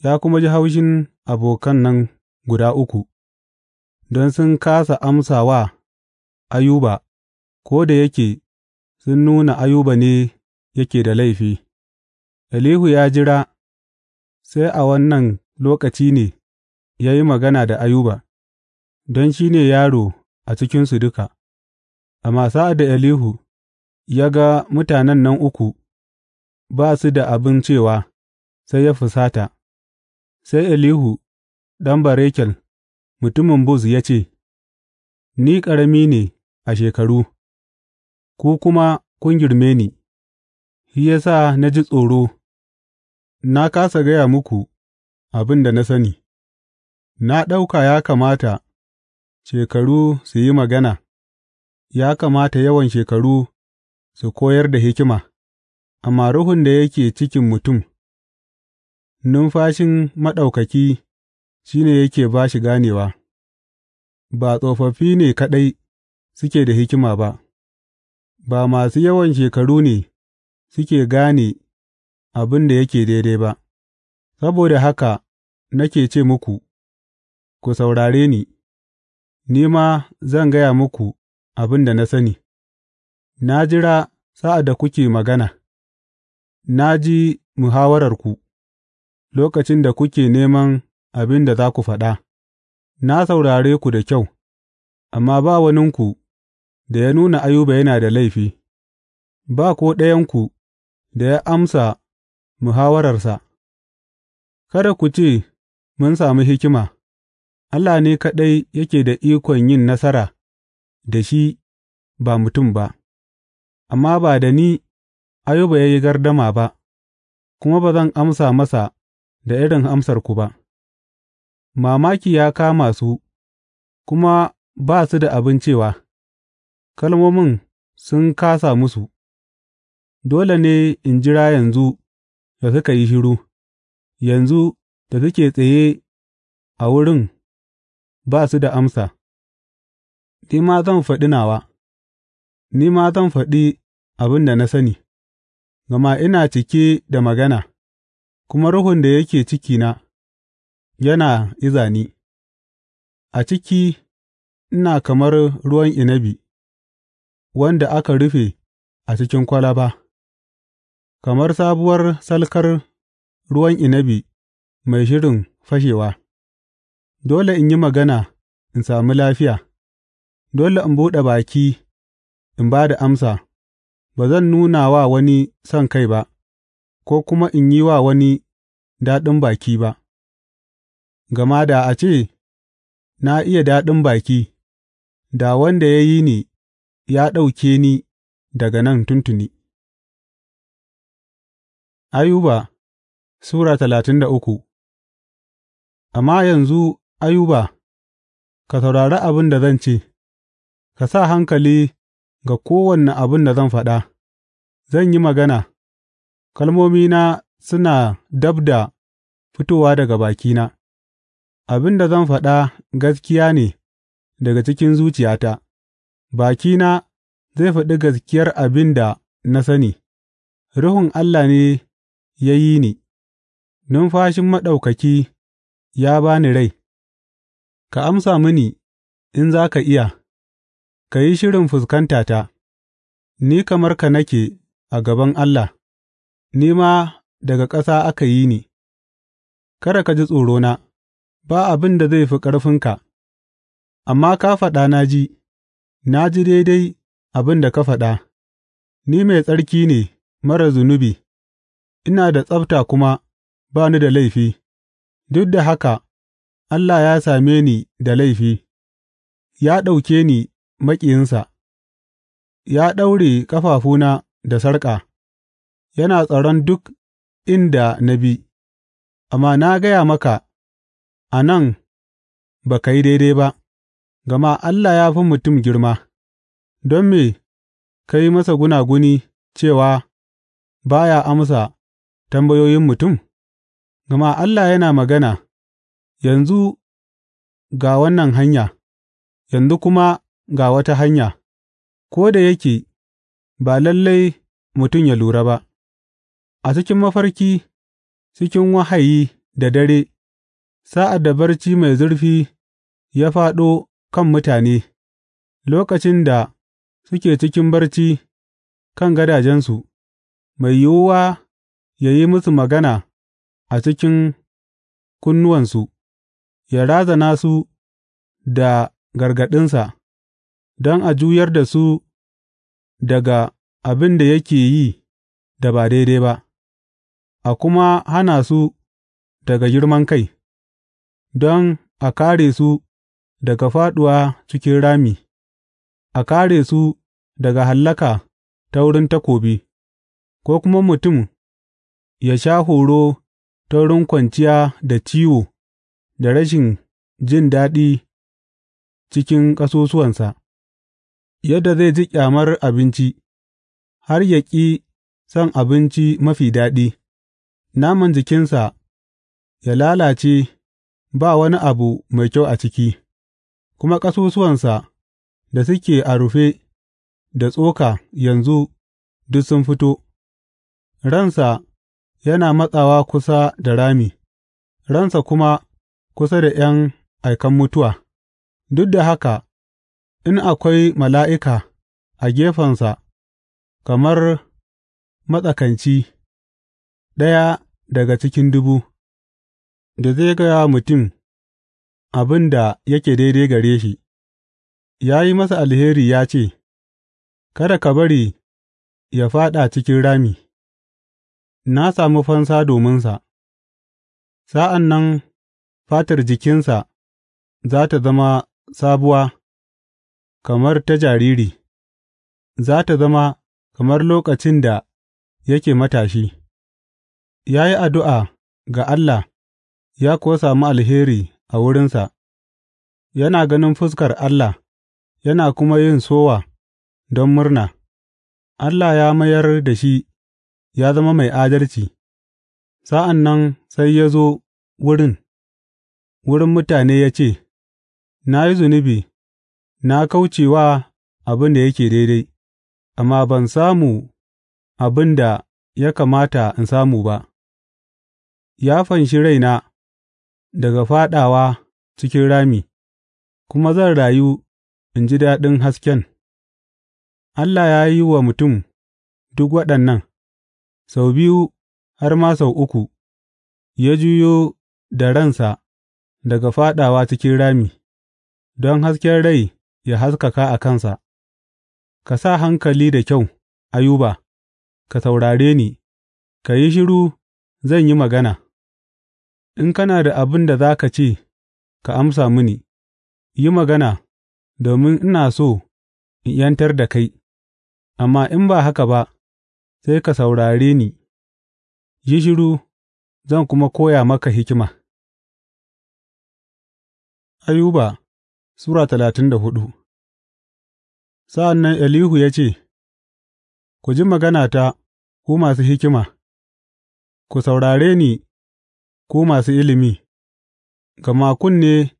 ya kuma ji haushin abokan nan guda uku, don sun kasa amsa wa Ayuba ko da yake sun nuna Ayuba ne yake da laifi, Elihu ya jira sai a wannan lokaci ne ya yi magana da Ayuba, don shi ne yaro a cikinsu duka, amma sa'ad da Elihu ya ga mutanen nan uku ba su da abin cewa, sai ya fusata, sai Elihu ɗan barekel mutumin Buz ya ce, Ni ƙarami ne a shekaru. ku kuma kun girme ni, shi ya sa na ji tsoro, na kasa gaya muku abin da na sani, na ɗauka ya kamata shekaru su yi magana, ya kamata yawan shekaru su koyar da hikima, amma ruhun da yake cikin mutum, numfashin maɗaukaki shi ne yake ba shi ganewa, ba tsofaffi ne kaɗai suke da hikima ba. ba masu yawan shekaru ne suke gane abin da yake daidai ba, saboda haka nake ce muku, ku saurare ni, ni ma zan gaya muku abin da na sani, na jira sa'ad da kuke magana, na ji muhawararku lokacin da kuke neman abin da za ku faɗa, na saurare ku da kyau, amma ba waninku da ya nuna Ayuba yana da laifi, ba ko ɗayanku da ya amsa muhawararsa. kada ku ce, Mun sami hikima, Allah ne kaɗai yake da ikon yin nasara da shi ba mutum ba, amma ba da ni Ayuba ya yi gardama ba, kuma ba zan amsa masa da irin amsarku ba. Mamaki ya kama su, kuma ba su da abin cewa. kalmomin sun kāsa musu; dole ne in jira yanzu da suka yi shiru, yanzu da suke tsaye a wurin ba su da amsa, ni ma zan faɗi nawa, ni ma zan faɗi abin da na sani, gama ina cike da magana, kuma ruhun da yake cikina yana izani. a ciki ina kamar ruwan inabi. wanda aka rufe a cikin kwalaba, kamar sabuwar salkar ruwan inabi mai shirin fashewa, dole in yi magana in sami lafiya, dole in buɗe baki in ba da amsa, ba zan nuna wa wani son kai ba, ko kuma in yi wa wani daɗin baki ba, gama da a ce na iya daɗin baki, da wanda ya yi ni ya ɗauke ni daga nan tuntuni. Ayuba Sura talatin da uku Amma yanzu, Ayuba, ka saurari abin da zan ce, ka sa hankali ga kowane abin da zan faɗa, zan yi magana, kalmomina suna dab da fitowa daga bakina, abin da zan faɗa gaskiya ne daga cikin zuciyata. bakina zai faɗi gaskiyar abin da na sani, Ruhun Allah ne ya yi ni, numfashin Maɗaukaki ya ba ni rai, ka amsa mini in za ka iya, ka yi shirin fuskanta ta ni kamar ka nake a gaban Allah, ni ma daga ƙasa aka yi ni, kada ka ji tsorona, ba abin da zai fi ƙarfinka, amma ka faɗa na ji. Na ji daidai abin da ka faɗa, ni mai tsarki ne marar zunubi, ina da tsabta kuma ba ni da laifi, duk da haka Allah ya same ni da laifi, ya ɗauke ni maƙiyinsa, ya ɗaure ƙafafuna da sarƙa, yana tsaron duk inda na bi, amma na gaya maka, a nan ba ka yi daidai ba. Gama Allah ya fi mutum girma, don me ka yi masa gunaguni cewa ba ya amsa tambayoyin mutum? Gama Allah yana magana, Yanzu ga wannan hanya, yanzu kuma ga wata hanya, ko da yake ba lallai mutum ya lura ba, a cikin mafarki, cikin wahayi da dare, sa'ad da barci mai zurfi ya fāɗo kan mutane, lokacin da suke cikin barci kan gadajensu, mai yiwuwa ya yi musu magana a cikin kunnuwansu, ya razana su da gargaɗinsa, don a juyar da su daga abin da yake yi da ba daidai ba, a kuma hana su daga girman kai, don a kare su. daga fāɗuwa cikin rami, a kāre su daga hallaka ta wurin takobi, ko kuma mutum ya sha horo ta wurin kwanciya da ciwo da rashin jin daɗi cikin ƙasusuwansa, yadda zai ji ƙyamar abinci, har ya ƙi son abinci mafi daɗi, naman jikinsa ya lalace ba wani abu mai kyau a ciki. kuma ƙasusuwansa da suke a rufe da tsoka yanzu duk sun fito, ransa yana matsawa kusa da rami, ransa kuma kusa da ’yan aikan mutuwa, duk da haka in akwai mala'ika a gefensa kamar matsakanci, ɗaya daga cikin dubu, da zai gaya mutum abin da yake daidai gare shi, ya yi masa alheri ya ce, Kada ka bari ya fāɗa cikin rami, na sami fansa dominsa, sa'an nan fatar jikinsa za ta zama sabuwa kamar ta jariri, za ta zama kamar lokacin da yake matashi, ya yi addu'a ga Allah ya kuwa sami alheri a wurinsa, yana ganin fuskar Allah yana kuma yin sowa don murna, Allah ya mayar da shi ya zama mai adalci, sa'an nan sai ya zo wurin, wurin mutane ya ce, Na yi zunubi, na kauce wa abin da yake daidai, amma ban samu abin da ya kamata in samu ba, ya fanshi raina daga fāɗawa cikin rami, kuma zan rayu in ji daɗin hasken; Allah ya yi wa mutum duk waɗannan, sau biyu har ma sau uku, ya juyo da ransa daga fāɗawa cikin rami, don hasken rai ya haskaka a kansa. Ka sa hankali da kyau, Ayuba, ka saurare ni; ka yi shiru, zan yi magana. In kana da abin da za ka ce, ka amsa mini; yi magana, domin ina so in ’yantar da kai, amma in ba haka ba, sai ka saurare ni; yi shiru, zan kuma koya maka hikima. Ayuba Sura talatin da hudu Sa'an nan Elihu ya ce, Ku ji maganata, ku masu hikima; ku saurare ni. ku masu ilimi, gama kunne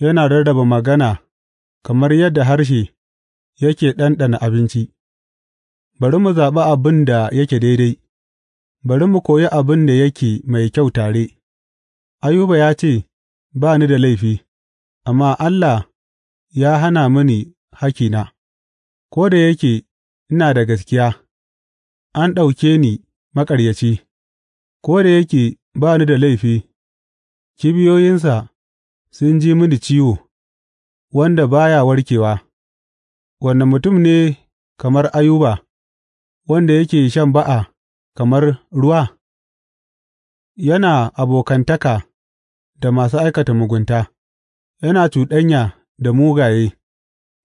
yana rarraba magana kamar yadda harshe yake ɗanɗana abinci, bari mu zaɓi abin da yake daidai, bari mu koyi abin da yake mai kyau tare. Ayuba ya ce, Ba ni da laifi, amma Allah ya hana mini hakina, ko da yake ina da gaskiya, an ɗauke ni maƙaryaci, ko da yake ba ni da laifi; kibiyoyinsa sun ji mini ciwo, wanda ba ya warkewa, wane mutum ne kamar Ayuba, wanda yake shan ba'a kamar ruwa, yana abokantaka da masu aikata mugunta, yana cuɗanya da mugaye,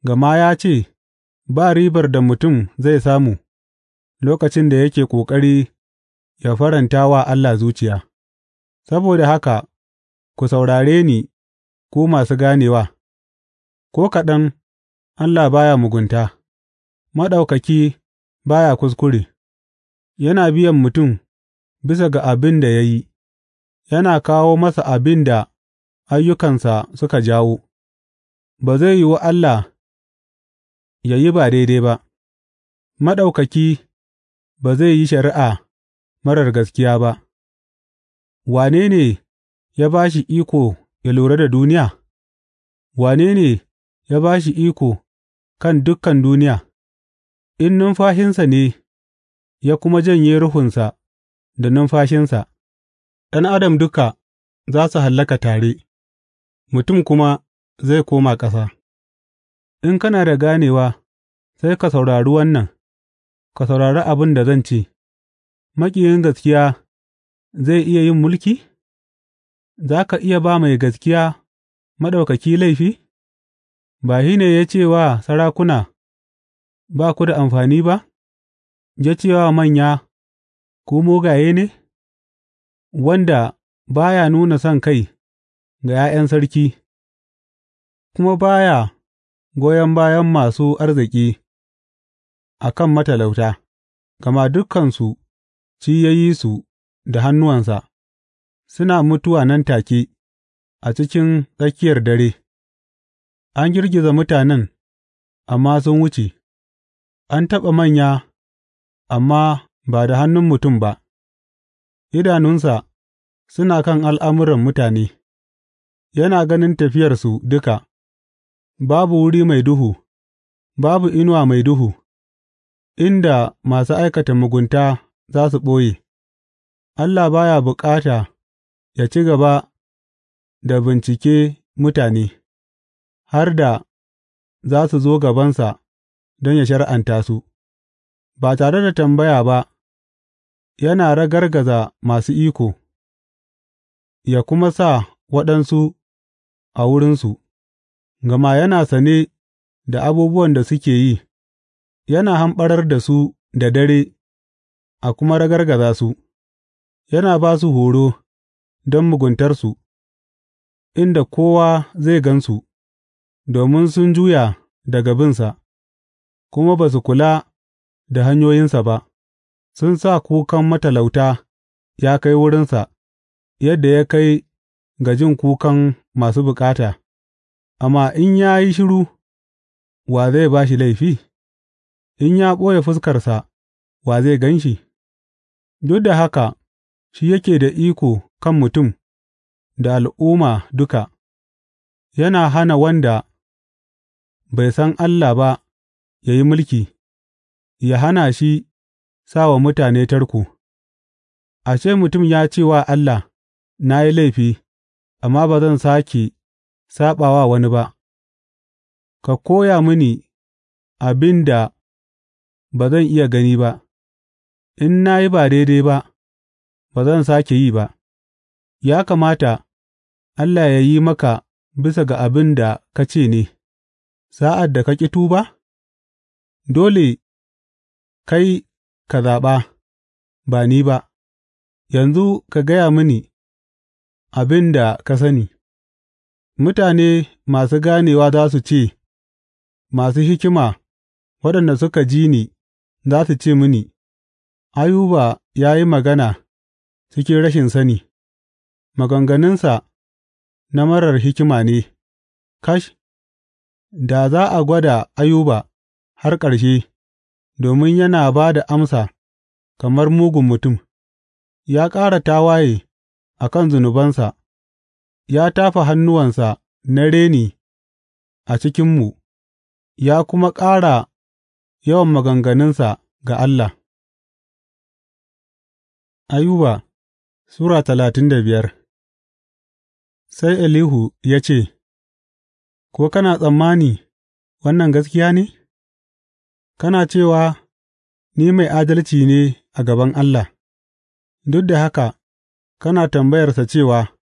gama ya ce, Ba ribar da mutum zai samu lokacin da yake ƙoƙari ya faranta wa Allah zuciya. Saboda haka ku saurare ni, ku masu ganewa; ko kaɗan Allah baya mugunta, Maɗaukaki ba ya kuskure, yana biyan mutum bisa ga abin da ya yi, yana kawo masa abin da ayyukansa suka jawo; ba zai yiwu Allah ya yi ba daidai ba, Maɗaukaki ba zai yi shari'a marar gaskiya ba. Wane ne ya ba shi iko ya lura da duniya? Wane ne ya ba shi iko kan dukan duniya, in numfashinsa ne ya kuma janye ruhunsa da numfashinsa, ’yan adam duka za su hallaka tare, mutum kuma zai koma ƙasa. In kana da ganewa, sai ka saurari wannan, ka saurari abin da zan ce, Maƙiyin gaskiya zai iya yin mulki? Za ka iya ba mai gaskiya maɗaukaki laifi? Ba shi ne ya ce wa sarakuna, Ba ku da amfani ba? Ya ce wa manya, Ku mugaye ne? Wanda ba ya nuna son kai ga ’ya'yan sarki, kuma ba ya goyon bayan masu arziki a kan matalauta, gama dukansu ci ya su da hannuwansa, suna mutuwa nan take a cikin tsakiyar dare; an girgiza mutanen, amma sun wuce, an taɓa manya, amma ba da hannun mutum ba; idanunsa suna kan al'amuran mutane, yana ganin tafiyarsu duka, babu wuri mai duhu, babu inuwa mai duhu, inda masu aikata mugunta za su ɓoye. Allah ba ya bukata ya ci gaba da bincike mutane, har da za su zo gabansa don ya shar'anta su, ba tare da tambaya ba, yana ragargaza masu iko, ya kuma sa waɗansu a wurinsu, gama yana sane da abubuwan da suke yi, yana hamɓarar da su da dare a kuma ragargaza su. yana ba su horo don muguntarsu, inda kowa zai gansu, domin sun juya daga binsa, kuma ba su kula da hanyoyinsa ba, sun sa kukan matalauta ya kai wurinsa, yadda ya kai ga jin kukan masu bukata, amma in ya yi shiru, wa zai ba shi laifi? In ya ɓoye fuskarsa, wa zai gan shi? Duk da haka Shi yake da iko kan mutum da al'umma duka, yana hana wanda bai san Allah ba ya yi mulki, ya hana shi sa wa mutane tarko Ashe, mutum ya ce wa Allah, Na yi laifi, amma ba zan sake saɓa wa wani ba; ka koya mini abin da ba zan iya gani ba, in na yi ba daidai ba. ba zan sāke yi ba, ya kamata Allah ya yi maka bisa ga abin da ka ce ne, sa'ad da ka ƙi tuba? Dole kai ka zaɓa, ba ni ba, yanzu ka gaya mini abin da ka sani, mutane masu ganewa za su ce, masu hikima waɗanda suka ji ni za su ce mini, Ayuba ya yi magana. cikin rashin sani, maganganunsa na marar hikima ne, kash, da za a gwada Ayuba har ƙarshe, domin yana ba da amsa kamar mugun mutum, ya ƙara tawaye a kan zunubansa, ya tafa hannuwansa na reni a cikinmu, ya kuma ƙara yawan maganganunsa ga Allah. Ayuba Sura talatin da biyar Sai Elihu ya ce, Ko kana tsammani wannan gaskiya ne? Kana cewa, Ni mai adalci ne a gaban Allah, duk da haka kana tambayarsa cewa,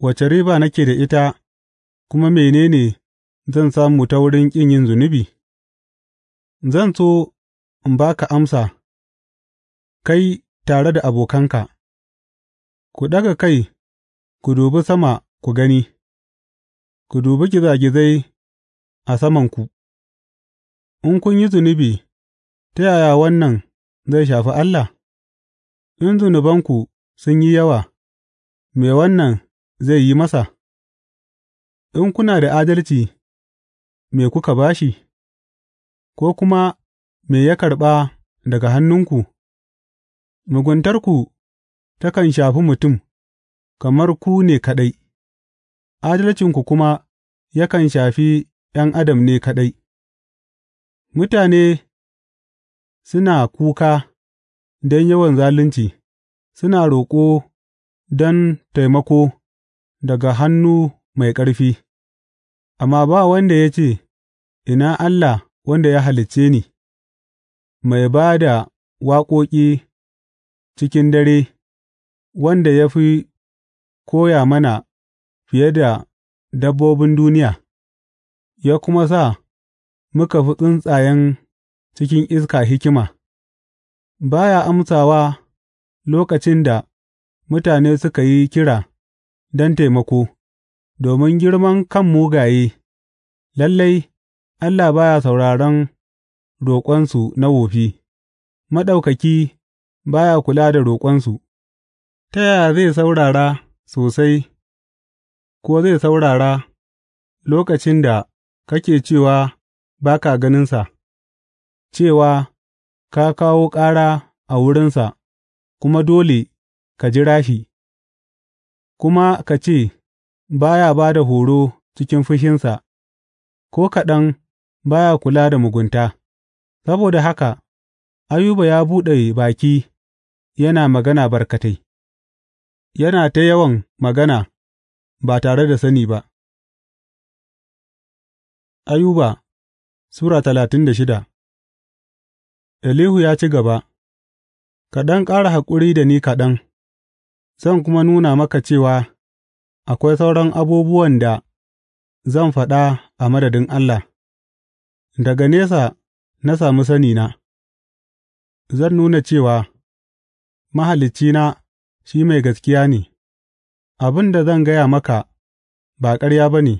Wace riba nake da ita kuma menene zan samu ta wurin ƙin yin zunubi? Zan so in ba ka amsa, kai tare da abokanka. Ku ɗaga kai ku dubi sama ku gani, ku dubi gizagizai a samanku; in kun yi zunubi, ta yaya wannan zai shafi Allah? In zunubanku sun yi yawa, me wannan zai yi masa? In kuna da adalci, me kuka ba shi, ko kuma me ya karɓa daga hannunku? Muguntarku. takan shafi mutum, kamar ku ne kaɗai, adalcinku kuma yakan shafi ’yan adam ne kaɗai, mutane suna kuka don yawan zalunci, suna roƙo don taimako daga hannu mai ƙarfi, amma ba wanda ya ce, Ina Allah wanda ya halicce ni, mai ba da waƙoƙi cikin dare wanda ya fi koya mana fiye da dabbobin duniya, ya kuma sa muka fi tsuntsayen cikin iska hikima, ba ya amsawa lokacin da mutane suka yi kira don taimako, domin girman kan mugaye, lallai Allah baya ya sauraron roƙonsu na wofi, Maɗaukaki ba ya kula da roƙonsu. ta yaya zai saurara sosai, ko zai saurara lokacin da kake cewa ba ka ganinsa, cewa ka kawo ƙara a wurinsa, kuma dole ka jira shi, kuma ka ce, baya ba da horo cikin fushinsa, ko kaɗan baya kula da mugunta, saboda haka Ayuba ya buɗe baki yana magana barkatai. yana ta yawan magana ba tare da sani ba. Ayuba Sura talatin da shida Elihu ya ci gaba, Kaɗan ƙara haƙuri da ni kaɗan, zan kuma nuna maka cewa akwai sauran abubuwan da zan faɗa a madadin Allah, daga nesa na sami sanina, zan nuna cewa Mahaliccina shi mai gaskiya ne, abin da zan gaya maka ba ƙarya ba ne,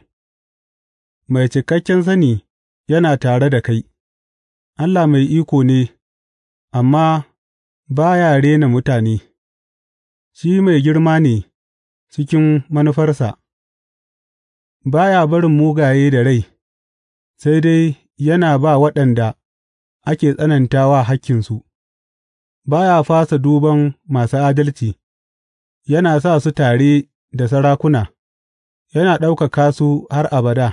mai cikakken sani yana tare da kai, Allah mai iko ne, amma ba ya rena mutane, shi mai girma ne cikin manufarsa, ba ya barin mugaye da rai, sai dai yana ba waɗanda ake tsanantawa hakkinsu, ba ya fasa duban masu adalci. yana sa su tare da sarakuna, yana ɗaukaka su har abada,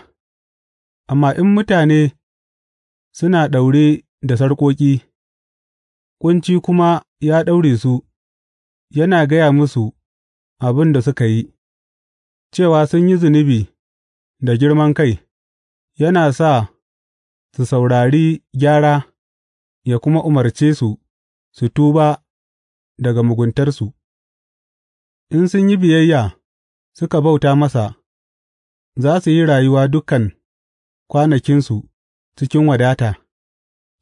amma in mutane suna daure da sarƙoƙi, ƙunci kuma ya daure su, yana gaya musu abin da suka yi, cewa sun yi zunubi da girman kai, yana sa su saurari gyara ya kuma umarce su su tuba daga muguntarsu. In sun yi biyayya suka bauta masa, za su yi rayuwa dukan kwanakinsu cikin wadata,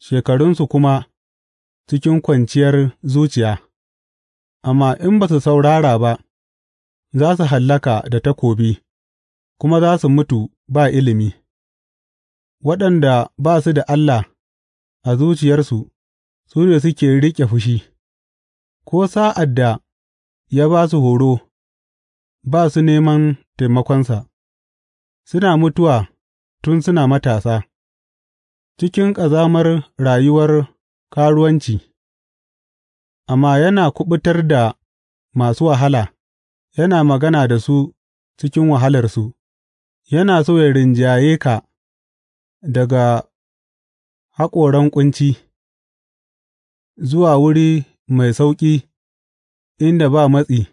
shekarunsu kuma cikin kwanciyar zuciya, amma in ba su saurara ba, za su hallaka da takobi, kuma za su mutu ba ilimi. Waɗanda ba su da Allah a zuciyarsu su ne suke riƙe fushi, ko sa'ad da ya ba su horo, ba su neman taimakonsa, suna mutuwa tun suna matasa, cikin ƙazamar rayuwar karuwanci, amma yana kuɓutar da masu wahala, yana magana da su cikin wahalarsu, yana so ya rinjaye ka daga haƙoran ƙunci zuwa wuri mai sauƙi. inda ba matsi,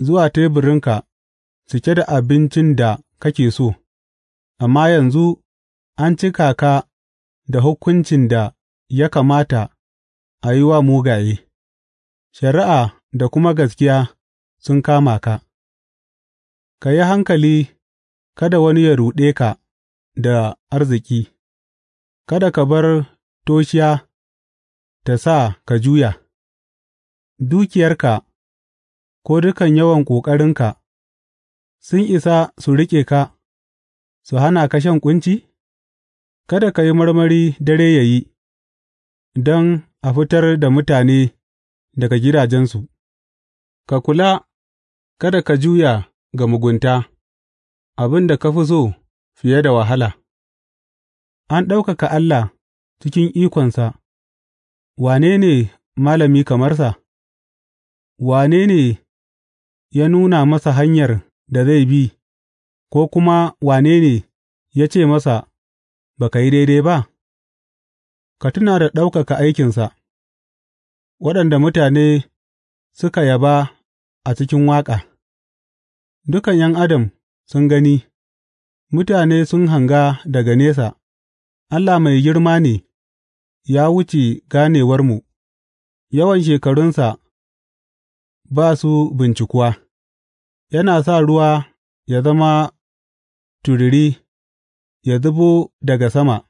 zuwa teburinka cike da abincin da kake so, amma yanzu an cika ka da hukuncin da ya kamata a yi wa mugaye, shari'a da kuma gaskiya sun kama ka, ka yi hankali kada wani ya ruɗe ka da arziki, kada ka bar toshiya ta sa ka juya. dukiyarka ko dukan yawan ƙoƙarinka sun isa su riƙe ka, su hana ka shan ƙunci? Kada ka yi marmari dare ya yi, don a fitar da mutane daga gidajensu, ka kula kada ka juya ga mugunta, abin da ka fi so fiye da wahala. An ɗaukaka Allah cikin ikonsa, wane ne malami kamar sa? Wane ne ya nuna masa hanyar da zai bi, ko kuma wane ne ya ce masa, Ba ka yi daidai ba’? Ka tuna da ɗaukaka aikinsa, waɗanda mutane suka yaba a cikin waƙa; dukan ’yan adam sun gani, mutane sun hanga daga nesa, Allah mai girma ne ya wuce ganewarmu, yawan shekarunsa. ba su bincikuwa, yana sa ruwa ya zama tururi ya zubo daga sama,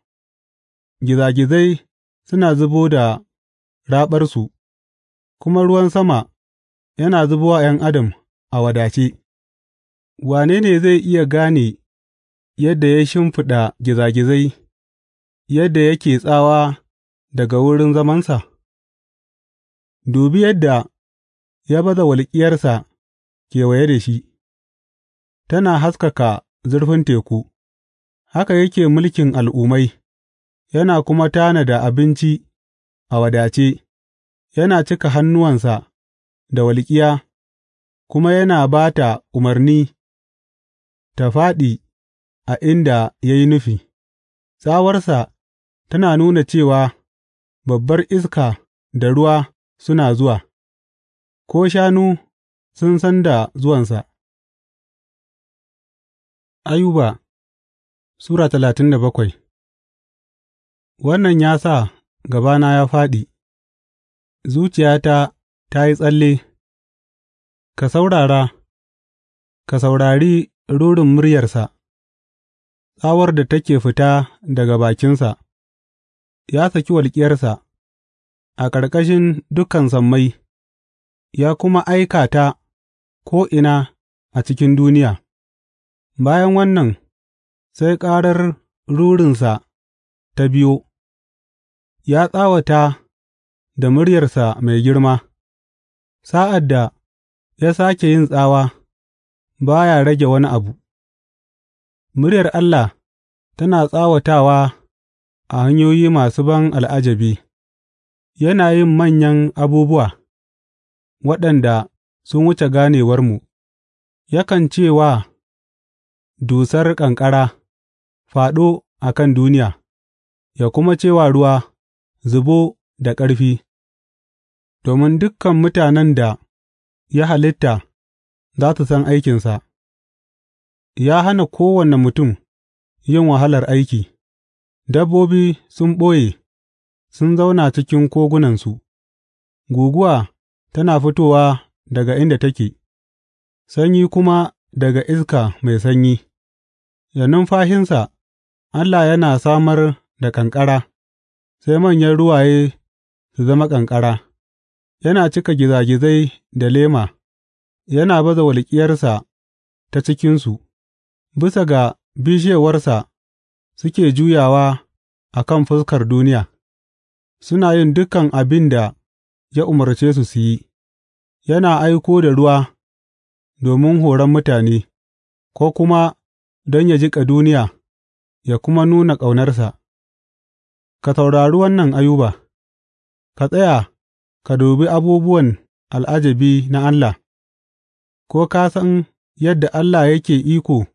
gizagizai suna zubo da raɓarsu, kuma ruwan sama yana zubo wa ’yan adam a wadace. Wane ne zai iya gane yadda ya shimfiɗa gizagizai, yadda yake tsawa daga wurin zamansa? Dubi yadda ya baza walƙiyarsa kewaye da shi, tana haskaka zurfin teku; haka yake mulkin al'ummai, yana kuma tana da abinci a wadace, yana cika hannuwansa da walƙiya kuma yana ba ta umarni ta fāɗi a inda ya yi nufi; tsawarsa tana nuna cewa babbar iska da ruwa suna zuwa. ko shanu sun san da zuwansa. Ayuba Sura talatin da bakwai Wannan ya sa gabana ya fāɗi, zuciyata ta yi tsalle, ka saurara, ka saurari rurin muryarsa, tsawar da take fita daga bakinsa, ya saki walƙiyarsa a ƙarƙashin dukan sammai. ya kuma aika ta ko'ina a cikin duniya, bayan wannan sai ƙarar rurinsa ta biyo, ya tsawata da muryarsa mai girma, sa'ad da ya sake yin tsawa ba ya rage wani abu, muryar Allah tana tsawatawa a hanyoyi masu ban al'ajabi, yana yin manyan abubuwa. waɗanda sun wuce ganewarmu, yakan ce wa dusar ƙanƙara, faɗo a kan duniya, ya kuma ce wa ruwa, Zubo da ƙarfi, domin dukkan mutanen da ya halitta za su san aikinsa, ya hana kowane mutum yin wahalar aiki, dabbobi sun ɓoye, sun zauna cikin kogunansu, guguwa tana fitowa daga inda take, sanyi kuma daga iska mai sanyi; da numfashinsa Allah yana samar da ƙanƙara, sai manyan ruwaye su zama ƙanƙara; yana cika gizagizai da lema, yana baza walƙiyarsa ta cikinsu, bisa ga bishewarsa suke juyawa a kan fuskar duniya, suna yin dukan abin da ya umarce su su yi, yana aiko da ruwa domin horon mutane, ko kuma don ya jiƙa duniya ya kuma nuna ƙaunarsa. Ka saurari wannan Ayuba, ka tsaya ka dubi abubuwan al'ajabi na Allah, ko ka san yadda Allah yake iko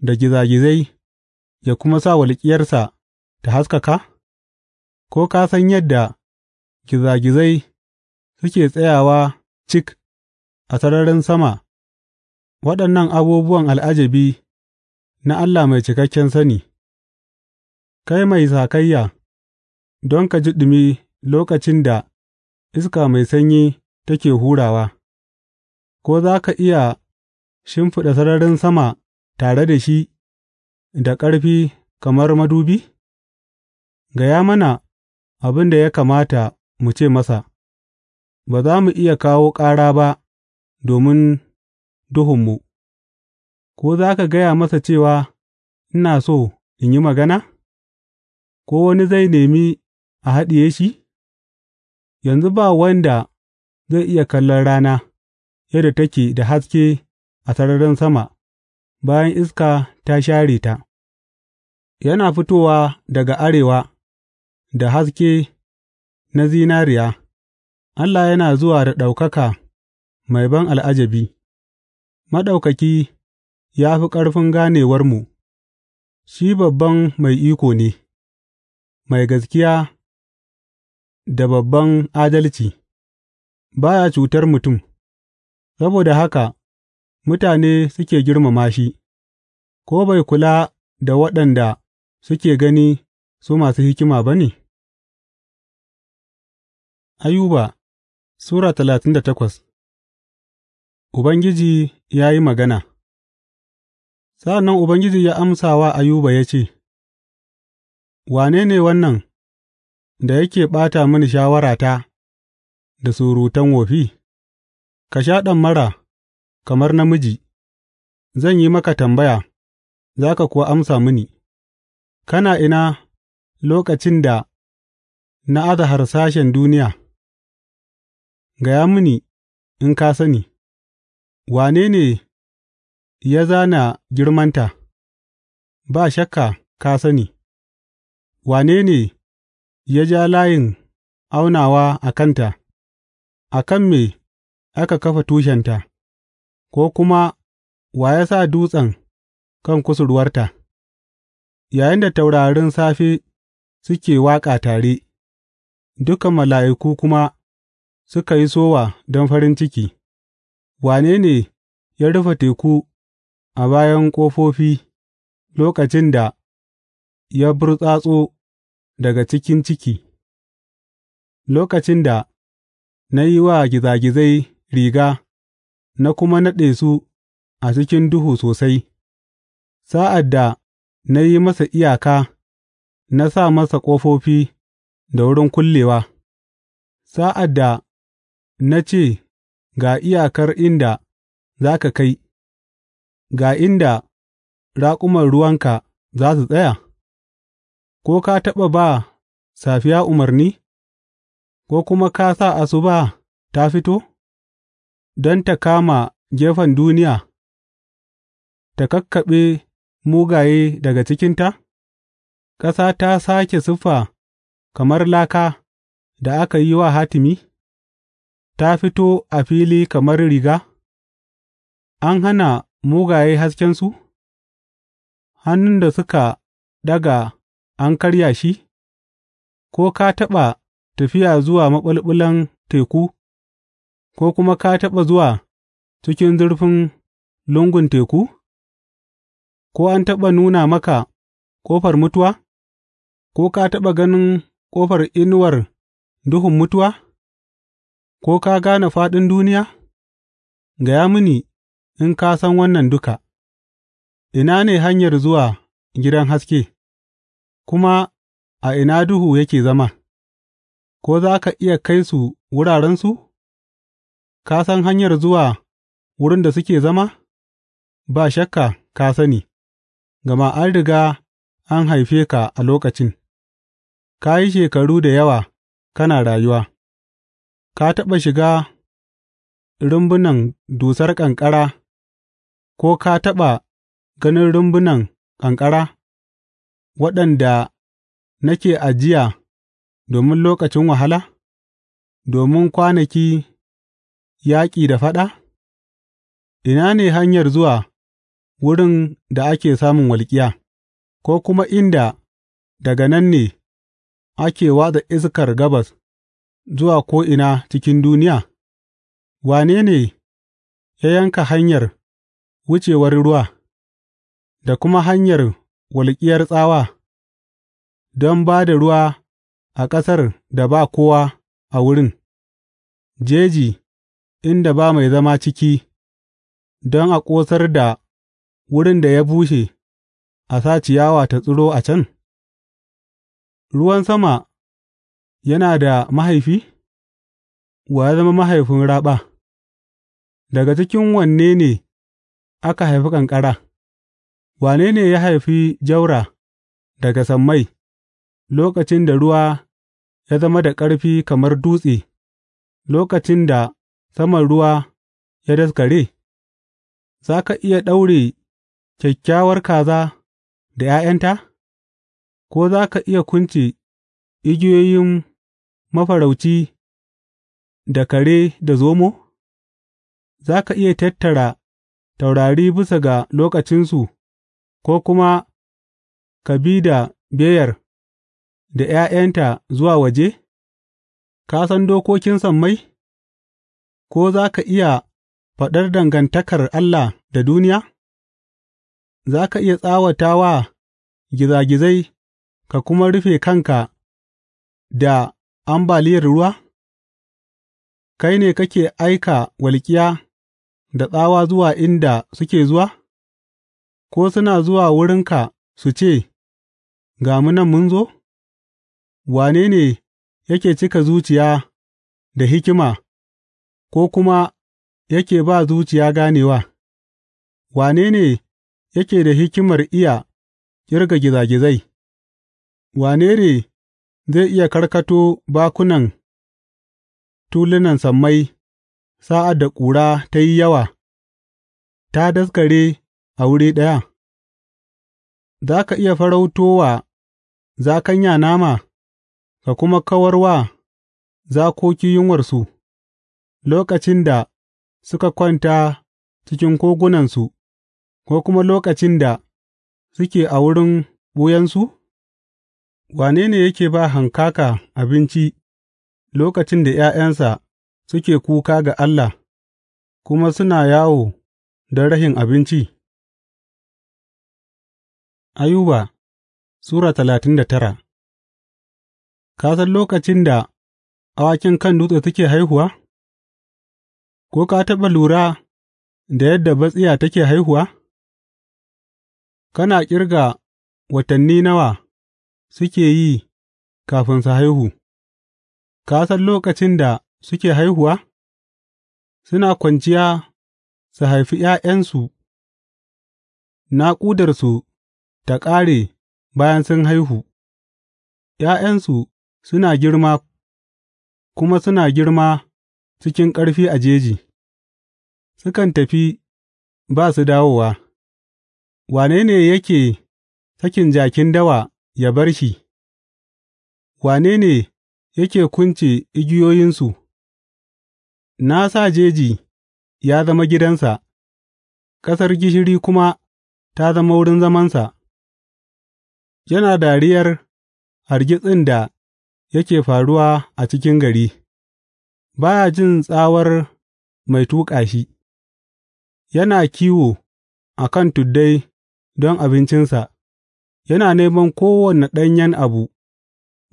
da gizagizai ya kuma sa walƙiyarsa ta haskaka? Ko ka san yadda gizagizai suke tsayawa cik a sararin sama waɗannan abubuwan al'ajabi na Allah mai cikakken sani, kai mai sakayya don ka ji ɗumi lokacin da iska mai sanyi take hurawa, ko za ka iya shimfiɗa sararin sama tare da shi da ƙarfi kamar madubi? Gaya mana abin da ya kamata mu ce masa. Ba za mu iya kawo ƙara ba domin duhunmu, ko za ka gaya masa cewa, Ina so in yi magana’? ko wani zai nemi a haɗiye shi, yanzu ba wanda zai iya kallon rana yadda take da haske a sararin sama bayan iska ta share ta, yana fitowa daga arewa da haske na zinariya. Allah yana zuwa da ɗaukaka mai ban al'ajabi, Maɗaukaki ya fi ƙarfin ganewarmu, shi babban mai iko ne, mai gaskiya da babban adalci, ba ya cutar mutum, saboda haka mutane suke girmama shi, ko bai kula da waɗanda suke gani su masu hikima ba ne? Ayuba Sura talatin da takwas Ubangiji ya yi magana Sa'an nan Ubangiji ya amsa wa Ayuba ya ce, Wane ne wannan da yake ɓata mini shawarata da surutan wofi? Ka sha mara kamar namiji, zan yi maka tambaya, za ka kuwa amsa mini, Kana ina lokacin da na azahar sashen duniya? Gaya mini in ka sani, wane ne ya zana girmanta, ba shakka ka sani, wane ne ya ja layin aunawa a kanta, a kan me aka kafa tushenta, ko kuma wa ya sa dutsen kan kusurwarta, da taurarin safe suke waƙa tare, dukan mala'iku kuma. suka yi sowa don farin ciki, wane ne ya rufe teku a bayan ƙofofi lokacin da ya burtsatso daga cikin ciki, lokacin da na yi wa gizagizai riga na kuma naɗe su a cikin duhu sosai, sa'ad da na yi masa iyaka na sa masa ƙofofi da wurin kullewa, sa'ad da na ce, Ga iyakar inda za ka kai, ga inda raƙuman ruwanka za su tsaya, ko ka taɓa ba safiya umarni, ko kuma ka sa asuba ta fito, don ta kama gefen duniya, ta kakkaɓe mugaye daga cikinta? Ƙasa ta sake siffa kamar laka da aka yi wa hatimi? ta fito a fili kamar riga, an hana mugaye haskensu, hannun da suka daga an karya shi, ko ka taɓa tafiya zuwa maɓulɓulan teku, ko kuma ka taɓa zuwa cikin zurfin lungun teku, ko an taɓa nuna maka ƙofar mutuwa, ko ka taɓa ganin ƙofar inuwar duhun mutuwa? ko ka gane faɗin duniya? Gaya mini in ka san wannan duka, ina ne hanyar zuwa gidan haske, kuma a ina duhu yake zama, ko za ka iya kai su wurarensu? Ka san hanyar zuwa wurin da suke zama? Ba shakka ka sani, gama an riga an haife ka a lokacin, ka yi shekaru da yawa kana rayuwa. Ka taɓa shiga rumbunan dusar ƙanƙara, ko ka taɓa ganin rumbunan ƙanƙara, waɗanda nake ajiya domin lokacin wahala, domin kwanaki yaƙi da faɗa? Ina ne hanyar zuwa wurin da ake samun walƙiya, ko kuma inda daga nan ne ake watsa iskar gabas? zuwa ko'ina cikin duniya? Wane ne ya yanka hanyar wucewar ruwa, da kuma hanyar walƙiyar tsawa, don ba da ruwa a ƙasar da ba kowa a wurin, jeji inda ba mai zama ciki, don a ƙosar da wurin da ya bushe, a sa ciyawa ta tsiro a can? Ruwan sama Yana da mahaifi? Wa ya zama mahaifin raɓa, daga cikin wanne ne aka haifi ƙanƙara, wane ne ya haifi jaura daga sammai, lokacin da ruwa ya zama da ƙarfi kamar dutse, lokacin da saman ruwa ya daskare? Za ka iya ɗaure kyakkyawar kaza da ’ya'yanta, ko za ka iya kunce igiyoyin mafarauci da kare da zomo? Za ka iya tattara taurari bisa ga lokacinsu ko kuma ka bi da beyar da ’ya'yanta zuwa waje? Ka san dokokin sammai? Ko za ka iya faɗar dangantakar Allah da duniya? Za ka iya tsawata wa gizagizai ka kuma rufe kanka da ambaliyar ruwa? Kai ne kake aika walƙiya da tsawa zuwa inda suke zuwa, ko suna zuwa wurinka su ce, Ga mu nan mun zo? Wane ne yake cika zuciya da hikima ko kuma yake ba zuciya ganewa? Wane ne yake da hikimar iya ƙirga gizagizai? Wane ne zai iya karkato bakunan tulunan sammai sa'ad da ƙura ta yi yawa ta daskare a wuri ɗaya? Za ka iya farauto wa zakanya nama, ka kuma kawar wa zakoki yunwarsu, lokacin da suka kwanta cikin kogunansu, ko kuma lokacin da suke a wurin ɓuyansu? Wane ne yake ba hankaka abinci lokacin da ’ya'yansa suke kuka ga Allah kuma suna yawo don rashin abinci? Ayuba Sura talatin da tara Ka san lokacin da awakin kan dutse suke haihuwa, ko ka taɓa lura da yadda batsiya take haihuwa, kana ƙirga watanni nawa. suke yi kafin su haihu, ka san lokacin da suke haihuwa? Suna kwanciya su haifi ’ya'yansu, naƙudarsu ta ƙare bayan sun haihu, ’ya'yansu suna girma kuma suna girma cikin ƙarfi a jeji, sukan tafi ba su dawowa, wane ne yake sakin jakin dawa Ya bar shi, wane ne yake kunce igiyoyinsu, na sa jeji ya zama gidansa, ƙasar gishiri kuma ta zama wurin zamansa, yana dariyar hargitsin da yake faruwa a cikin gari, ba ya jin tsawar mai tuƙa shi, yana kiwo a kan tuddai don abincinsa. yana neman kowane ɗanyen abu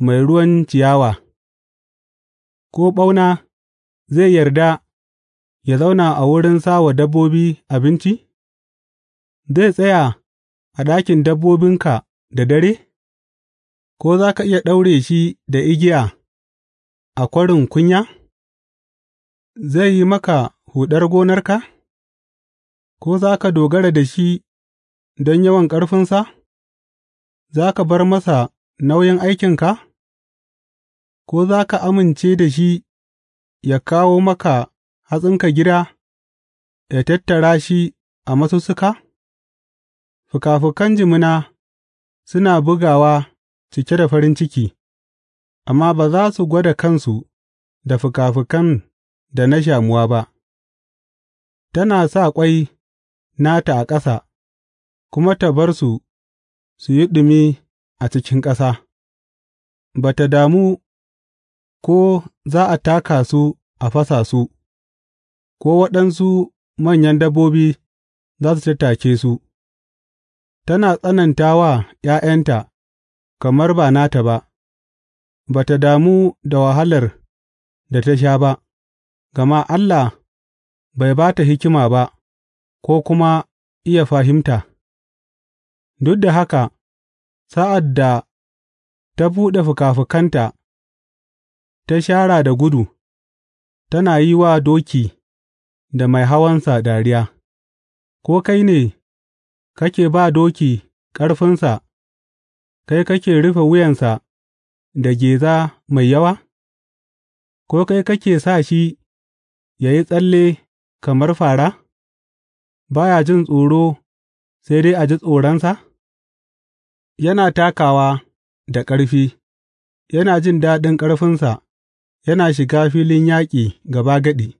mai ruwan ciyawa, ko ɓauna zai yarda ya zauna a wurin sa wa dabbobi abinci? Zai tsaya a ɗakin dabbobinka da dare? Ko za ka iya ɗaure shi da igiya a kwarin kunya? Zai yi maka huɗar gonarka? Ko za ka dogara da shi don yawan ƙarfinsa? za ka bar masa nauyin aikinka, ko za ka amince da shi ya kawo maka hatsinka gida, ya tattara shi a masussuka? Fikafikan jimina suna bugawa cike da farin ciki, amma ba za su gwada kansu da fikafikan da na shamuwa ba, tana sa ƙwai nata a ƙasa, kuma ta bar su su yi ɗumi a cikin ƙasa, ba ta damu ko za a taka su a fasa su, ko waɗansu manyan dabbobi za su tattake su, tana tsananta wa ’ya'yanta kamar ba nata ba, ba ta damu da wahalar da ta sha ba, gama Allah bai ba ta hikima ba ko kuma iya fahimta. Duk da haka, sa'ad da ta buɗe fikafikanta ta shara da gudu, tana yi wa doki da mai hawansa dariya, ko kai ne kake ba doki ƙarfinsa, kai kake rufe wuyansa da geza mai yawa, ko kai kake sa shi ya yi tsalle kamar fara? ba ya jin tsoro sai dai a ji tsoronsa? yana takawa da ƙarfi, yana jin daɗin ƙarfinsa, yana shiga filin yaƙi gaba-gaɗi.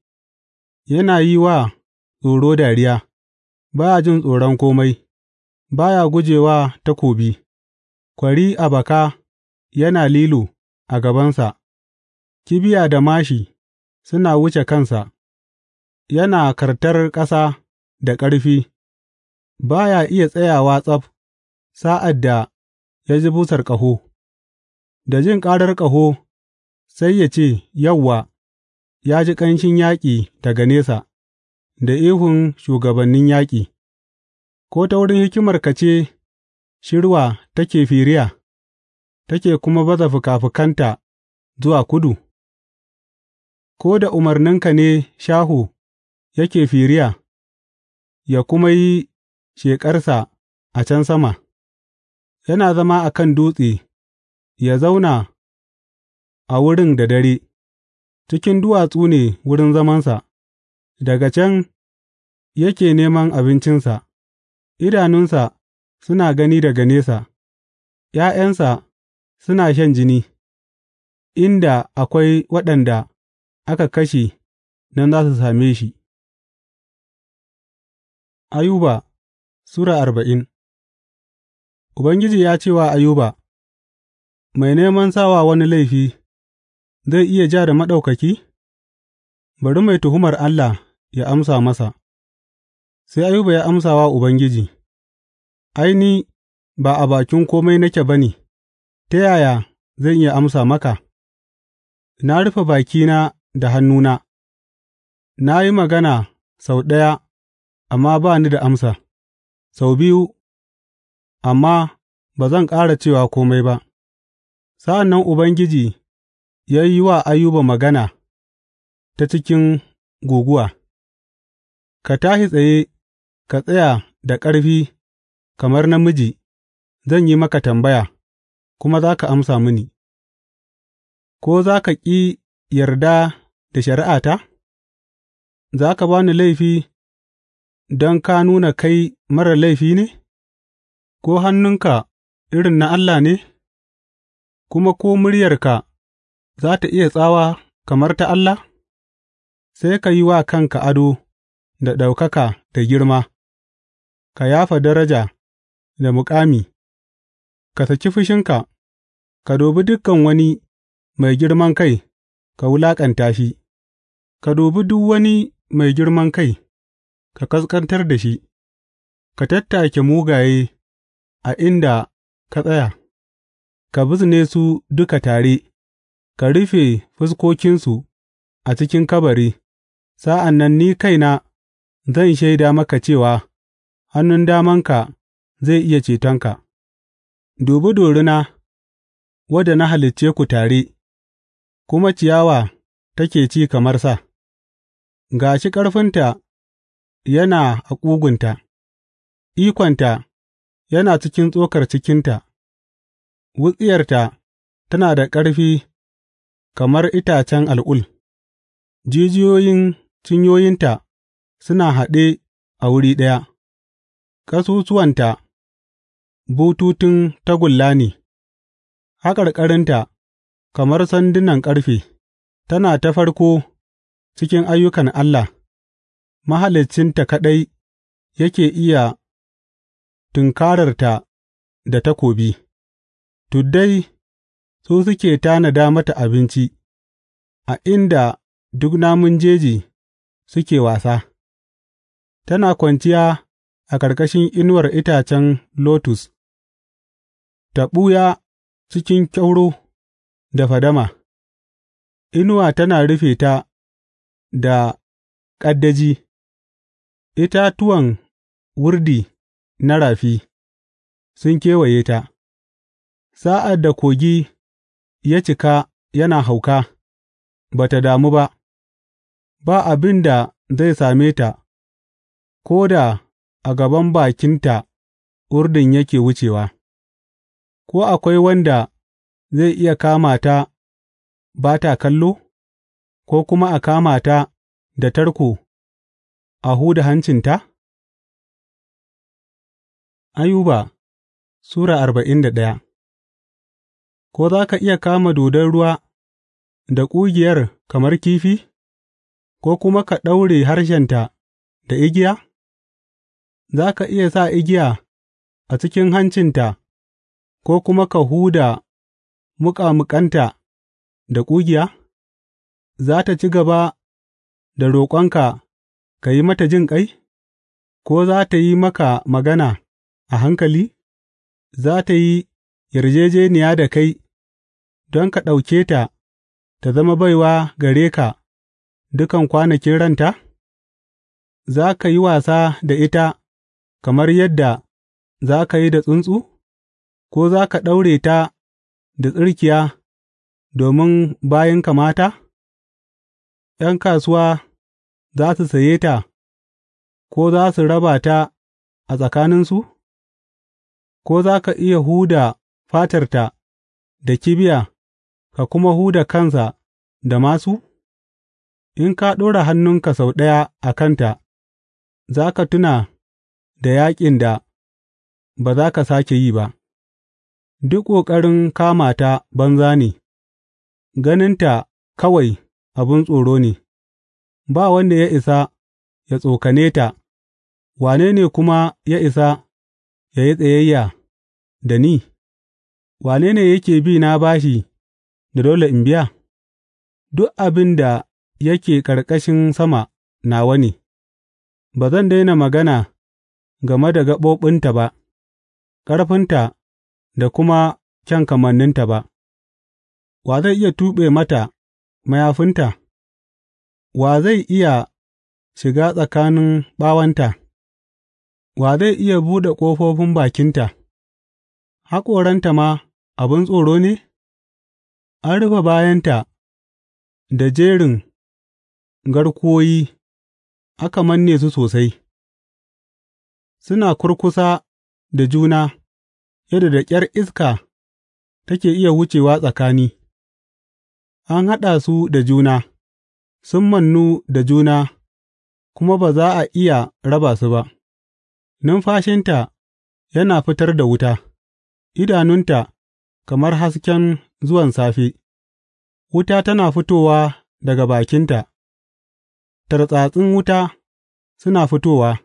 yana yi wa tsoro dariya, ba ya jin tsoron kome, ba ya guje wa takobi, kwari a baka yana lilo a gabansa, kibiya da mashi suna wuce kansa, yana kartar ƙasa da ƙarfi, ba ya iya tsayawa tsab sa'ad da ya ji busar ƙaho, da jin ƙarar ƙaho sai ya ce, Yauwa, ya ji ƙanshin yaƙi daga nesa, da ihun shugabannin yaƙi, ko ta wurin hikimarka ce shirwa take firiya, take kuma baza fuka-fukanta zuwa kudu, ko da umarninka ne shahu yake firiya, ya kuma yi sheƙarsa a can sama. Yana zama a kan dutse ya zauna a wurin da dare; cikin duwatsu ne wurin zamansa, daga can yake neman abincinsa, idanunsa suna gani daga nesa, ’ya'yansa suna shan jini; inda akwai waɗanda aka kashe nan za su same shi. Ayuba Sura arba'in Ubangiji ya ce wa Ayuba, Mai neman sawa wani laifi, zai iya ja da Maɗaukaki? Bari mai tuhumar Allah ya amsa masa Sai Ayuba ya amsa wa Ubangiji, Aini ba a bakin kome nake ba ne, ta yaya zan iya amsa maka? Na rufe bakina da hannuna, na yi magana sau ɗaya amma ba ni da amsa, sau biyu amma ba zan ƙara cewa kome ba. Sa'an nan Ubangiji ya yi wa Ayuba magana ta cikin guguwa, Ka tashi tsaye, ka tsaya da ƙarfi kamar namiji, zan yi maka tambaya, kuma za ka amsa mini, ko za ka ƙi yarda da shari'ata? Za ka ba ni laifi don ka nuna kai marar laifi ne? Ko hannunka irin na Allah ne, kuma ko muryarka za ta iya tsawa kamar ta Allah? Sai ka yi wa kanka ado da ɗaukaka da girma, ka yafa daraja da mukami. ka saki fushinka, ka dubi dukan wani mai girman kai, ka wulaƙanta shi, ka dubi duk wani mai girman kai, ka ƙasƙantar da shi, ka tattake mugaye a inda ka tsaya, ka bizne su duka tare, ka rufe fuskokinsu a cikin kabari, sa'an nan ni kaina zan shaida maka cewa hannun damanka zai iya cetonka. Dubi dorina, wadda na halicce ku tare, kuma ciyawa take ci kamar sa, ga shi ƙarfinta yana a ƙugunta, ikonta yana cikin tsokar cikinta, wutsiyarta tana da ƙarfi kamar itacen al'ul, jijiyoyin cinyoyinta suna haɗe a wuri ɗaya, ƙasusuwanta bututun tagulla ne, haƙarƙarinta kamar sandunan ƙarfe, tana ta farko cikin ayyukan Allah, Mahaliccinta kaɗai yake iya tunkararta da takobi, tuddai su suke tanada mata abinci a inda duk namun jeji suke wasa, tana kwanciya a ƙarƙashin inuwar itacen lotus, ta ɓuya cikin kyauro da fadama, inuwa tana rufe ta da ƙaddaji, itatuwan wurdi. na rafi sun kewaye ta, sa'ad da kogi ya cika yana hauka, ba ta damu ba, ba abin da zai same ta, ko da a gaban bakinta urdin yake wucewa, ko akwai wanda zai iya kama ta ba ta kallo, ko kuma a kama ta da tarko a huda hancinta? Ayuba Sura arba'in da ɗaya Ko za ka iya kama dodon ruwa da ƙugiyar kamar kifi, ko kuma ka ɗaure harshenta da igiya? Za ka iya sa igiya a cikin hancinta, ko kuma ka huda muƙamuƙanta da ƙugiya? Za ta ci gaba da roƙonka ka yi mata jin ƙai? ko za ta yi maka magana. a hankali? Za tă yi yarjejeniya da kai don ka ɗauke ta ta zama baiwa gare ka dukan kwanakin ranta? Za ka yi wasa da ita kamar yadda za ka yi da tsuntsu, ko za ka ɗaure ta da tsirkiya domin bayan kamata? ’Yan kasuwa za su saye ta, ko za su raba ta a tsakaninsu? ko za ka iya huda fatarta da kibiya ka kuma huda kansa da masu? In ka ɗora hannunka sau ɗaya a kanta, za ka tuna da yaƙin da ba za ka sāke yi ba, duk ƙoƙarin kama ta banza ne, ganinta kawai abin tsoro ne, ba wanda ya isa ya tsokane ta, wane ne kuma ya isa Ya yi tsayayya da ni? Wane ne yake bi na bashi da dole in biya? Duk abin da yake ƙarƙashin sama na wani. ba zan daina magana game da gaɓoɓinta ba, ƙarfinta da kuma kyan kamanninta ba. Wa zai iya tuɓe mata mayafinta? Wa zai iya shiga tsakanin ɓawanta? Wa zai iya buɗe ƙofofin bakinta, haƙoranta ma abin tsoro ne, an rufe bayanta da jerin garkuwoyi aka manne su sosai; suna kurkusa da juna yadda da ƙyar iska take iya wucewa tsakani, an haɗa su da juna, sun mannu da juna kuma ba za a iya raba su ba. numfashinta yana fitar da wuta, idanunta kamar hasken zuwan safe, wuta tana fitowa daga bakinta, tartsatsin wuta suna fitowa,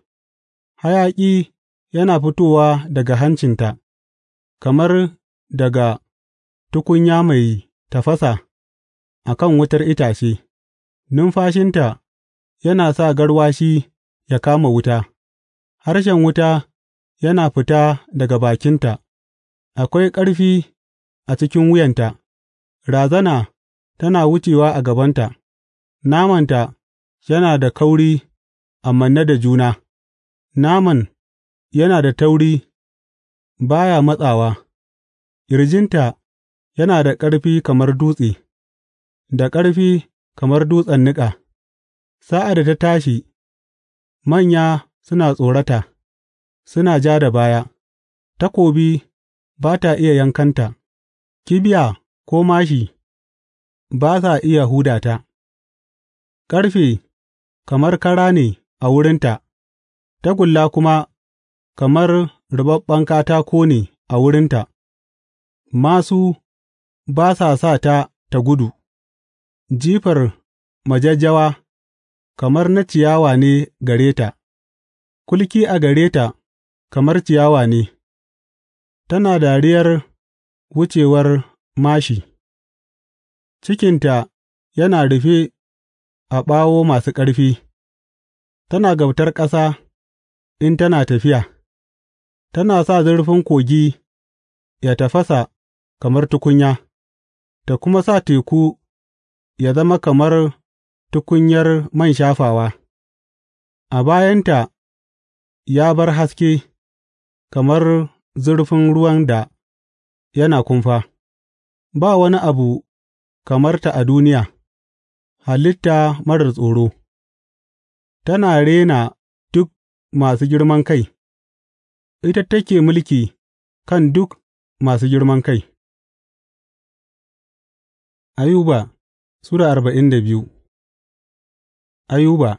hayaƙi yana fitowa daga hancinta, kamar daga tukunya mai tafasa a kan wutar itace, numfashinta yana sa garwashi ya kama wuta. harshen wuta yana fita daga bakinta, akwai ƙarfi a cikin wuyanta, razana tana wucewa a gabanta, namanta yana da kauri a manne da juna, naman yana da tauri baya matsawa, ƙirjinta yana da ƙarfi kamar dutse, da ƙarfi kamar dutsen niƙa, sa'ad da ta tashi, manya suna tsorata; suna ja da baya, takobi ba ta iya yankanta, kibiya ko mashi ba sa iya huda ta; ƙarfe kamar kara ne a wurinta, tagulla kuma kamar ruɓaɓɓen katako ne a wurinta; māsu ba sa sa ta ta gudu, jifar majajjawa kamar na ciyawa ne gare ta. Kulki a gare ta kamar ciyawa ne, tana dariyar wucewar mashi. cikinta yana rufe a ɓawo masu ƙarfi, tana gautar ƙasa in tana tafiya, tana sa zurfin kogi ya tafasa kamar tukunya, ta kuma sa teku ya zama kamar tukunyar man shafawa; a bayanta ya bar haske kamar zurfin ruwan da yana kumfa, ba wani abu kamar ta a duniya, halitta marar tsoro, tana rena duk masu girman kai, ita take mulki kan duk masu girman kai. Ayuba Sura arba'in da biyu Ayuba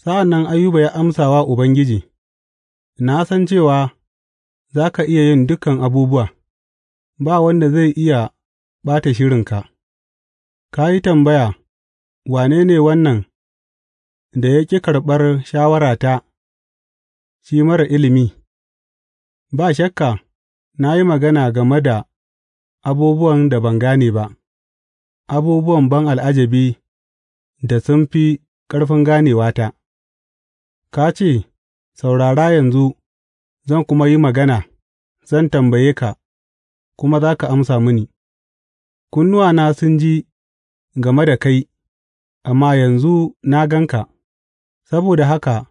Sa'an nan Ayuba ya amsa wa Ubangiji, Na san cewa za ka iya yin dukan abubuwa, ba wanda zai iya ɓata shirinka, ka yi tambaya, Wane ne wannan da ya ƙi karɓar shawarata, shi mara ilimi, ba shakka na yi magana game da abubuwan da ban gane ba, abubuwan ban al'ajabi da sun fi ƙarfin ganewata. Ka ce, Saurara yanzu, zan kuma yi magana; zan tambaye ka, kuma za ka amsa mini; kunnuwana sun ji game da kai, amma yanzu na gan ka, saboda haka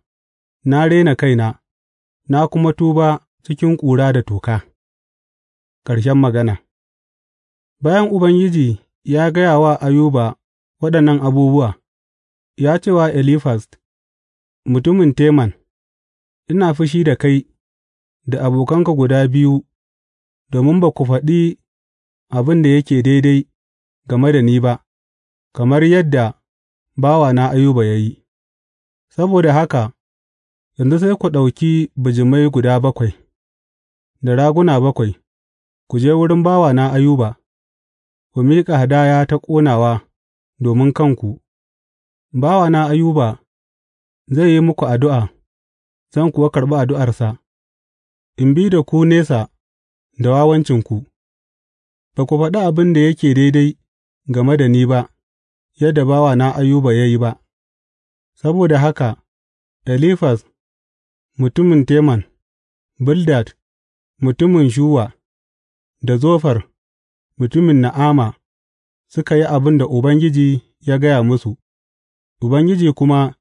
na rena kaina na kuma tuba cikin ƙura da toka.’ Ƙarshen magana Bayan Ubangiji ya gaya wa Ayuba waɗannan abubuwa, ya ce wa Elifast, Mutumin Teman, ina fushi da kai da abokanka guda biyu domin ba ku faɗi abin da yake daidai game da ni ba, kamar yadda bawana Ayuba ya yi, saboda haka yanzu sai ku ɗauki bijimai guda bakwai, da raguna bakwai, ku je wurin bawana Ayuba, ku miƙa hadaya ta ƙonawa domin kanku, bawana Ayuba Zai yi muku addu'a, zan kuwa karɓi addu'arsa, in bi da ku nesa da wawancinku, ba ku faɗi abin da yake daidai game da ni ba, yadda bawa na Ayuba ya yi ba, saboda haka elifas mutumin Teman, Bildad mutumin Shuwa, da Zofar mutumin Na'ama suka yi abin da Ubangiji ya gaya musu, Ubangiji kuma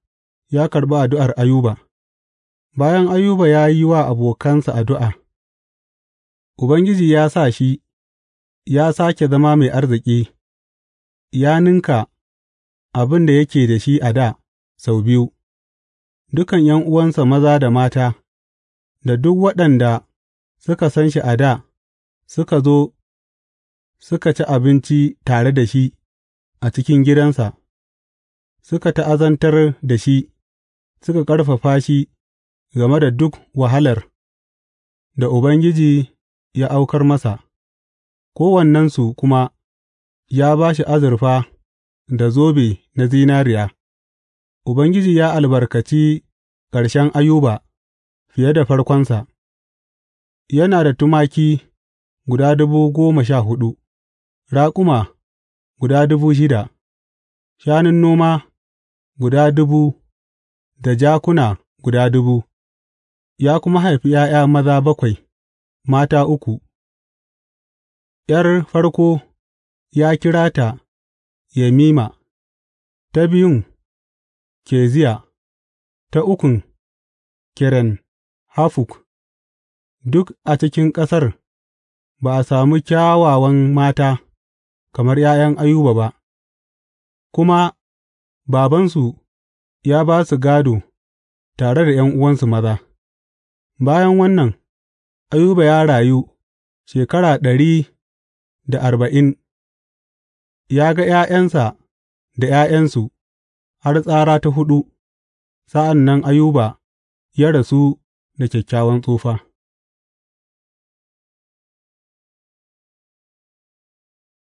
ya karɓi addu'ar Ayuba Bayan Ayuba ya yi wa abokansa addu'a, Ubangiji ya sa shi ya sake zama mai arziki, ya ninka abin da yake da shi a da sau biyu, dukan ’yan'uwansa maza da mata, da duk waɗanda suka san shi a da suka zo suka ci abinci tare da shi a cikin gidansa, suka ta'azantar da shi. suka ƙarfafa shi game da duk wahalar da Ubangiji ya aukar masa, kowannensu kuma ya ba shi azurfa da zobe na zinariya, Ubangiji ya albarkaci ƙarshen Ayuba fiye da farkonsa, yana da tumaki guda dubu goma sha hudu, raƙuma guda dubu shida, shanun noma guda dubu da jakuna guda dubu, ya kuma haifi ’ya'ya maza bakwai, mata uku, ’yar farko ya kira ta Yemima, ta biyun Keziya, ta ukun Keren Hafuk, duk a cikin ƙasar ba a sami kyawawan mata kamar ’ya'yan Ayuba ba, kuma babansu. ya ba su gādo tare da ’yan'uwansu maza Bayan wannan, Ayuba ya rayu shekara ɗari da arba'in, ya ga ’ya'yansa da ’ya'yansu har tsara ta huɗu, sa'an nan Ayuba ya rasu da kyakkyawan tsufa.